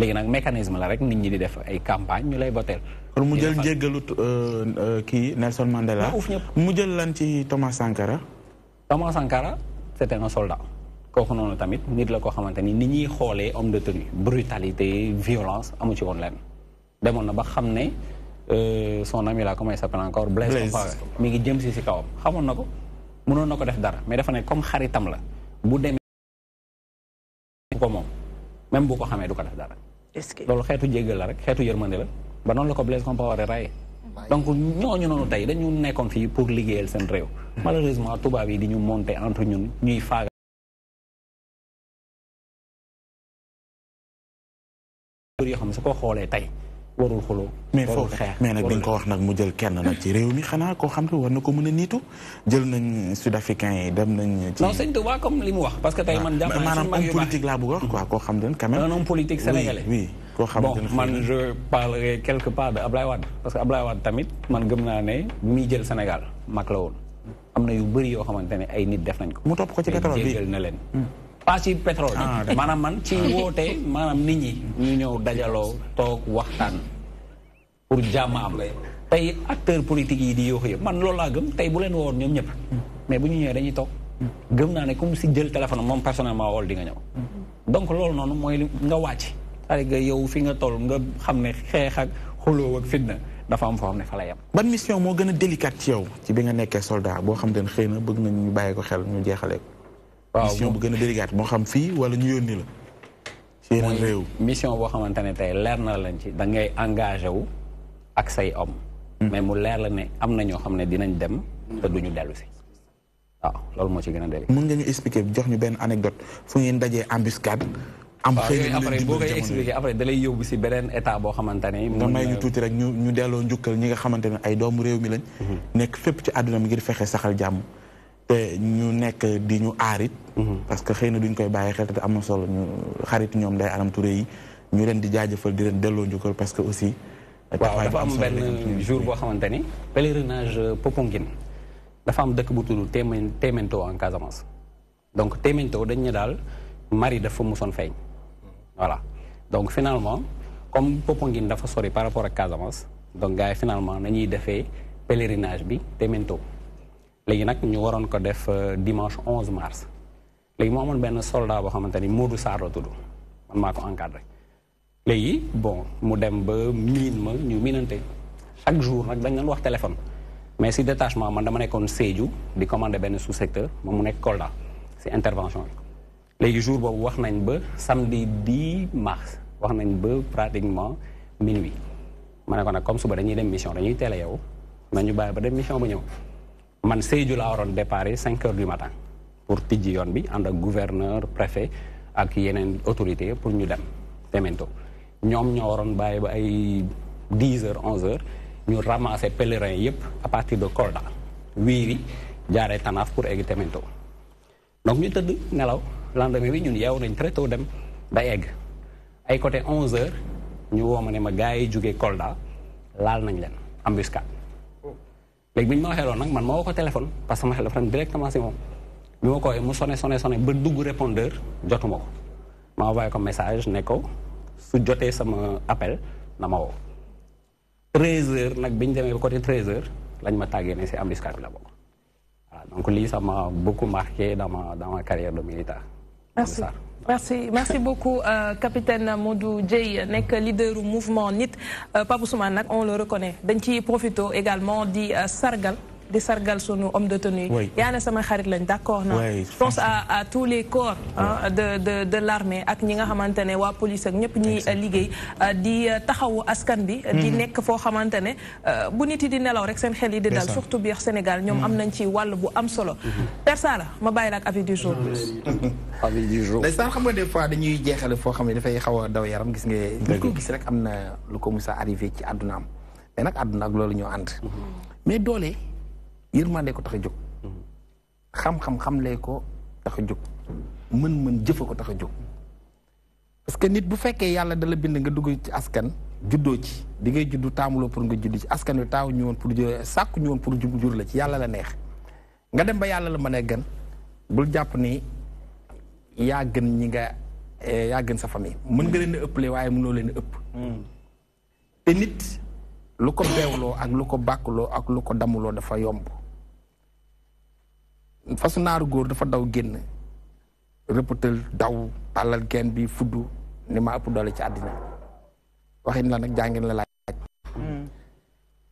léegi nag mécanisme la rek nit ñi di def ay campagne ñu lay voteel kon mu jël jéggalut euh, euh, kii Nelson Mandela mu jël lan ci Thomas Sankara Thomas Sankara c'était un soldat kooku noonu tamit nit la koo xamante ni nit ñuy xoolee homme de tenue brutalité violence amu ci woon lenn demoon na ba xam ne euh, son ami là comment il s'appelle encore Blaise Compaoré mi ngi jëm si si kawam xamoon na ko mënoon na ko def dara mais dafa ne comme xaritam la bu demee ko moom même bu ko xamee du ko def dara est-ce que loolu xeetu jéggal la rek xeetu yërmande la ba noonu la ko Blaise Compaoré raye donc ñooñu noonu tey dañu nekkoon fii pour liggéeyal seen réew hmm. malheureusement tubaab yi di ñu monter entre ñun ñuy faaga yoo su ko xoolee tey warul xuloo mais foofu mais nag di nga ko wax nag mu jël kenn nag ci réew mi xanaa koo xam ne war na ko mën a niitu jël nañ sud africain yi dem nañ. ci non sëñ Touba li mu wax. parce que tey man jàpp ah, naa maanaam homme a wax de Ablaye Wade parce que Ablaye Wade tamit man gëm naa ne mi jël Sénégal mag la woon am na yu bëri yoo xamante ne ay nit def nañ ko. mu topp ko ci pétrole bi pas ci pétrole man ci woote maanaam nit ñi ñu ñëw dajaloo toog waxtaan pour jàmm am tey acteur politique yi di yooxu yëpp man loolu laa gëm tey bu leen wowoon ñoom ñëpp mais bu ñu ñëwee dañuy toog gëm naa ne comme si jël téléphone moom personnellement wool di nga ñëw donc loolu noonu mooy li nga wàcc cest à yow fi nga toll nga xam ne xeex ak xuloo ak fitna dafa am foo xam ne fa la yem mission moo gën a délicate ci yow ci bi nga nekkee soldat boo xam ne xëy na bëgg nañu bàyyi ko xel ñu jeexalee ko mission bu gën a délicat moo xam fii wala ñu yónni la. ci yeneen réew mission boo xamante ne tey leer na lañ ci dangay ngay engagé wu ak say homme. Hmm. mais mu leer la ne am na ñoo xam ne dinañ dem. te duñu dellu si. waaw loolu moo ci gën a délicat. mën nga ñu expliquer jox ñu benn anecdote fu ngeen dajee embuscade. am xëy na après boo koy expliqué après dalay yóbbu si beneen état boo xamante ne. mun damay ñu tuuti rek ñu ñu delloo njukkal ñi nga xamante ne ay doomu réew mi lañ. Mhm. nekk fépp ci àdduna mi ngir fexe saxal jàmm. te ñu nekk di ñu aarit mhm. parce que xëy na duñ koy bàyyi xel te am na solo ñu xarit ñoom day aram Touré yi ñu leen di jaajëfal di leen delloo njukkal parce que aussi. waaw am jour boo xamante ni. pèlerinage euh, Popenguine dafa am dëkk bu tudd Témen Témento en Casamance donc Témento dañ ne daal mari fa musoon feeñ. voilà donc finalement comme Popenguine dafa sori par rapport ak Casamance donc gars finalement nañuy defee pèlerinage bi Témento. léegi nag ñu waroon ko def euh, dimanche 11 mars léegi moo amoon benn soldaa boo xamante ni Modou Sarr la tudd man maa ko encadré léegi bon mu dem ba miin ma ñu miinante chaque jour nag dañ doon wax téléphone mais si détachement man dama nekkoon Sédhiou di commandé benn sous secteur moom mu nekk Kolda si intervention bi. léegi jour boobu wax nañ ba samedi 10 mars wax nañ ba pratiquement minuit ma ne ko nag comme suba dañuy dem mission dañuy teel a yow na ñu bàyyi ba dem mission ba ñëw. man Sédhiou la waroon départ cinq heures du matin pour tijji yoon bi ànd ak gouverneur préfet ak yeneen autorité pour ñu dem Témento ñoom ñoo waroon bàyyi ba ay dix heures onze heures ñu ramasser pèlerins yëpp à partir de Kolda wi jaaree Tanaff pour egg Témento donc ñu tëdd nelaw lendemain bi ñun yeewu nañ très tôt dem ba egg ay côté onze heures ñu woo ma ne ma gars yi jógee Kolda laal nañ leen embuscade léegi bi ñu ma waxee loolu nag man ma woo ko téléphone parce que sama xel dafa directement si moom bi ma ko mu sonné sonné sonné ba dugg répondeur jotuma ko ma envoyé ko message ne ko su jotee sama appel na woo. 13h nag biñ ñu demee côté 13h lañ ma tàggee ne si embuscade bi la bokk voilà donc lii ça m'a beaucoup marqué dans ma dans ma carrière de militaire. merci merci merci beaucoup euh, capitaine Modou nek leader du mouvement nit euh, Pape Ousmane on le reconnaît dañ profito également dit euh, sargal di sargal sunu homme de tenue yaa ne sama xarit lañ d' accord na pense à à tous les corps de de de l' armée ak ñi nga xamante ne waa police ak ñëpp ñi liggéey euh, di euh, taxawu askan bi di mhm. nekk foo xamante ne euh, bu nit yi di nelaw rek seen xel yi di dal surtout biir Sénégal ñoom mhm. am nañ ci wàll bu am solo mhm. Père Sala ma bàyyi la ak avis du jour avis du jour ndeysaan des fois dañuy jeexale foo xam ne dafay xaw a daw yaram gis nga ñu ko gis rek am na lu ko musa arrivé ci àdduna am mais nag àdduna ak loolu ñoo ànd yërmande ko tax a jóg xam-xam xamlee ko tax a jóg mën-mën jëfa ko tax a jóg parce que nit bu fekkee yàlla dala bind nga dugg ci askan juddoo ci di ngay juddu taamuloo pour nga juddu ci askan wi taaw ñu woon pour sàkku ñu woon pour jur la ci yàlla la neex nga dem ba yàlla la mën a gën bul jàpp ni yaa gën ñi nga eh, yaa gën sa famille mën nga leen a ëpple waaye mënoo leen a ëpp te nit lu ko beewloo ak lu ko bàkkuloo ak lu ko damuloo dafa yomb fasu naaru góor dafa daw génn rëppatal daw tàllal kenn bi fudd ni ma ëpp doole ci àddina waxin la nag jàngin la laaj hmm.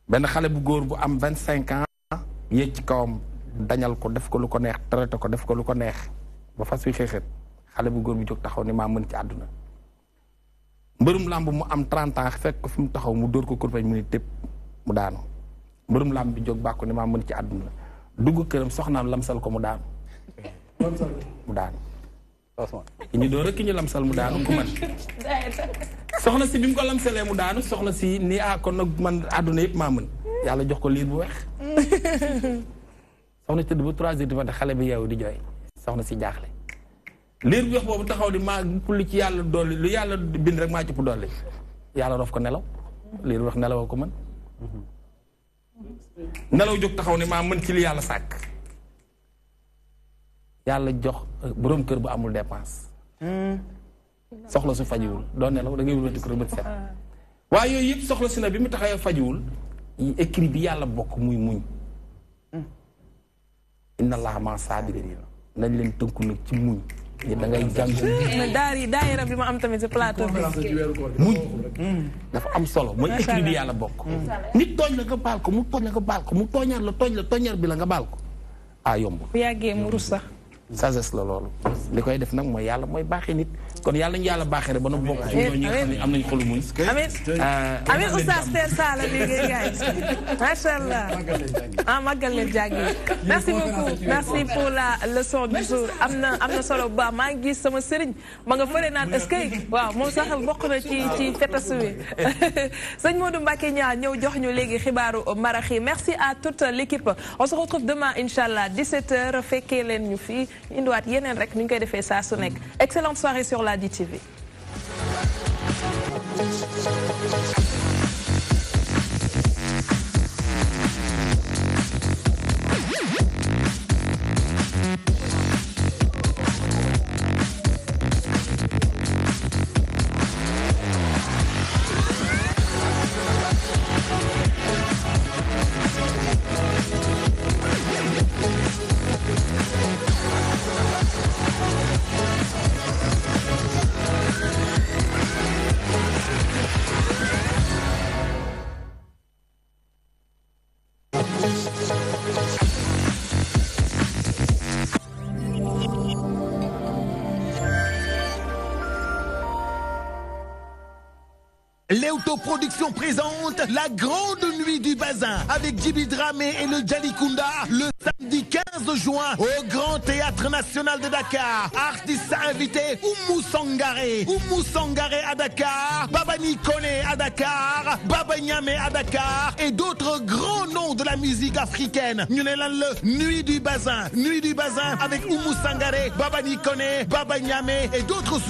benn xale bu góor bu am vingt cinq ans yéeg ci kawam dañal ko def ko lu ko neex traité ko def ko lu ko neex ba fas wi xëexët xale bu góor bu jóg taxaw ni maa mën ci àdduna mbërum làmb mu am trente ans fekk ko fi mu taxaw mu dóor ko kurpañ mu ni tépp mu daanu mbërum làmb bi jóg bàkku ni maa mën ci àdduna dugg këram soxnaam lamsal ko mu daanu. mu daanu. ñu door ki mu daanu ku man soxna si bi mu ko lamsalee mu daanu soxna si ni ah kon nag man àdduna yëpp maa mën yàlla jox ko liir bu weex. soxna si tëdd ba xale bi yeewu di jooy soxna si jaaxle. liir bu weex boobu taxaw di maa lu ci yàlla dolli lu yàlla bind rek maa ci ëpp dolli yàlla doof ko nelaw liir bu weex nelaw ko mën. nelaw jóg taxaw ne maa mën ci li yàlla sàkk yàlla jox euh, boroom kër bu amul dépense hmm. soxla su fajiwul doon nelaw da ngay wulati kër bët set waaye yooyu yëpp soxla si na bi mu taxawee fajiwul écrit bi yàlla bokk muy muñ hmm. inna allaha ma saabiriin nañ leen tënku nag ci muñ da ngay jàng mais daari daayira bi ma am tamit si plateau bi muñ mm. dafa am solo mooy écrit bi yàlla bokk mm. nit tooñ la nga baal ko mu tooñ la nga baal ko mu tooñaat la tooñ la tooñaat bi la nga baal ko ah yomb bu yàggee mu sax sagesse la loolu li koy def nag mooy yàlla mooy baax nit kon yàlla ñu yàlla baaxee rek ba nu bokk ci ñooñu nga xam ne am nañu xolu muñ. amiin amiin euh, oustaz Ter Sala mi ngi yaay macha allah ah màggal leen jàngi ah, merci beaucoup merci pour la leçon du jour am na am na solo bu baax maa ngi gis sama sëriñ ma nga fële naan est-ce waaw moom sax bokk na ci ci fetas bi sëñ Modou Mbacké ñaa ñëw jox ñu léegi xibaaru marax yi merci à toute l'équipe on se retrouve demain incha allah 17h fekkee leen ñu fii indiwaat yeneen rek ni ñu koy defee saa su nekk excellente soirée sur la la TV. productions Production présente la grande nuit du bazin avec Djibi et le Jalikunda le samedi 15 juin au Grand Théâtre National de Dakar. Artistes invités Oumou Sangaré, Oumou Sangaré à Dakar, Baba Nikone à Dakar, Baba Nyame à Dakar et d'autres grands noms de la musique africaine. le Nuit du bazin, Nuit du bazin avec Oumou Sangaré, Baba Nikone, Baba Nyame et d'autres